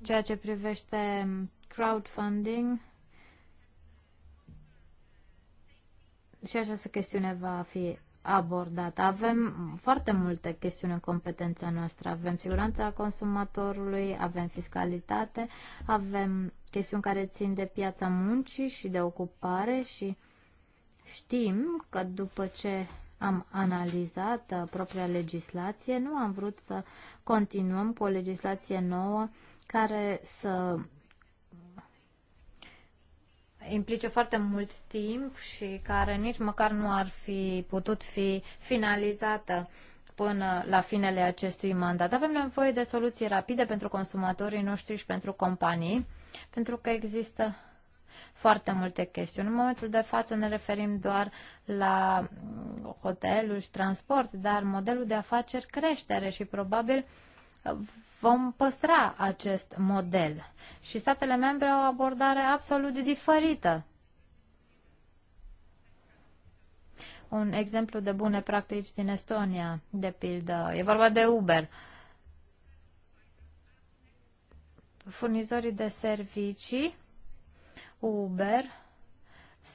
Ceea ce privește crowdfunding, și această chestiune va fi abordată. Avem foarte multe chestiuni în competența noastră. Avem siguranța consumatorului, avem fiscalitate, avem chestiuni care țin de piața muncii și de ocupare și știm că după ce am analizat uh, propria legislație, nu am vrut să continuăm cu o legislație nouă care să implice foarte mult timp și care nici măcar nu ar fi putut fi finalizată până la finele acestui mandat. Avem nevoie de soluții rapide pentru consumatorii noștri și pentru companii, pentru că există foarte multe chestiuni. În momentul de față ne referim doar la hoteluri și transport, dar modelul de afaceri creștere și probabil uh, vom păstra acest model. Și statele membre au o abordare absolut diferită. Un exemplu de bune practici din Estonia, de pildă, e vorba de Uber. Furnizorii de servicii Uber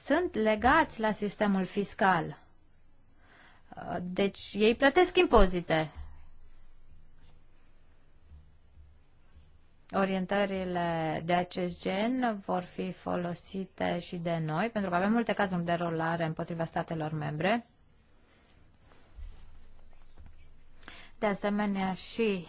sunt legați la sistemul fiscal. Deci ei plătesc impozite orientările de acest gen vor fi folosite și de noi, pentru că avem multe cazuri de rolare împotriva statelor membre. De asemenea, și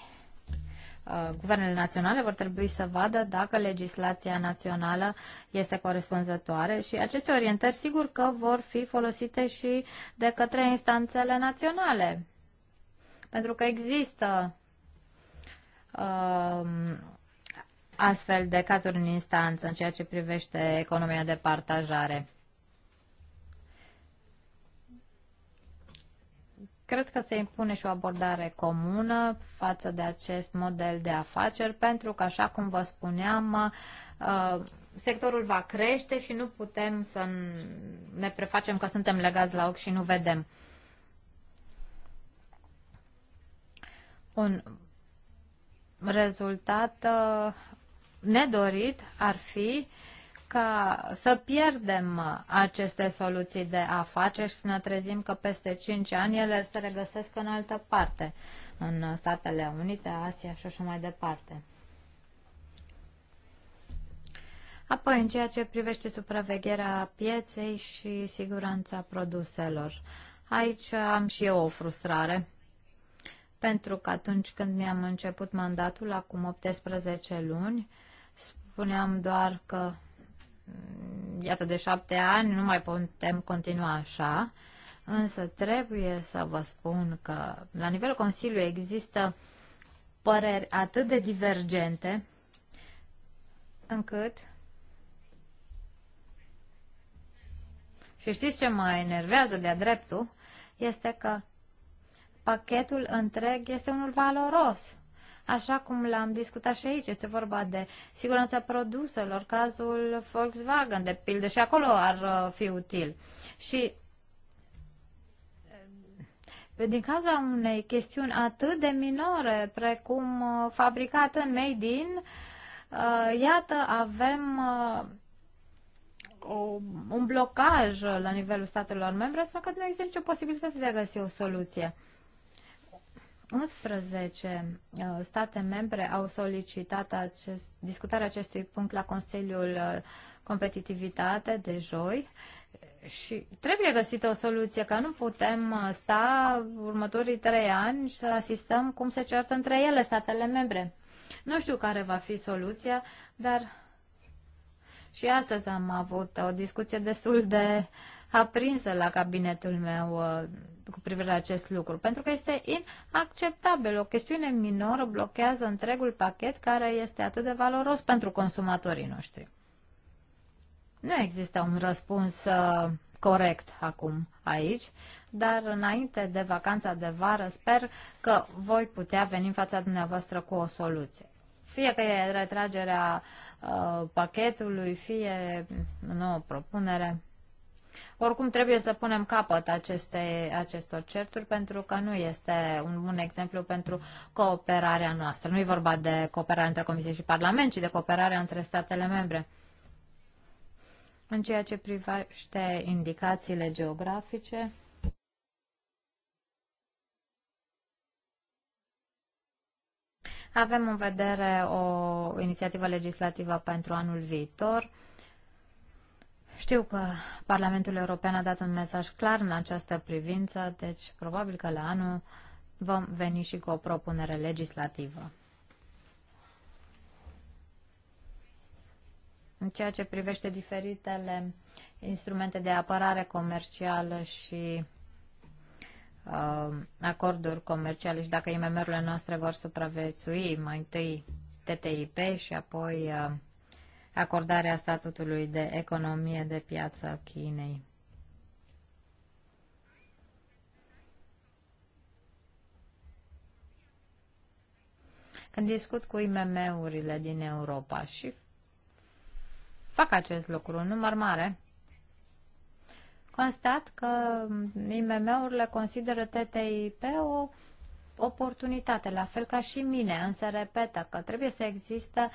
uh, guvernele naționale vor trebui să vadă dacă legislația națională este corespunzătoare și aceste orientări sigur că vor fi folosite și de către instanțele naționale. Pentru că există uh, astfel de cazuri în instanță în ceea ce privește economia de partajare. Cred că se impune și o abordare comună față de acest model de afaceri, pentru că, așa cum vă spuneam, uh, sectorul va crește și nu putem să ne prefacem că suntem legați la ochi și nu vedem. Un rezultat uh, nedorit ar fi ca să pierdem aceste soluții de afaceri și să ne trezim că peste 5 ani ele se regăsesc în altă parte, în Statele Unite, Asia și așa mai departe. Apoi, în ceea ce privește supravegherea pieței și siguranța produselor. Aici am și eu o frustrare, pentru că atunci când mi-am început mandatul, acum 18 luni, Spuneam doar că, mm, iată, de șapte ani nu mai putem continua așa, însă trebuie să vă spun că la nivelul Consiliului există păreri atât de divergente încât Și știți ce mă enervează de-a dreptul? Este că pachetul întreg este unul valoros. Așa cum l-am discutat și aici, este vorba de siguranța produselor, cazul Volkswagen, de pildă, și acolo ar uh, fi util. Și uh, din cauza unei chestiuni atât de minore, precum uh, fabricat în Made in, iată, avem o, un blocaj la nivelul statelor membre, astfel că nu există nicio posibilitate de a găsi o soluție. 11 uh, state membre au solicitat acest, discutarea acestui punct la Consiliul uh, Competitivitate de joi și trebuie găsită o soluție, că nu putem uh, sta următorii trei ani și să asistăm cum se ceartă între ele statele membre. Nu știu care va fi soluția, dar și astăzi am avut o discuție destul de aprinsă la cabinetul meu uh, cu privire la acest lucru, pentru că este inacceptabil. O chestiune minoră blochează întregul pachet care este atât de valoros pentru consumatorii noștri. Nu există un răspuns uh, corect acum aici, dar înainte de vacanța de vară sper că voi putea veni în fața dumneavoastră cu o soluție. Fie că e retragerea uh, pachetului, fie nouă propunere. Oricum trebuie să punem capăt aceste, acestor certuri pentru că nu este un bun exemplu pentru cooperarea noastră. Nu e vorba de cooperare între Comisie și Parlament, ci de cooperare între statele membre. În ceea ce privește indicațiile geografice, Avem în vedere o inițiativă legislativă pentru anul viitor. Știu că Parlamentul European a dat un mesaj clar în această privință, deci probabil că la anul vom veni și cu o propunere legislativă. În ceea ce privește diferitele instrumente de apărare comercială și Uh, acorduri comerciale și dacă IMM-urile noastre vor supraviețui mai întâi TTIP și apoi uh, acordarea statutului de economie de piață Chinei. Când discut cu IMM-urile din Europa și fac acest lucru, un număr mare, constat că IMM-urile consideră TTIP o oportunitate, la fel ca și mine, însă repetă că trebuie să există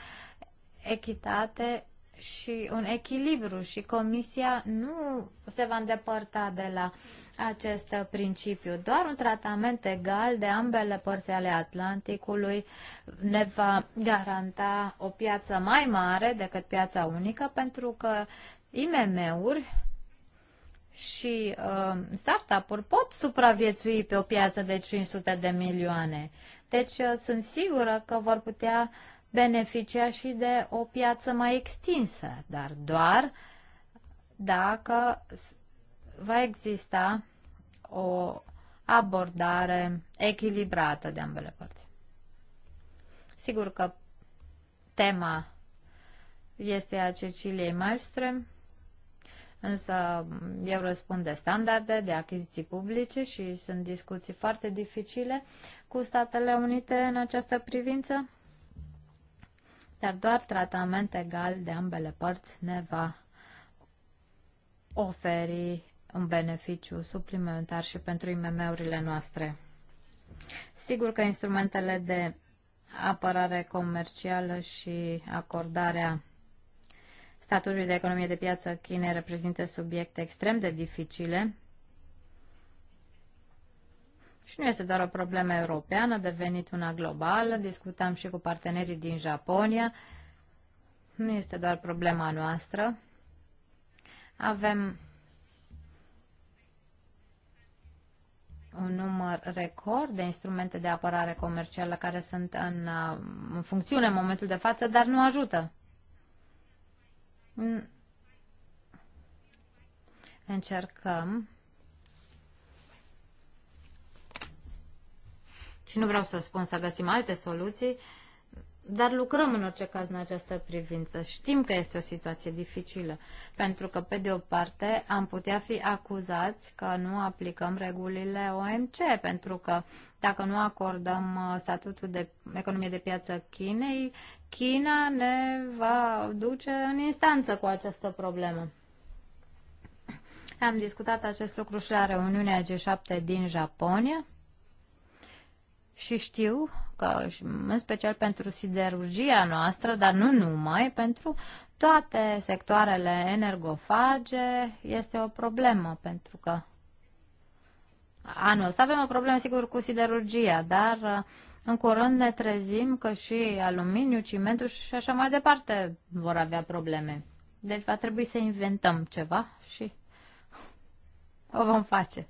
echitate și un echilibru și comisia nu se va îndepărta de la acest principiu. Doar un tratament egal de ambele părți ale Atlanticului ne va garanta o piață mai mare decât piața unică pentru că IMM-uri și uh, startup-uri pot supraviețui pe o piață de 500 de milioane. Deci uh, sunt sigură că vor putea beneficia și de o piață mai extinsă, dar doar dacă va exista o abordare echilibrată de ambele părți. Sigur că tema este a Ceciliei Malmström, Însă mm, eu răspund de standarde, de achiziții publice și sunt discuții foarte dificile cu Statele Unite în această privință, dar doar tratament egal de ambele părți ne va oferi un beneficiu suplimentar și pentru IMM-urile noastre. Sigur că instrumentele de apărare comercială și acordarea statului de economie de piață Chinei reprezintă subiecte extrem de dificile și nu este doar o problemă europeană, a devenit una globală. Discutam și cu partenerii din Japonia. Nu este doar problema noastră. Avem un număr record de instrumente de apărare comercială care sunt în, în funcțiune în momentul de față, dar nu ajută încercăm și nu vreau să spun să găsim alte soluții, dar lucrăm în orice caz în această privință. Știm că este o situație dificilă, pentru că, pe de o parte, am putea fi acuzați că nu aplicăm regulile OMC, pentru că dacă nu acordăm uh, statutul de economie de piață Chinei, China ne va duce în instanță cu această problemă. Am discutat acest lucru și la reuniunea G7 din Japonia și știu că, în special pentru siderurgia noastră, dar nu numai, pentru toate sectoarele energofage este o problemă, pentru că anul ăsta avem o problemă, sigur, cu siderurgia, dar uh, în curând ne trezim că și aluminiu, cimentul și așa mai departe vor avea probleme. Deci va trebui să inventăm ceva și o vom face.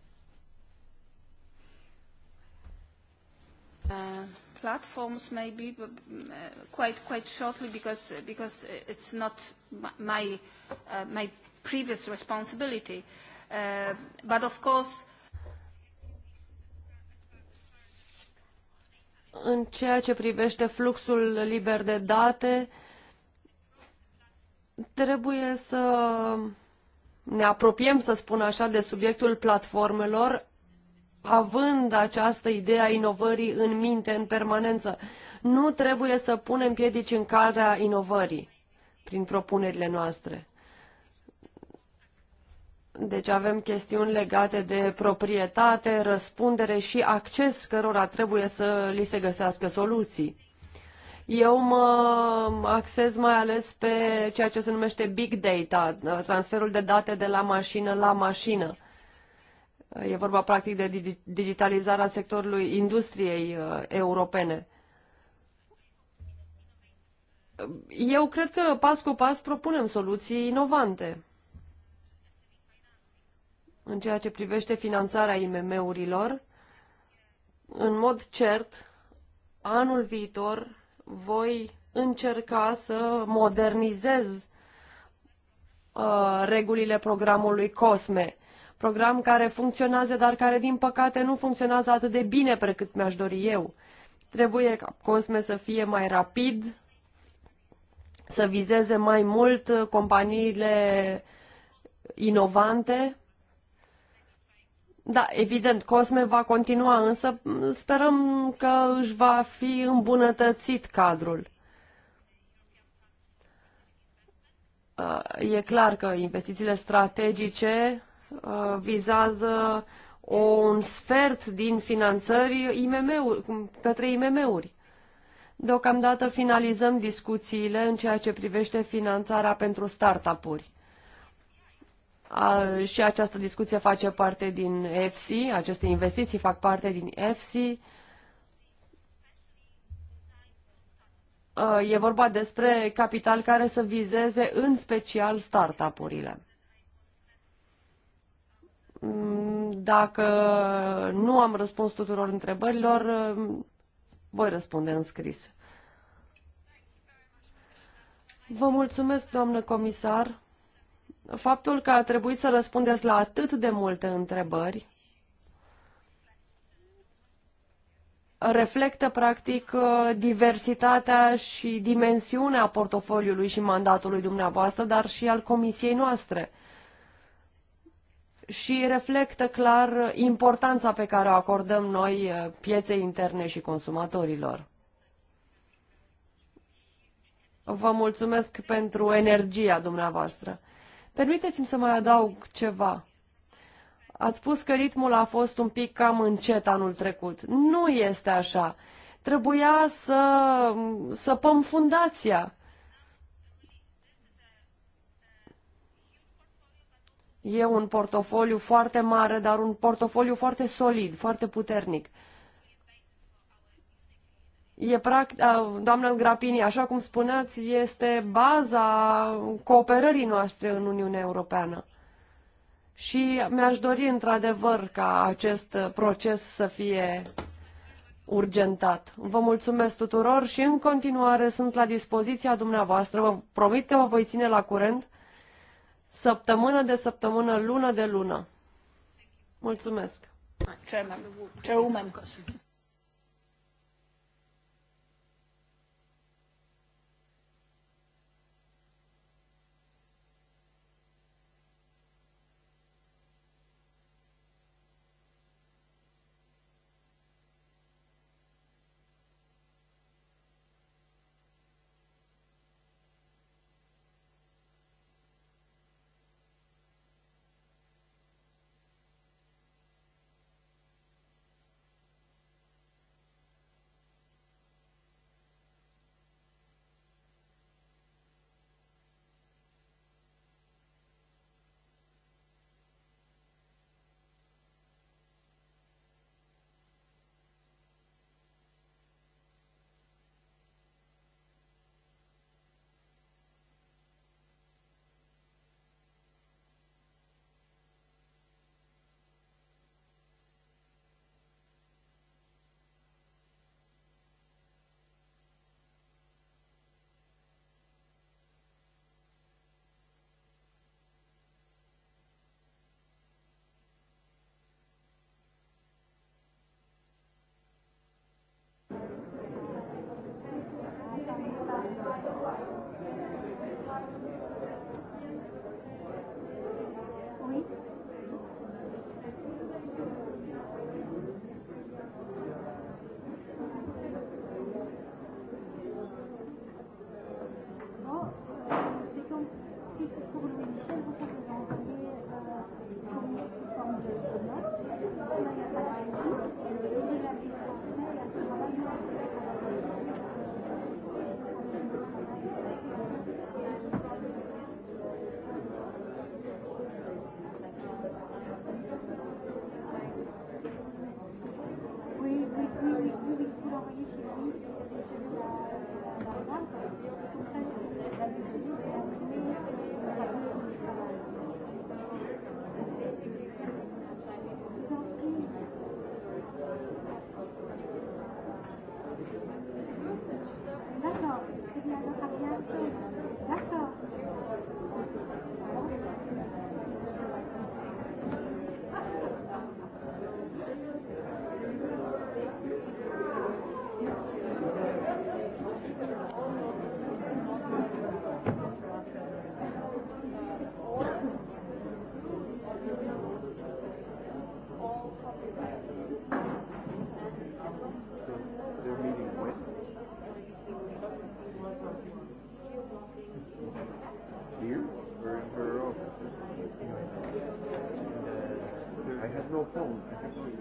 Uh, platforms maybe but, uh, quite quite shortly because uh, because uh, it's not my uh, my previous responsibility uh, but of course În ceea ce privește fluxul liber de date, trebuie să ne apropiem, să spun așa, de subiectul platformelor, având această idee a inovării în minte, în permanență. Nu trebuie să punem piedici în calea inovării prin propunerile noastre. Deci avem chestiuni legate de proprietate, răspundere și acces cărora trebuie să li se găsească soluții. Eu mă axez mai ales pe ceea ce se numește big data, transferul de date de la mașină la mașină. E vorba practic de digitalizarea sectorului industriei uh, europene. Eu cred că pas cu pas propunem soluții inovante în ceea ce privește finanțarea IMM-urilor. În mod cert, anul viitor voi încerca să modernizez uh, regulile programului COSME program care funcționează, dar care din păcate nu funcționează atât de bine precât mi-aș dori eu. Trebuie ca Cosme să fie mai rapid, să vizeze mai mult companiile inovante. Da, evident, Cosme va continua, însă sperăm că își va fi îmbunătățit cadrul. E clar că investițiile strategice Uh, vizează o, un sfert din finanțări IMM către IMM-uri. Deocamdată finalizăm discuțiile în ceea ce privește finanțarea pentru startup-uri. și această discuție face parte din EFSI, aceste investiții fac parte din EFSI. Uh, e vorba despre capital care să vizeze în special startup-urile. Mm, dacă nu am răspuns tuturor întrebărilor, mm, voi răspunde în scris. Vă mulțumesc, doamnă comisar. Faptul că a trebuit să răspundeți la atât de multe întrebări reflectă practic diversitatea și dimensiunea portofoliului și mandatului dumneavoastră, dar și al comisiei noastre și reflectă clar importanța pe care o acordăm noi eh, pieței interne și consumatorilor. Vă mulțumesc pentru energia dumneavoastră. Permiteți-mi să mai adaug ceva. Ați spus că ritmul a fost un pic cam încet anul trecut. Nu este așa. Trebuia să săpăm fundația. E un portofoliu foarte mare, dar un portofoliu foarte solid, foarte puternic. E practic, doamnă Grapini, așa cum spuneați, este baza cooperării noastre în Uniunea Europeană. Și mi-aș dori într-adevăr ca acest proces să fie urgentat. Vă mulțumesc tuturor și în continuare sunt la dispoziția dumneavoastră. Vă promit că vă voi ține la curent săptămână de săptămână, lună de lună. Mulțumesc! Chairman, Chairwoman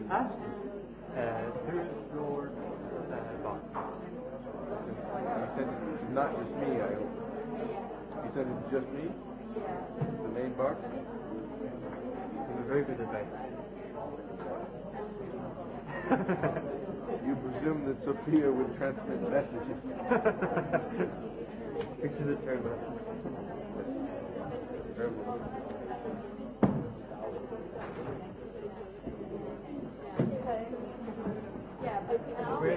Huh? Uh, third floor box. You said it's not just me, I said it's just me? The main box? It was very good you presume that Sophia would transmit messages. Picture the turbo. Turbo. We,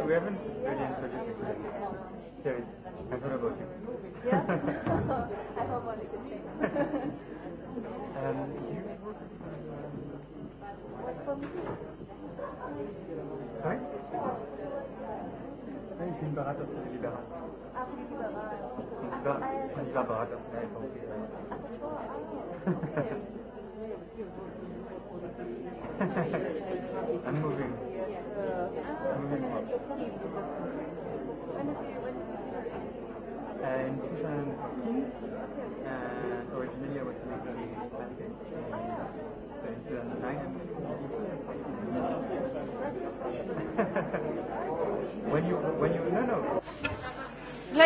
we haven't really introduced it. There is. I thought about it. Yeah? I hope only good things. um, you? Um, What from you? Sorry? Ich bin Berater für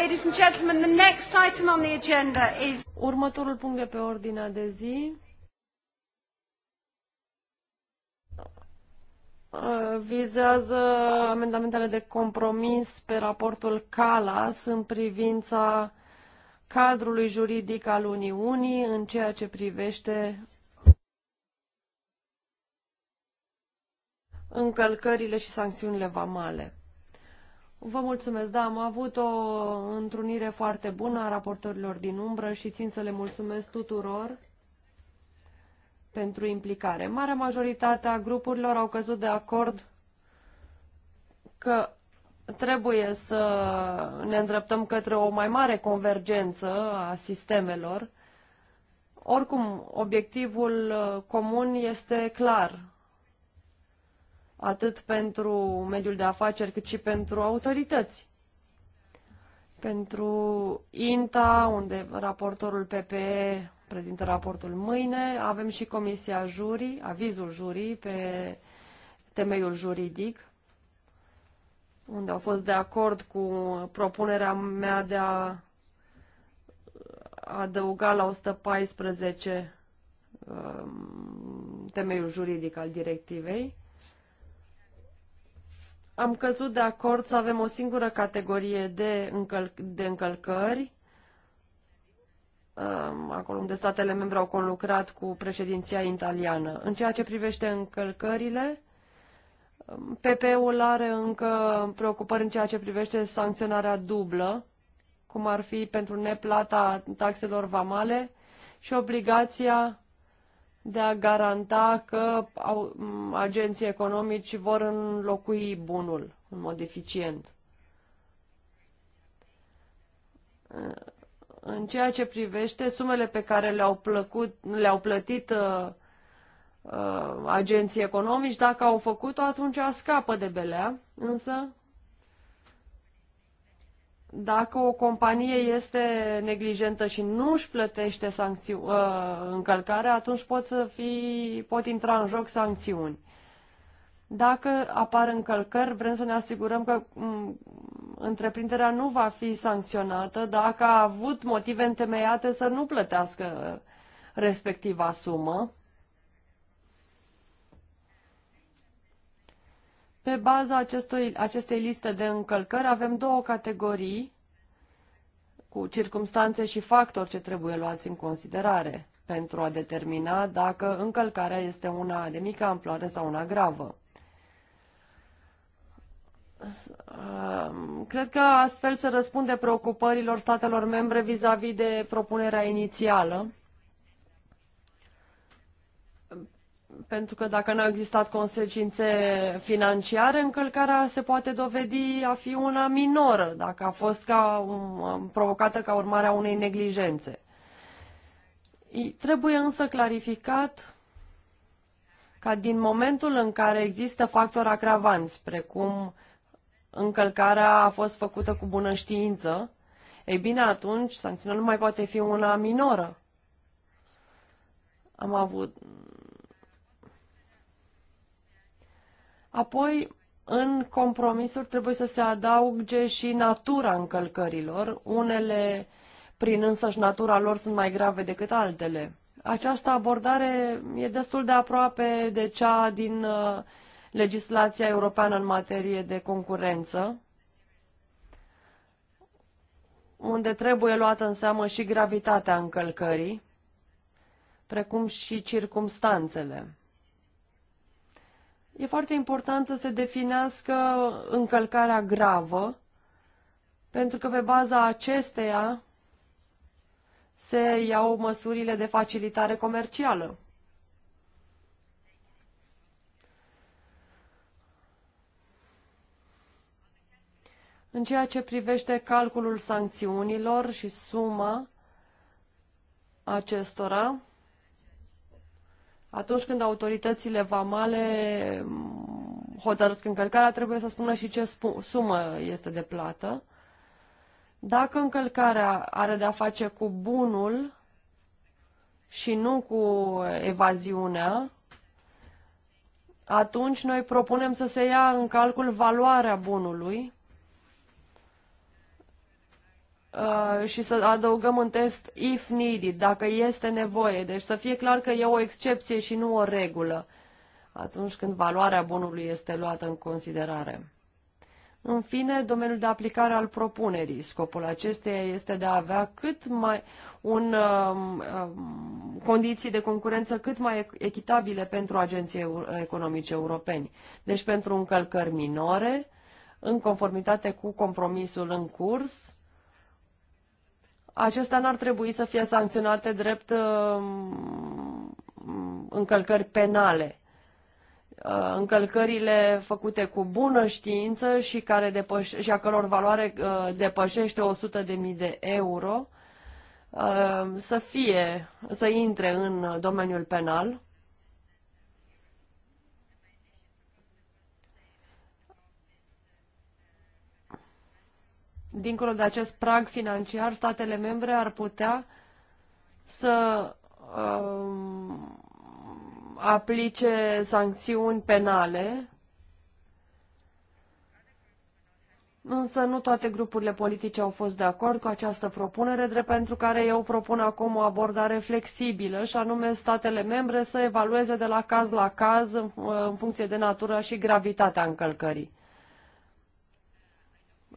Ladies and gentlemen, the next item on the agenda is... Următorul punct de pe ordinea de zi uh, vizează amendamentele de compromis pe raportul Calas în privința cadrului juridic al Uniunii în ceea ce privește încălcările și sancțiunile vamale. Vă mulțumesc, da, am avut o întrunire foarte bună a raportorilor din umbră și țin să le mulțumesc tuturor pentru implicare. Marea majoritate a grupurilor au căzut de acord că trebuie să ne îndreptăm către o mai mare convergență a sistemelor. Oricum, obiectivul uh, comun este clar, atât pentru mediul de afaceri cât și pentru autorități. Pentru INTA, unde raportorul PPE prezintă raportul mâine, avem și comisia jurii, avizul jurii pe temeiul juridic, unde au fost de acord cu propunerea mea de a adăuga la 114 um, temeiul juridic al directivei am căzut de acord să avem o singură categorie de, încăl- de încălcări, acolo unde statele membre au conlucrat cu președinția italiană. În ceea ce privește încălcările, PP-ul are încă preocupări în ceea ce privește sancționarea dublă, cum ar fi pentru neplata taxelor vamale și obligația de a garanta că agenții economici vor înlocui bunul în mod eficient. În ceea ce privește sumele pe care le-au, plăcut, le-au plătit uh, uh, agenții economici, dacă au făcut-o, atunci scapă de belea, însă dacă o companie este neglijentă și nu își plătește sancțiu- ă, încălcarea, atunci pot, să fi, pot intra în joc sancțiuni. Dacă apar încălcări, vrem să ne asigurăm că întreprinderea nu va fi sancționată dacă a avut motive întemeiate să nu plătească respectiva sumă Pe baza acestui, acestei liste de încălcări avem două categorii cu circumstanțe și factori ce trebuie luați în considerare pentru a determina dacă încălcarea este una de mică amploare sau una gravă. Cred că astfel se răspunde preocupărilor statelor membre vis-a-vis -vis de propunerea inițială pentru că dacă nu au existat consecințe financiare, încălcarea se poate dovedi a fi una minoră, dacă a fost ca, um, provocată ca urmare a unei neglijențe. Trebuie însă clarificat ca din momentul în care există factori agravanți, precum încălcarea a fost făcută cu bună știință, ei bine, atunci sancțiunea nu mai poate fi una minoră. Am avut, Apoi, în compromisuri trebuie să se adauge și natura încălcărilor. Unele, prin însăși natura lor, sunt mai grave decât altele. Această abordare e destul de aproape de cea din uh, legislația europeană în materie de concurență, unde trebuie luată în seamă și gravitatea încălcării, precum și circumstanțele. E foarte important să se definească încălcarea gravă, pentru că pe baza acesteia se iau măsurile de facilitare comercială. În ceea ce privește calculul sancțiunilor și suma acestora, atunci când autoritățile vamale hotărăsc încălcarea, trebuie să spună și ce sumă este de plată. Dacă încălcarea are de-a face cu bunul și nu cu evaziunea, atunci noi propunem să se ia în calcul valoarea bunului Uh, și să adăugăm în test if needed, dacă este nevoie. Deci să fie clar că e o excepție și nu o regulă atunci când valoarea bunului este luată în considerare. În fine, domeniul de aplicare al propunerii. Scopul acesteia este de a avea cât mai un, um, um, condiții de concurență cât mai echitabile pentru agenții economice europeni. Deci pentru încălcări minore, în conformitate cu compromisul în curs, acestea n-ar trebui să fie sancționate drept um, încălcări penale. Uh, încălcările făcute cu bună știință și, care depăș- și a căror valoare uh, depășește 100.000 de euro uh, să fie, să intre în domeniul penal Dincolo de acest prag financiar, statele membre ar putea să uh, aplice sancțiuni penale, însă nu toate grupurile politice au fost de acord cu această propunere, drept pentru care eu propun acum o abordare flexibilă, și anume statele membre să evalueze de la caz la caz în, în funcție de natura și gravitatea încălcării.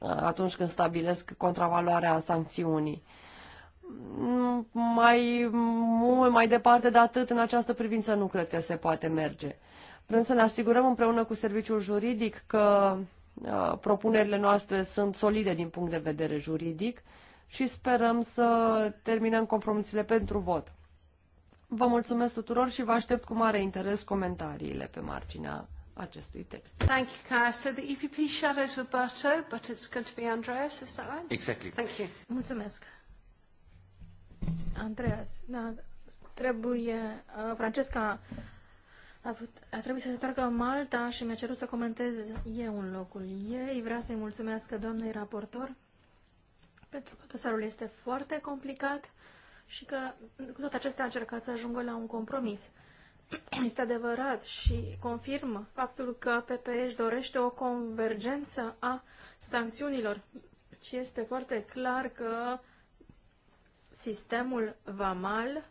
Uh, atunci când stabilesc contravaloarea sancțiunii. Mm, mai mult, mai departe de atât, în această privință nu cred că se poate merge. Vrem să ne asigurăm împreună cu serviciul juridic că uh, propunerile noastre sunt solide din punct de vedere juridic și sperăm să terminăm compromisurile pentru vot. Vă mulțumesc tuturor și vă aștept cu mare interes comentariile pe marginea acestui text. Thank you, Kaya. So the EPP shadows Roberto, but it's going to be Andreas, is that right? Exactly. Thank you. Mulțumesc. Andreas, da, trebuie, uh, Francesca a, a trebuit să se întoarcă în Malta și mi-a cerut să comentez eu în locul ei. Vreau să-i mulțumesc doamnei raportor pentru că dosarul este foarte complicat și că cu toate acestea a încercat să ajungă la un compromis. Uh, este adevărat și confirmă faptul că PPE își dorește o convergență a sancțiunilor și este foarte clar că sistemul VAMAL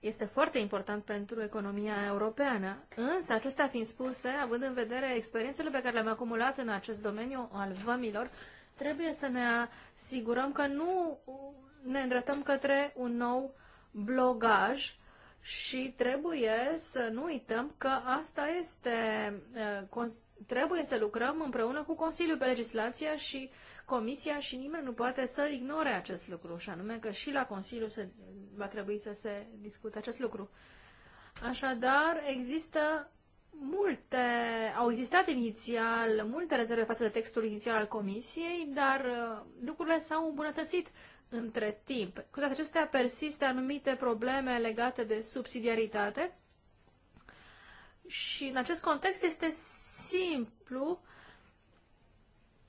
este foarte important pentru economia europeană. Însă, acestea fiind spuse, având în vedere experiențele pe care le-am acumulat în acest domeniu al vămilor, trebuie să ne asigurăm că nu ne îndreptăm către un nou blogaj și trebuie să nu uităm că asta este, trebuie să lucrăm împreună cu Consiliul pe legislația și Comisia și nimeni nu poate să ignore acest lucru, și anume că și la Consiliu se, va trebui să se discute acest lucru. Așadar, există multe, au existat inițial multe rezerve față de textul inițial al Comisiei, dar lucrurile s-au îmbunătățit între timp. Cu toate acestea persistă anumite probleme legate de subsidiaritate și în acest context este simplu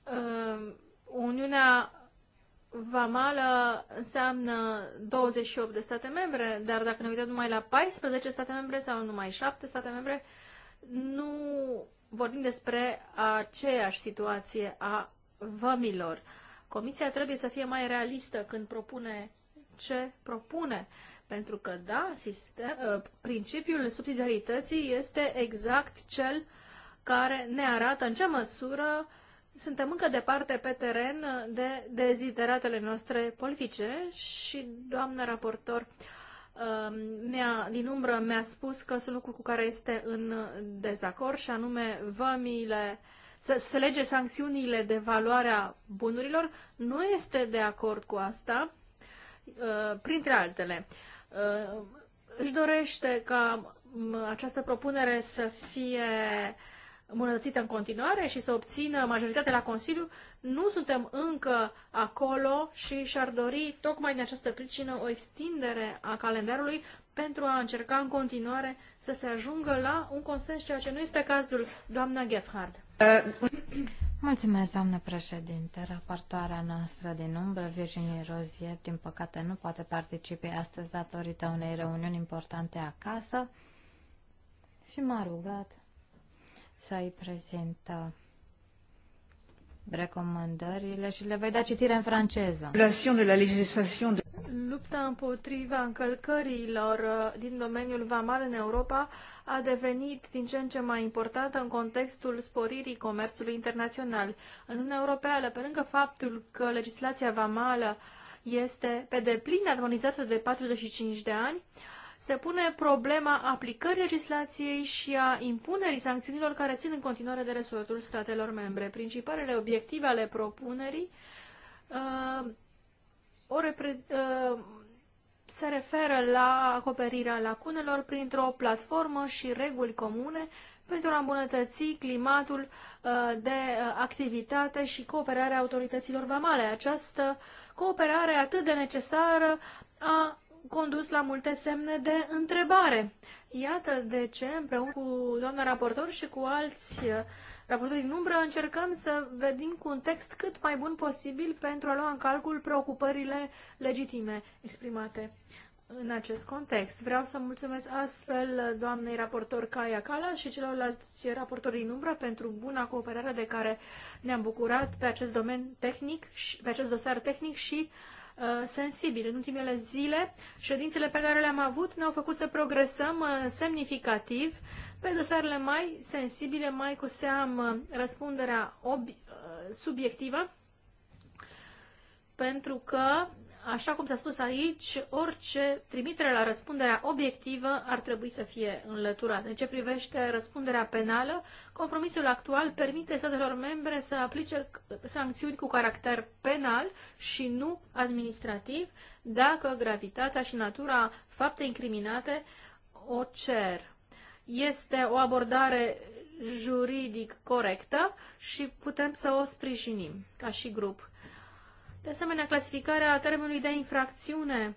uh, Uniunea Vamală înseamnă 28 de state membre, dar dacă ne uităm numai la 14 state membre sau numai 7 state membre, nu vorbim despre aceeași situație a vămilor. Uh, Comisia trebuie să fie mai realistă când propune ce propune. Pentru că, da, sistem, ă, principiul subsidiarității este exact cel care ne arată în ce măsură suntem încă departe pe teren de dezideratele noastre politice și, doamnă raportor, ne-a ă, din umbră mi-a spus că sunt lucruri cu care este în dezacord și anume vămile uh, să, să lege sancțiunile de valoarea bunurilor, nu este de acord cu asta, uh, printre altele. Uh, își dorește ca această propunere să fie îmbunătățită în continuare și să obțină majoritatea la Consiliu, nu suntem încă acolo și și-ar dori tocmai din această pricină o extindere a calendarului pentru a încerca în continuare să se ajungă la un consens, ceea ce nu este cazul doamna Gephardt. Mulțumesc, președinte. Raportoarea noastră din umbră, Virginie Rozier, din păcate nu poate participe astăzi datorită unei reuniuni importante acasă și m-a rugat să-i prezint uh, recomandările și le voi da citire în franceză. De la legislație de lupta împotriva încălcărilor uh, din domeniul vamal în Europa a devenit din ce în ce mai importantă în contextul sporirii comerțului internațional. În Uniunea Europeană, pe lângă faptul că legislația vamală este pe deplin armonizată de 45 de ani, se pune problema aplicării legislației și a impunerii sancțiunilor care țin în continuare de resortul statelor membre. Principalele obiective ale propunerii uh, o ă, se referă la acoperirea lacunelor printr-o platformă și reguli comune pentru a îmbunătăți climatul ă, de ă, activitate și cooperarea autorităților vamale. Această cooperare atât de necesară a condus la multe semne de întrebare. Iată de ce, împreună cu doamna raportor și cu alți raportării în umbră, încercăm să vedem cu un text cât mai bun posibil pentru a lua în calcul preocupările legitime exprimate în acest context. Vreau să mulțumesc astfel doamnei raportor Caia Cala și celorlalți raportori din umbră pentru buna cooperare de care ne-am bucurat pe acest domen tehnic, și, pe acest dosar tehnic și uh, sensibil. În ultimele zile, ședințele pe care le-am avut ne-au făcut să progresăm uh, semnificativ pe dosarele mai sensibile, mai cu seamă răspunderea eh, subiectivă, pentru că, așa cum s-a spus aici, orice trimitere la răspunderea obiectivă ar trebui să fie înlăturată. În ce privește răspunderea penală, compromisul actual permite statelor membre să aplice sancțiuni cu caracter penal și nu administrativ, dacă gravitatea și natura faptei incriminate o cer este o abordare juridic corectă și putem să o sprijinim ca și grup. De asemenea, clasificarea termenului de infracțiune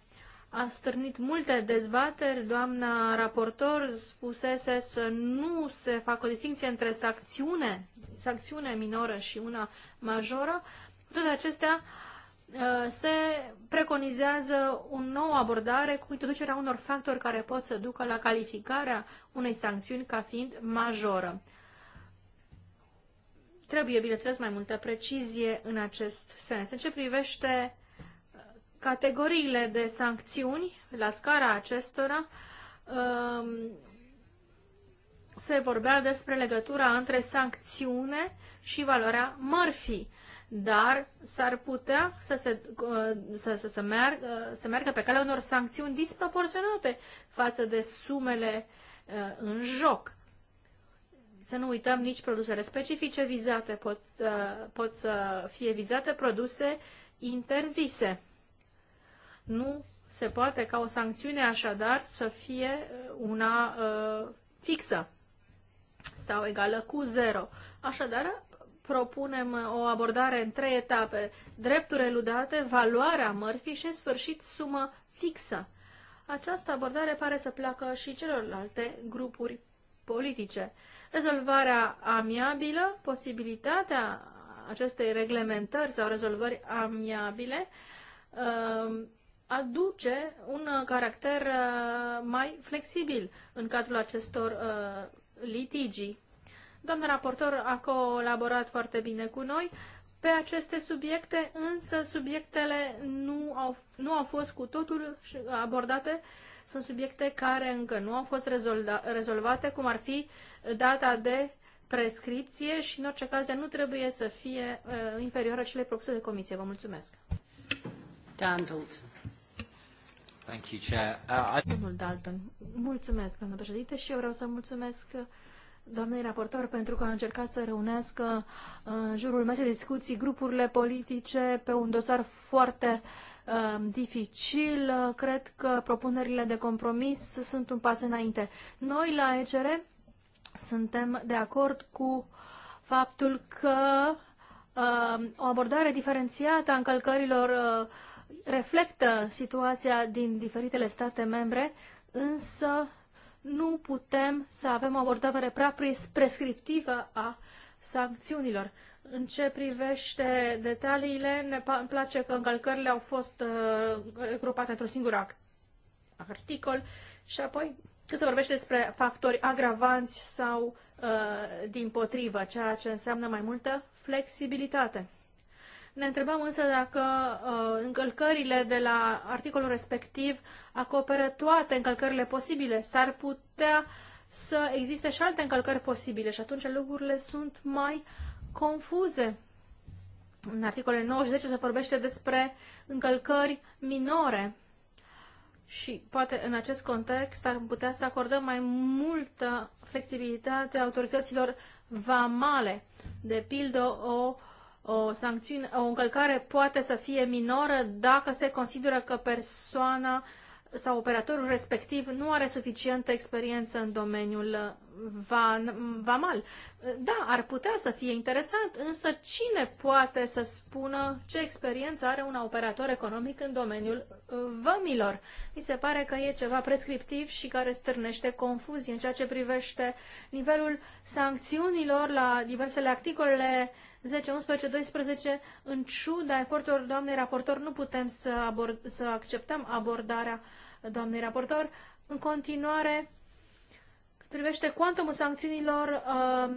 a stârnit multe dezbateri. Doamna raportor spusese să nu se facă o distinție între sancțiune, sancțiune minoră și una majoră. Cu toate acestea, uh, Uh, se preconizează o nouă abordare cu introducerea unor factori care pot să ducă la calificarea unei sancțiuni ca fiind majoră. Trebuie, bineînțeles, mai multă precizie în acest sens. În ce privește uh, categoriile de sancțiuni, la scara acestora, um, se vorbea despre legătura între sancțiune și valoarea mărfii dar s-ar putea să se, uh, să, să, să, meargă, uh, să meargă pe calea unor sancțiuni disproporționate față de sumele uh, în joc. Să nu uităm nici produsele specifice vizate, pot, pot să fie vizate produse interzise. Nu se poate ca o sancțiune așadar să fie una uh, fixă sau egală cu zero. Așadar, propunem uh, o abordare în trei etape. Drepturi eludate, valoarea mărfii și, în sfârșit, sumă fixă. Această abordare pare să placă și celorlalte grupuri politice. Rezolvarea amiabilă, posibilitatea acestei reglementări sau rezolvări amiabile, um, aduce un caracter uh, mai flexibil în cadrul acestor uh, litigii Doamna raportor a colaborat foarte bine cu noi pe aceste subiecte, însă subiectele nu au, nu au fost cu totul abordate. Sunt subiecte care încă nu au fost rezolda, rezolvate, cum ar fi data de prescripție și, în orice caz, nu trebuie să fie uh, inferioară cele propuse de comisie. Vă mulțumesc. Dan Dalton. Thank you, Chair. Uh, I... Dalton, mulțumesc, domnule președinte, și eu vreau să mulțumesc uh, doamnei raportor pentru că a încercat să reunească uh, în jurul mesei discuții grupurile politice pe un dosar foarte uh, dificil. Uh, cred că propunerile de compromis sunt un pas înainte. Noi la ECR suntem de acord cu faptul că o abordare diferențiată a încălcărilor reflectă situația din diferitele state membre, însă nu putem să avem o abordare prea prescriptivă a sancțiunilor. În ce privește detaliile, ne place că încălcările au fost uh, grupate într-un singur articol și apoi când se vorbește despre factori agravanți sau uh, din potrivă, ceea ce înseamnă mai multă flexibilitate. Ne întrebăm însă dacă uh, încălcările de la articolul respectiv acoperă toate încălcările posibile. S-ar putea să existe și alte încălcări posibile și atunci lucrurile sunt mai confuze. În articolele 9 și 10 se vorbește despre încălcări minore și poate în acest context ar putea să acordăm mai multă flexibilitate autorităților vamale, de pildă o o, sancțiune, o încălcare poate să fie minoră dacă se consideră că persoana sau operatorul respectiv nu are suficientă experiență în domeniul uh, vamal. Da, ar putea să fie interesant, însă cine poate să spună ce experiență are un operator economic în domeniul uh, vămilor? Mi se pare că e ceva prescriptiv și care stârnește confuzie în ceea ce privește nivelul sancțiunilor la diversele articole 10, 11, 12, în ciuda eforturilor doamnei raportor, nu putem să, abord, să acceptăm abordarea doamnei raportor. În continuare, cât privește cuantumul sancțiunilor, um,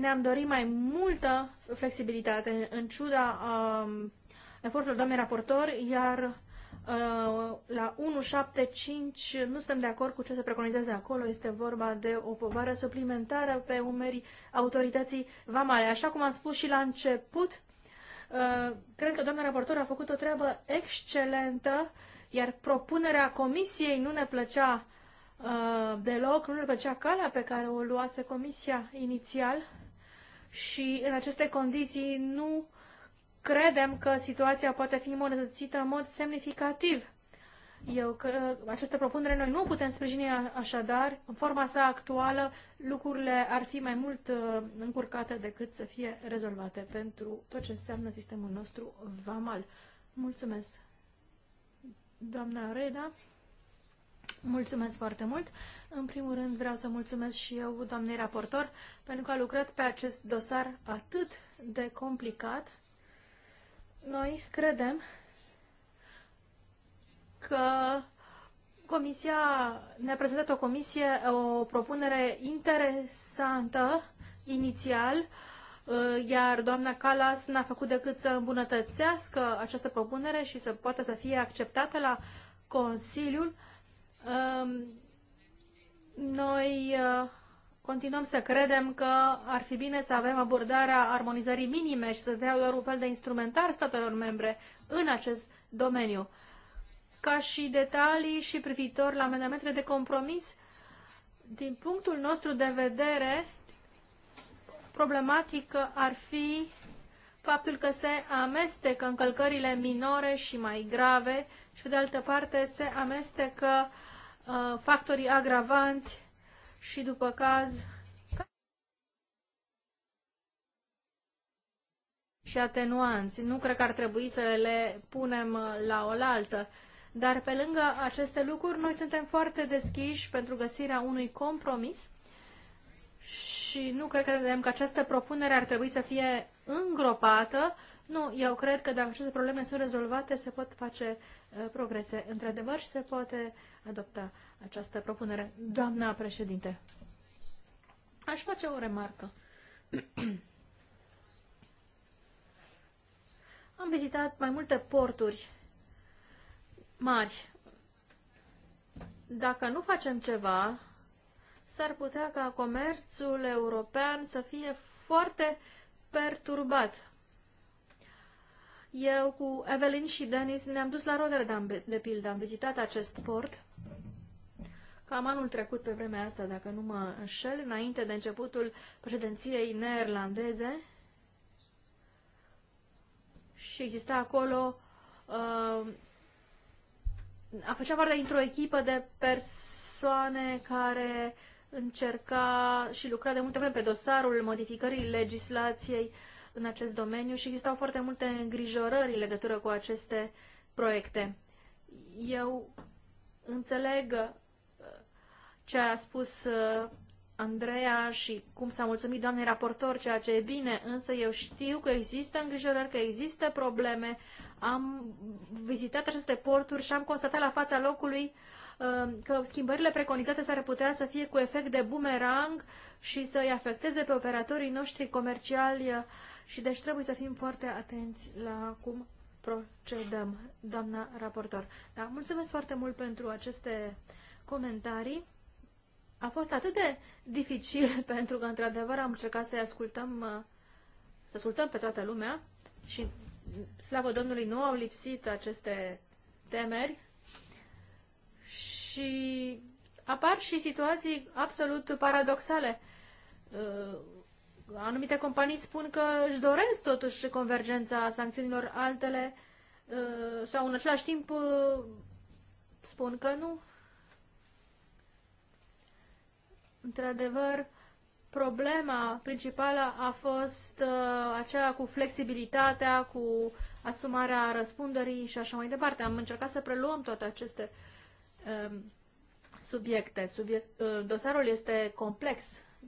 ne-am dorit mai multă flexibilitate în ciuda um, eforturilor doamnei raportor, iar Uh, la 175 nu suntem de acord cu ce se preconizează acolo, este vorba de o povară suplimentară pe umerii autorității vamale. Așa cum am spus și la început, uh, cred că doamna raportor a făcut o treabă excelentă, iar propunerea comisiei nu ne plăcea uh, deloc, nu ne plăcea calea pe care o luase comisia inițial și în aceste condiții nu credem că situația poate fi îmbunătățită în mod semnificativ. Eu că această propunere noi nu putem sprijini așadar, în forma sa actuală, lucrurile ar fi mai mult uh, încurcate decât să fie rezolvate pentru tot ce înseamnă sistemul nostru VAMAL. Mulțumesc, doamna Reda. Mulțumesc foarte mult. În primul rând vreau să mulțumesc și eu, doamnei raportor, pentru că a lucrat pe acest dosar atât de complicat noi credem că Comisia ne-a prezentat o comisie, o propunere interesantă inițial, uh, iar doamna Calas n-a făcut decât să îmbunătățească această propunere și să poată să fie acceptată la Consiliul. Um, noi uh, continuăm să credem că ar fi bine să avem abordarea armonizării minime și să dea doar un fel de instrumentar statelor membre în acest domeniu. Ca și detalii și privitor la amendamentele de compromis, din punctul nostru de vedere, problematică ar fi faptul că se amestecă încălcările minore și mai grave și, pe de altă parte, se amestecă uh, factorii agravanți și după caz și atenuanți. Nu cred că ar trebui să le punem la oaltă. Dar pe lângă aceste lucruri, noi suntem foarte deschiși pentru găsirea unui compromis și nu cred că, că această propunere ar trebui să fie îngropată. Nu, eu cred că dacă aceste probleme sunt rezolvate, se pot face uh, progrese într-adevăr și se poate adopta această propunere. Doamna președinte, aș face o remarcă. Am vizitat mai multe porturi mari. Dacă nu facem ceva, s-ar putea ca comerțul european să fie foarte perturbat. Eu cu Evelyn și Denis ne-am dus la Rotterdam, de pildă, am vizitat acest port cam anul trecut pe vremea asta, dacă nu mă înșel, înainte de începutul președinției neerlandeze și exista acolo uh, a făcea parte dintr-o echipă de persoane care încerca și lucra de multe vreme pe dosarul modificării legislației în acest domeniu și existau foarte multe îngrijorări în legătură cu aceste proiecte. Eu înțeleg ce a spus uh, Andreea și cum s-a mulțumit doamnei raportor, ceea ce e bine, însă eu știu că există îngrijorări, că există probleme. Am vizitat aceste porturi și am constatat la fața locului uh, că schimbările preconizate s-ar putea să fie cu efect de bumerang și să-i afecteze pe operatorii noștri comerciali uh, și deci trebuie să fim foarte atenți la cum procedăm, doamna raportor. Da, mulțumesc foarte mult pentru aceste comentarii a fost atât de dificil pentru că, într-adevăr, am încercat să-i ascultăm, uh, să ascultăm pe toată lumea și, slavă Domnului, nu au lipsit aceste temeri și apar și situații absolut paradoxale. Uh, anumite companii spun că își doresc totuși convergența sancțiunilor, altele uh, sau în același timp spun că nu Într-adevăr, problema principală a fost uh, aceea cu flexibilitatea, cu asumarea răspunderii și așa mai departe. Am încercat să preluăm toate aceste uh, subiecte. Subiect, uh, dosarul este complex,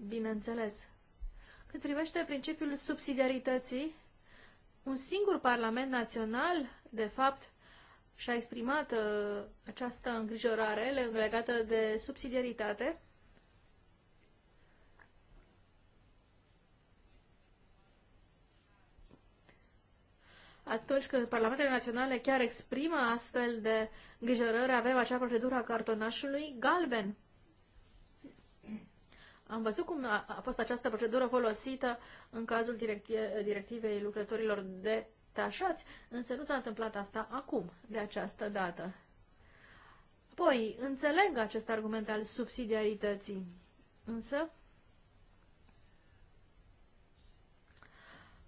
bineînțeles. Cât privește principiul subsidiarității, un singur Parlament Național, de fapt, și-a exprimat uh, această îngrijorare legată de subsidiaritate atunci când parlamentele naționale chiar exprimă astfel de îngrijorări, avem acea procedură a cartonașului galben. Am văzut cum a, fost această procedură folosită în cazul directivei lucrătorilor detașați, însă nu s-a întâmplat asta acum, de această dată. Apoi, înțeleg acest argument al subsidiarității, însă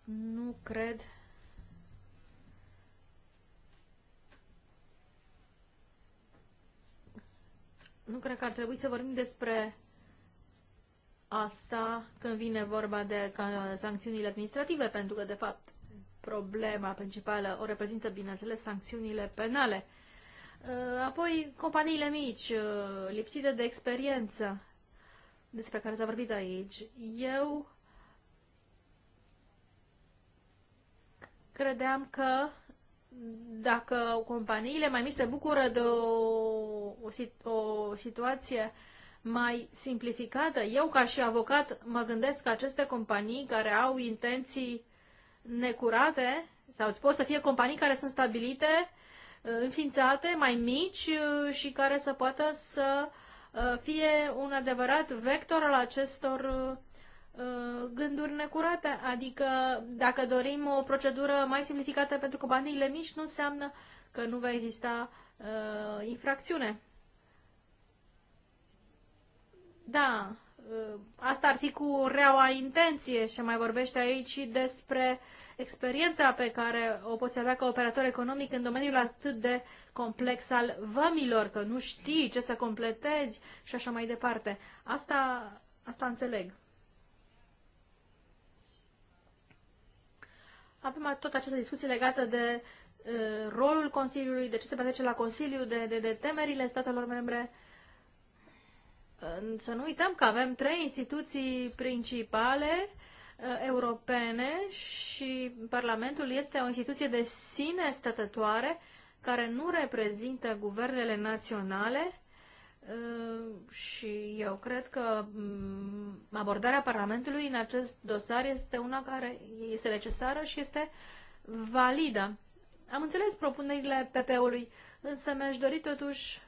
nu cred nu cred că ar trebui să vorbim despre asta când vine vorba de sancțiunile administrative, pentru că, de fapt, problema principală o reprezintă, bineînțeles, sancțiunile penale. Uh, apoi, companiile mici, uh, lipsite de experiență, despre care s-a vorbit aici. Eu credeam că dacă companiile mai mici se bucură de o, o, situație mai simplificată, eu ca și avocat mă gândesc că aceste companii care au intenții necurate sau pot să fie companii care sunt stabilite, înființate, mai mici și care să poată să fie un adevărat vector al acestor Uh, gânduri necurate, adică dacă dorim o procedură mai simplificată pentru companiile mici, nu înseamnă că nu va exista uh, infracțiune. Da, uh, asta ar fi cu reaua intenție și mai vorbește aici și despre experiența pe care o poți avea ca operator economic în domeniul atât de complex al vămilor, că nu știi ce să completezi și așa mai departe. Asta, asta înțeleg. avem tot această discuție legată de uh, rolul Consiliului, de ce se petrece la Consiliu, de, de, de temerile statelor membre. Să nu uităm că avem trei instituții principale uh, europene și Parlamentul este o instituție de sine stătătoare care nu reprezintă guvernele naționale, Uh, și eu cred că mm, abordarea Parlamentului în acest dosar este una care este necesară și este validă. Am înțeles propunerile PP-ului, însă mi-aș dori totuși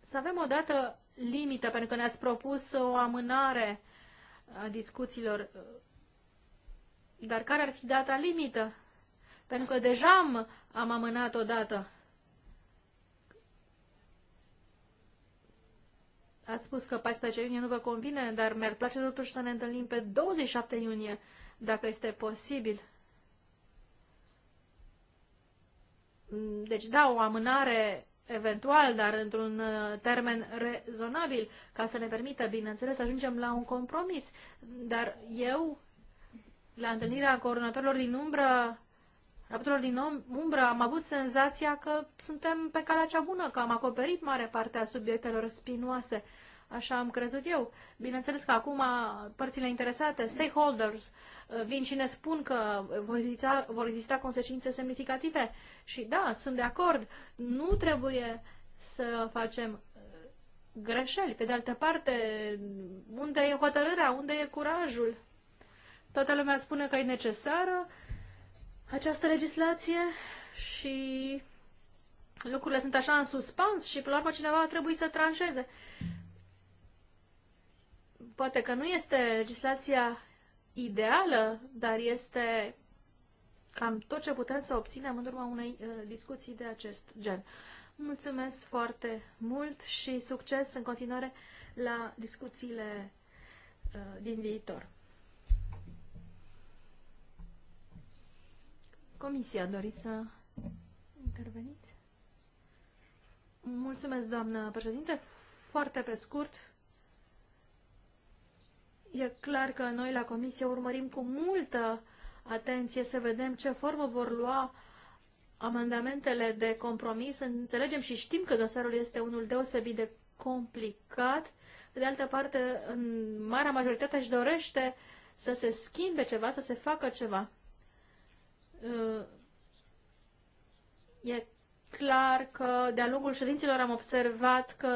să avem o dată limită, pentru că ne-ați propus o amânare a discuțiilor. Dar care ar fi data limită? Pentru că deja am, am amânat o dată. Ați spus că 14 iunie nu vă convine, dar mi-ar place totuși să ne întâlnim pe 27 iunie, dacă este posibil. Deci, da, o amânare eventual, dar într-un uh, termen rezonabil, ca să ne permită, bineînțeles, să ajungem la un compromis. Dar eu, la întâlnirea coordonatorilor din umbră, raportelor din umbră, am avut senzația că suntem pe calea cea bună, că am acoperit mare parte a subiectelor spinoase. Așa am crezut eu. Bineînțeles că acum părțile interesate, stakeholders, vin și ne spun că vor exista, vor exista consecințe semnificative. Și da, sunt de acord, nu trebuie să facem uh, greșeli. Pe de altă parte, unde e hotărârea, unde e curajul? Toată lumea spune că e necesară, această legislație și lucrurile sunt așa în suspans și până la urmă cineva a trebui să tranșeze. Poate că nu este legislația ideală, dar este cam tot ce putem să obținem în urma unei uh, discuții de acest gen. Mulțumesc foarte mult și succes în continuare la discuțiile uh, din viitor. Comisia, doriți să interveniți? Mulțumesc, doamnă președinte. Foarte pe scurt, e clar că noi la Comisie urmărim cu multă atenție să vedem ce formă vor lua amendamentele de compromis. Înțelegem și știm că dosarul este unul deosebit de complicat. De altă parte, în marea majoritate își dorește să se schimbe ceva, să se facă ceva. E clar că de-a lungul ședinților am observat că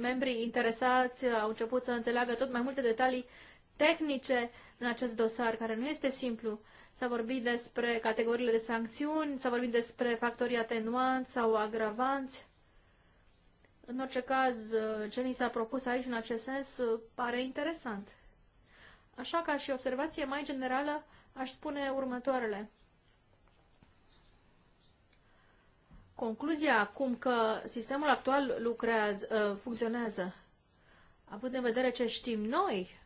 membrii interesați au început să înțeleagă tot mai multe detalii tehnice în acest dosar, care nu este simplu. S-a vorbit despre categoriile de sancțiuni, s-a vorbit despre factorii atenuanți sau agravanți. În orice caz, ce ni s-a propus aici în acest sens pare interesant. Așa ca și observație mai generală, aș spune următoarele. Concluzia acum că sistemul actual lucrează, uh, funcționează, având în vedere ce știm noi,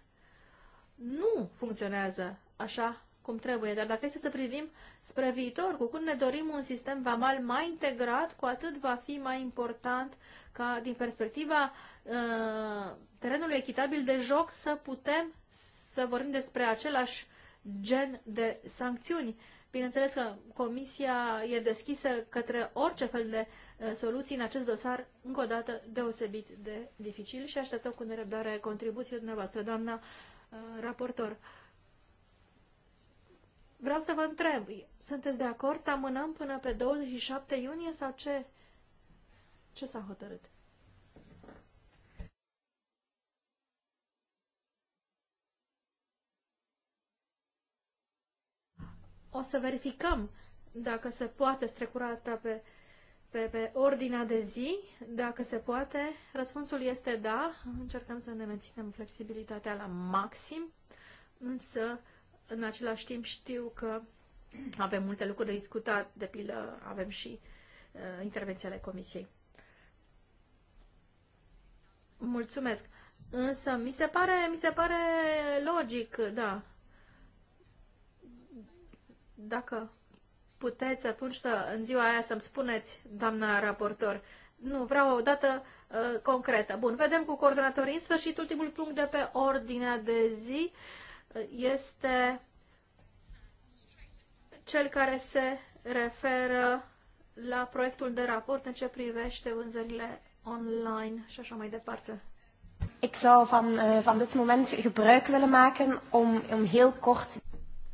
nu funcționează așa cum trebuie. Dar dacă este să privim spre viitor, cu cât ne dorim un sistem vamal mai integrat, cu atât va fi mai important ca din perspectiva uh, terenului echitabil de joc să putem să vorbim despre același gen de sancțiuni Bineînțeles că Comisia e deschisă către orice fel de soluții în acest dosar, încă o dată deosebit de dificil și așteptăm cu nerăbdare contribuțiile dumneavoastră, doamna raportor. Vreau să vă întreb, sunteți de acord să amânăm până pe 27 iunie sau ce? Ce s-a hotărât? O să verificăm dacă se poate strecura asta pe, pe, pe ordinea de zi. Dacă se poate, răspunsul este da. Încercăm să ne menținem flexibilitatea la maxim, însă în același timp știu că avem multe lucruri de discutat, de pildă avem și uh, intervențiile comisiei. Mulțumesc. Însă mi se pare, mi se pare logic, da, dacă puteți atunci să, în ziua aia să-mi spuneți, doamna raportor, nu, vreau o dată uh, concretă. Bun, vedem cu coordonatorii. În sfârșit, ultimul punct de pe ordinea de zi uh, este cel care se referă la proiectul de raport în ce privește vânzările online și așa mai departe. Ik zou van, uh, van dit moment gebruik willen maken om, om heel kort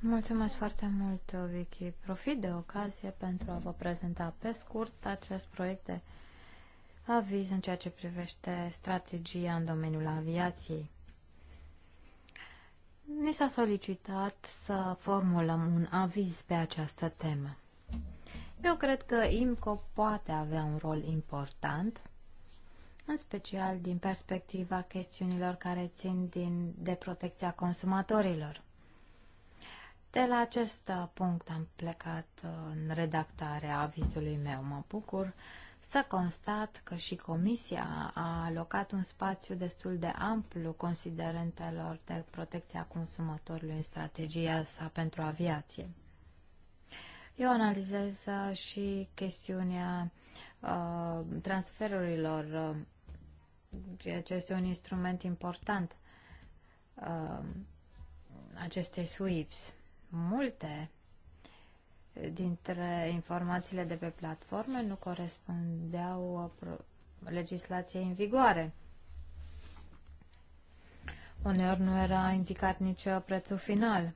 Mulțumesc foarte mult, uh, Vicky. Profit de ocazie pentru a vă prezenta pe scurt acest proiect de aviz în ceea ce privește strategia în domeniul aviației. Ni s-a solicitat să formulăm un aviz pe această temă. Eu cred că IMCO poate avea un rol important, în special din perspectiva chestiunilor care țin din, de protecția consumatorilor. De la acest uh, punct am plecat uh, în redactarea avizului meu. Mă bucur să constat că și Comisia a alocat un spațiu destul de amplu considerentelor de protecția consumatorului în strategia sa pentru aviație. Eu analizez uh, și chestiunea uh, transferurilor, ceea ce este un instrument important uh, acestei SWIPS multe dintre informațiile de pe platforme nu corespundeau uh, legislației în vigoare. Uneori nu era indicat nici uh, prețul final.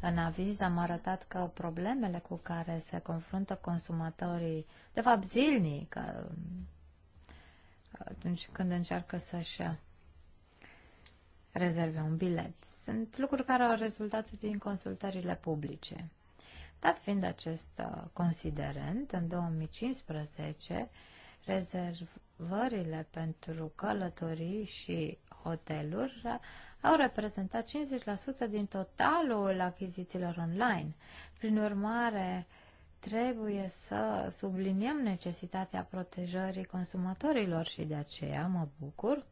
În aviz am arătat că problemele cu care se confruntă consumatorii, de fapt zilnic, uh, atunci când încearcă să-și rezerve un bilet. Sunt lucruri care au rezultat din consultările publice. Dat fiind acest uh, considerent, în 2015, rezervările pentru călătorii și hoteluri au reprezentat 50% din totalul achizițiilor online. Prin urmare, trebuie să subliniem necesitatea protejării consumatorilor și de aceea mă bucur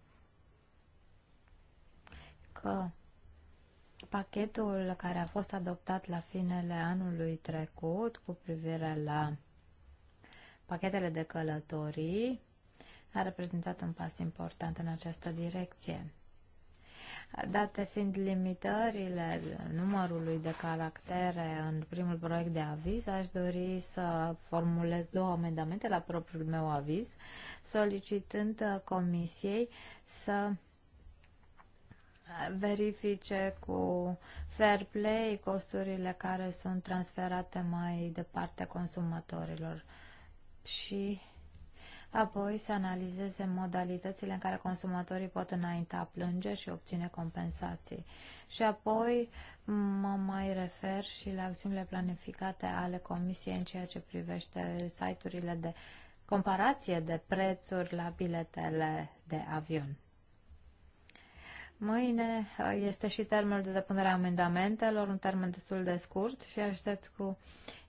că pachetul care a fost adoptat la finele anului trecut cu privire la pachetele de călătorii a reprezentat un pas important în această direcție. Date fiind limitările numărului de caractere în primul proiect de aviz, aș dori să formulez două amendamente la propriul meu aviz, solicitând Comisiei să verifice cu fair play costurile care sunt transferate mai departe consumatorilor și apoi să analizeze modalitățile în care consumatorii pot înainta plânge și obține compensații. Și apoi mă mai refer și la acțiunile planificate ale Comisiei în ceea ce privește site-urile de comparație de prețuri la biletele de avion. Mâine este și termenul de depunere a amendamentelor, un termen destul de scurt și aștept cu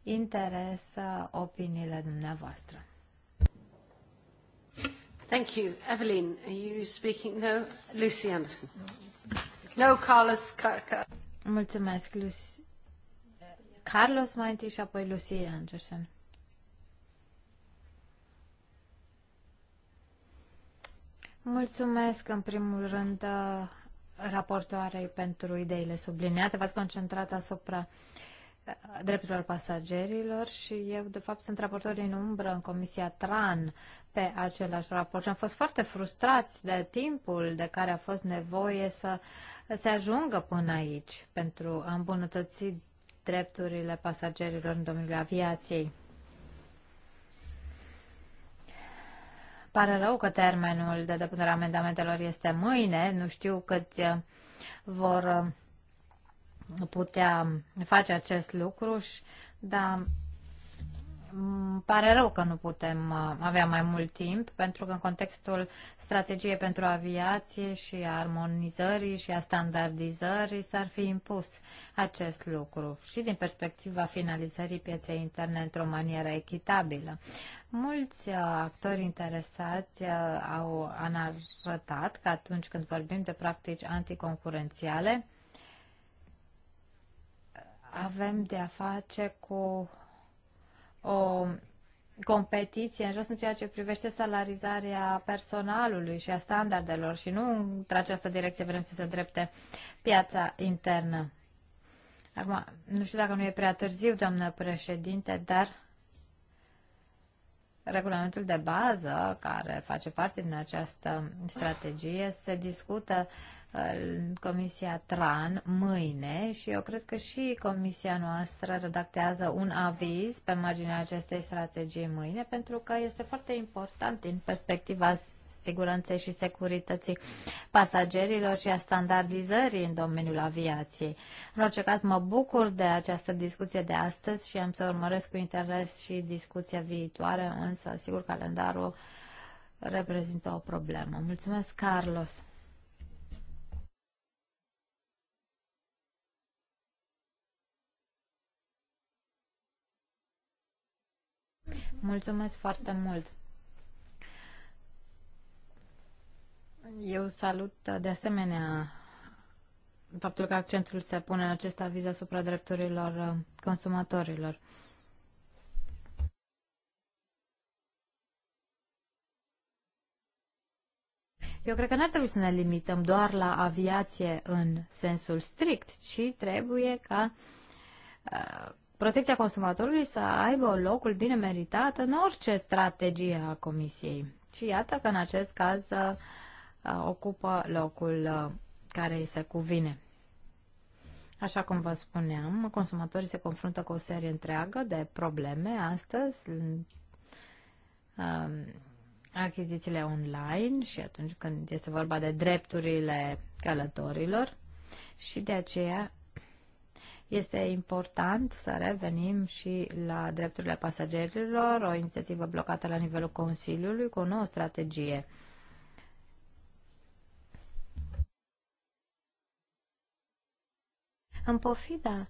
interes uh, opiniile dumneavoastră. Thank you. Evelyn, are you speaking? No, Lucy Anderson. No, Carlos. Mulțumesc, Lucy. Carlos mai întâi și apoi Lucy Anderson. Mulțumesc în primul rând raportoarei pentru ideile subliniate. V-ați concentrat asupra uh, drepturilor pasagerilor și eu, de fapt, sunt raportor din umbră în Comisia TRAN pe același raport și am fost foarte frustrați de timpul de care a fost nevoie să se ajungă până aici pentru a îmbunătăți drepturile pasagerilor în domeniul aviației. Pare rău că termenul de depunere a amendamentelor este mâine, nu știu câți uh, vor uh, putea face acest lucru, și, dar îmi pare rău că nu putem uh, avea mai mult timp, pentru că în contextul strategiei pentru aviație și a armonizării și a standardizării s-ar fi impus acest lucru și din perspectiva finalizării pieței interne într-o manieră echitabilă. Mulți uh, actori interesați uh, au arătat că atunci când vorbim de practici anticoncurențiale, avem de a face cu o competiție în jos în ceea ce privește salarizarea personalului și a standardelor și nu într această direcție vrem să se îndrepte piața internă. Acum, nu știu dacă nu e prea târziu, doamnă președinte, dar regulamentul de bază care face parte din această strategie se discută uh, în Comisia TRAN mâine și eu cred că și Comisia noastră redactează un aviz pe marginea acestei strategii mâine pentru că este foarte important din perspectiva siguranței și securității pasagerilor și a standardizării în domeniul aviației. În orice caz, mă bucur de această discuție de astăzi și am să urmăresc cu interes și discuția viitoare, însă, sigur, calendarul reprezintă o problemă. Mulțumesc, Carlos! Mulțumesc foarte mult! Eu salut de asemenea faptul că accentul se pune în acest aviz asupra drepturilor uh, consumatorilor. Eu cred că n-ar trebui să ne limităm doar la aviație în sensul strict, ci trebuie ca uh, protecția consumatorului să aibă locul bine meritat în orice strategie a Comisiei. Și iată că în acest caz uh, ocupă locul uh, care îi se cuvine. Așa cum vă spuneam, consumatorii se confruntă cu o serie întreagă de probleme astăzi um, achizițiile online și atunci când este vorba de drepturile călătorilor și de aceea este important să revenim și la drepturile pasagerilor, o inițiativă blocată la nivelul Consiliului cu o nouă strategie. În pofida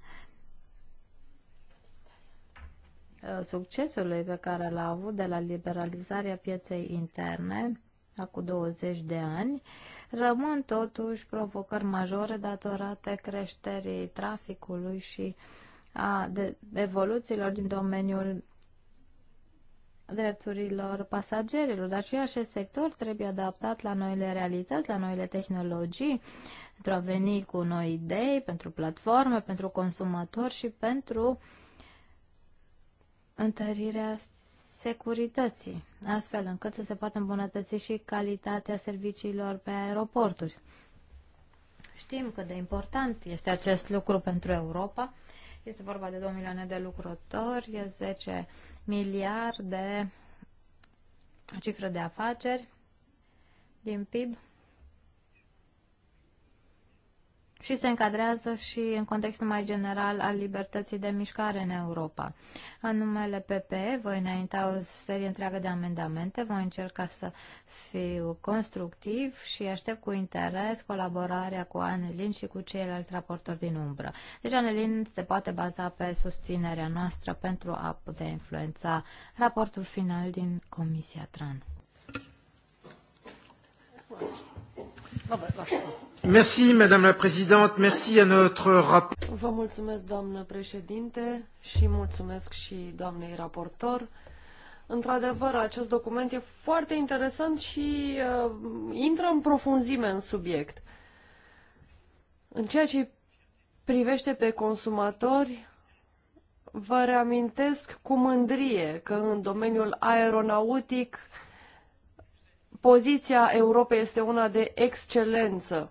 uh, succesului pe care l-a avut de la liberalizarea pieței interne, acum 20 de ani, rămân totuși provocări majore datorate creșterii traficului și a de evoluțiilor din domeniul drepturilor pasagerilor, dar și acest sector trebuie adaptat la noile realități, la noile tehnologii, pentru a veni cu noi idei pentru platforme, pentru consumatori și pentru întărirea securității, astfel încât să se poată îmbunătăți și calitatea serviciilor pe aeroporturi. Știm cât de important este acest lucru pentru Europa. Este vorba de 2 milioane de lucrători, 10 miliarde cifră de afaceri din PIB și se încadrează și în contextul mai general al libertății de mișcare în Europa. În numele PPE voi înainta o serie întreagă de amendamente, voi încerca să fiu constructiv și aștept cu interes colaborarea cu Anelin și cu ceilalți raportori din umbră. Deci Anelin se poate baza pe susținerea noastră pentru a putea influența raportul final din Comisia TRAN. Vabbè, lasciamo. Merci, Madame la Présidente. Merci à notre Vă mulțumesc, doamnă președinte, și mulțumesc și doamnei raportor. Într-adevăr, acest document e foarte interesant și uh, intră în profunzime în subiect. În ceea ce privește pe consumatori, vă reamintesc cu mândrie că în domeniul aeronautic poziția Europei este una de excelență.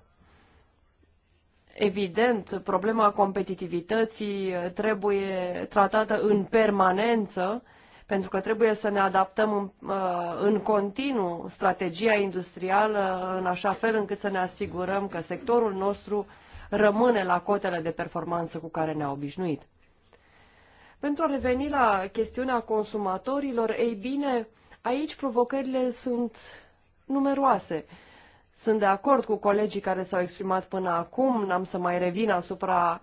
Evident, problema competitivității trebuie tratată în permanență, pentru că trebuie să ne adaptăm în, uh, în continuu strategia industrială în așa fel încât să ne asigurăm că sectorul nostru rămâne la cotele de performanță cu care ne-a obișnuit. Pentru a reveni la chestiunea consumatorilor, ei bine, aici provocările sunt numeroase. Sunt de acord cu colegii care s-au exprimat până acum, n-am să mai revin asupra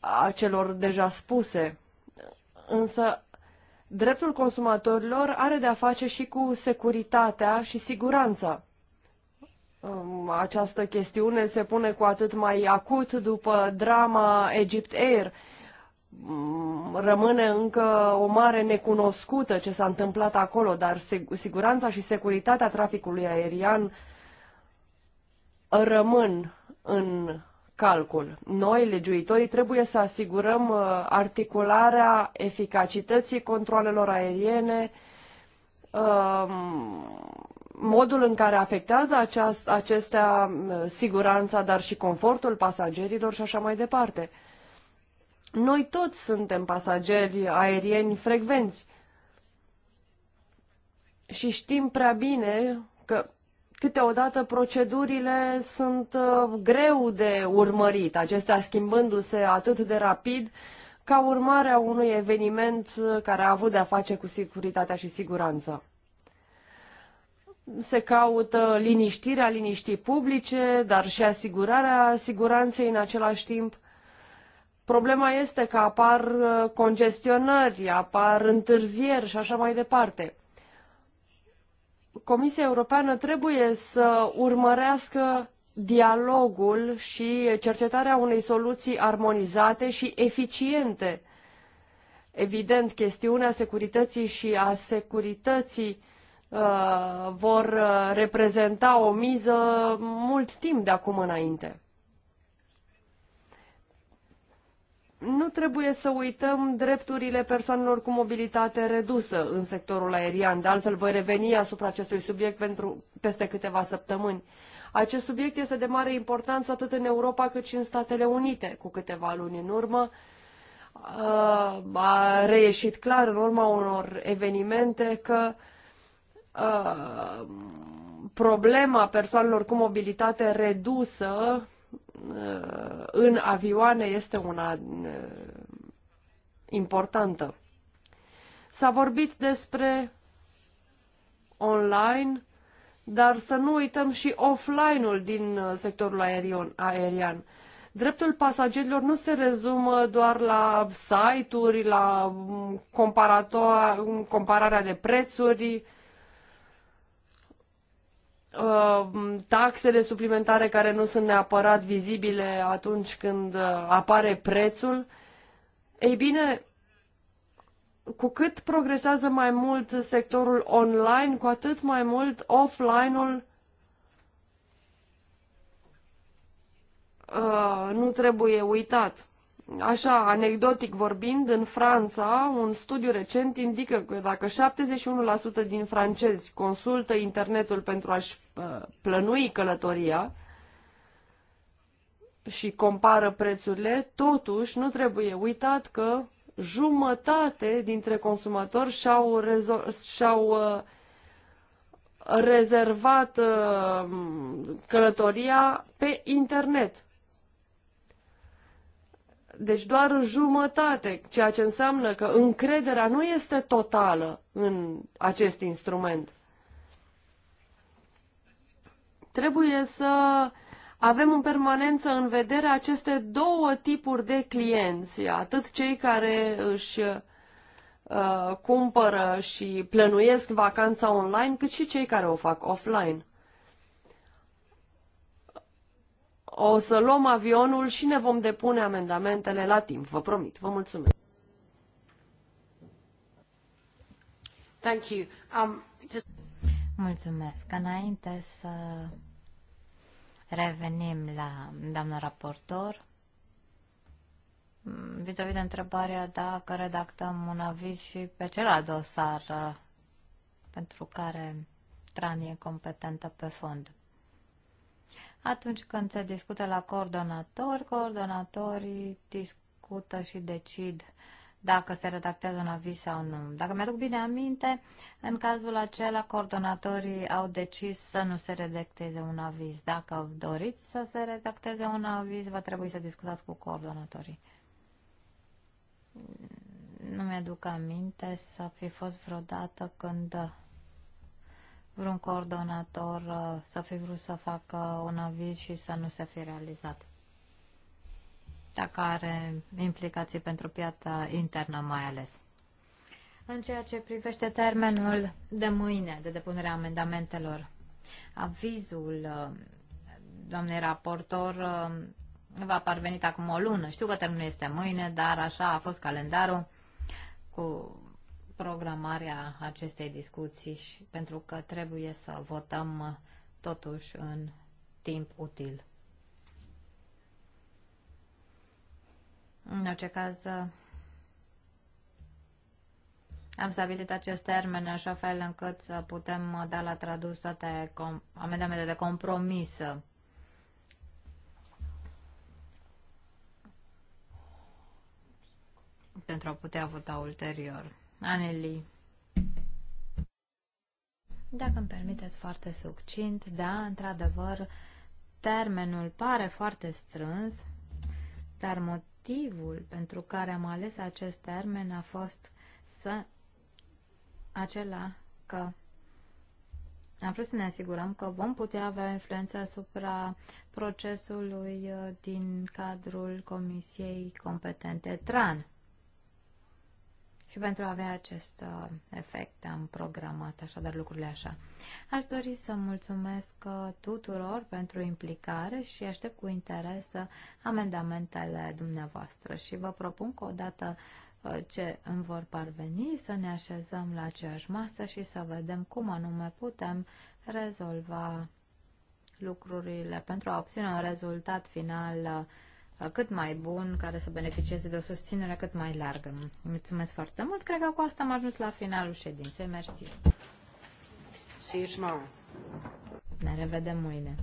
acelor deja spuse. Însă, dreptul consumatorilor are de-a face și cu securitatea și siguranța. Um, această chestiune se pune cu atât mai acut după drama Egypt Air. Mm, rămâne încă o mare necunoscută ce s-a întâmplat acolo, dar siguranța și securitatea traficului aerian rămân în calcul. Noi, legiuitorii, trebuie să asigurăm uh, articularea eficacității controlelor aeriene, um, modul în care afectează aceast, acestea uh, siguranța, dar și confortul pasagerilor și așa mai departe. Noi toți suntem pasageri aerieni frecvenți și știm prea bine că Câteodată procedurile sunt uh, greu de urmărit, acestea schimbându-se atât de rapid ca urmare a unui eveniment uh, care a avut de-a face cu securitatea și siguranța se caută liniștirea liniștii publice, dar și asigurarea siguranței în același timp. Problema este că apar uh, congestionări, apar întârzieri și așa mai departe. Comisia Europeană trebuie să urmărească dialogul și cercetarea unei soluții armonizate și eficiente. Evident, chestiunea securității și a securității uh, vor uh, reprezenta o miză mult timp de acum înainte. nu trebuie să uităm drepturile persoanelor cu mobilitate redusă în sectorul aerian. De altfel, voi reveni asupra acestui subiect pentru peste câteva săptămâni. Acest subiect este de mare importanță atât în Europa cât și în Statele Unite. Cu câteva luni în urmă a reieșit clar în urma unor evenimente că problema persoanelor cu mobilitate redusă Uh, în avioane este una uh, importantă. S-a vorbit despre online, dar să nu uităm și offline-ul din uh, sectorul aerion, aerian. Dreptul pasagerilor nu se rezumă doar la site-uri, la um, um, compararea de prețuri, Uh, taxele suplimentare care nu sunt neapărat vizibile atunci când uh, apare prețul. Ei bine, cu cât progresează mai mult sectorul online, cu atât mai mult offline-ul uh, nu trebuie uitat. Așa, anecdotic vorbind, în Franța, un studiu recent indică că dacă 71% din francezi consultă internetul pentru a-și uh, plănui călătoria și compară prețurile, totuși nu trebuie uitat că jumătate dintre consumatori și-au, și-au uh, rezervat uh, călătoria pe internet. Deci doar jumătate, ceea ce înseamnă că încrederea nu este totală în acest instrument. Trebuie să avem în permanență în vedere aceste două tipuri de clienți, atât cei care își uh, cumpără și plănuiesc vacanța online, cât și cei care o fac offline. O să luăm avionul și ne vom depune amendamentele la timp, vă promit. Vă mulțumesc. Thank you. Um, just... Mulțumesc. Înainte să revenim la doamna raportor, vis-a-vis de întrebarea dacă redactăm un aviz și pe celălalt dosar uh, pentru care Tran e competentă pe fond atunci când se discută la coordonatori, coordonatorii discută și decid dacă se redactează un aviz sau nu. Dacă mi-aduc bine aminte, în cazul acela coordonatorii au decis să nu se redacteze un aviz. Dacă doriți să se redacteze un aviz, va trebui să discutați cu coordonatorii. Nu mi-aduc aminte să fi fost vreodată când vreun coordonator uh, să fi vrut să facă un aviz și să nu se fi realizat. Dacă are implicații pentru piața internă mai ales. În ceea ce privește termenul de mâine de depunerea amendamentelor, avizul uh, doamnei raportor uh, va parveni acum o lună. Știu că termenul este mâine, dar așa a fost calendarul cu programarea acestei discuții și pentru că trebuie să votăm uh, totuși în timp util. În orice caz, uh, am stabilit acest termen așa fel încât să putem uh, da la tradus toate amendamentele de compromis. pentru a putea vota ulterior. Aneli. Dacă îmi permiteți foarte succint, da, într-adevăr, termenul pare foarte strâns, dar motivul pentru care am ales acest termen a fost să acela că am vrut să ne asigurăm că vom putea avea influență asupra procesului uh, din cadrul Comisiei Competente TRAN. Și pentru a avea acest uh, efect am programat așadar lucrurile așa. Aș dori să mulțumesc uh, tuturor pentru implicare și aștept cu interes uh, amendamentele dumneavoastră și vă propun că odată uh, ce îmi vor parveni, să ne așezăm la aceeași masă și să vedem cum anume putem rezolva lucrurile pentru a obține un rezultat final uh, cât mai bun, care să beneficieze de o susținere cât mai largă. Mulțumesc foarte mult. Cred că cu asta am ajuns la finalul ședinței. Mersi. See you tomorrow. Ne revedem mâine.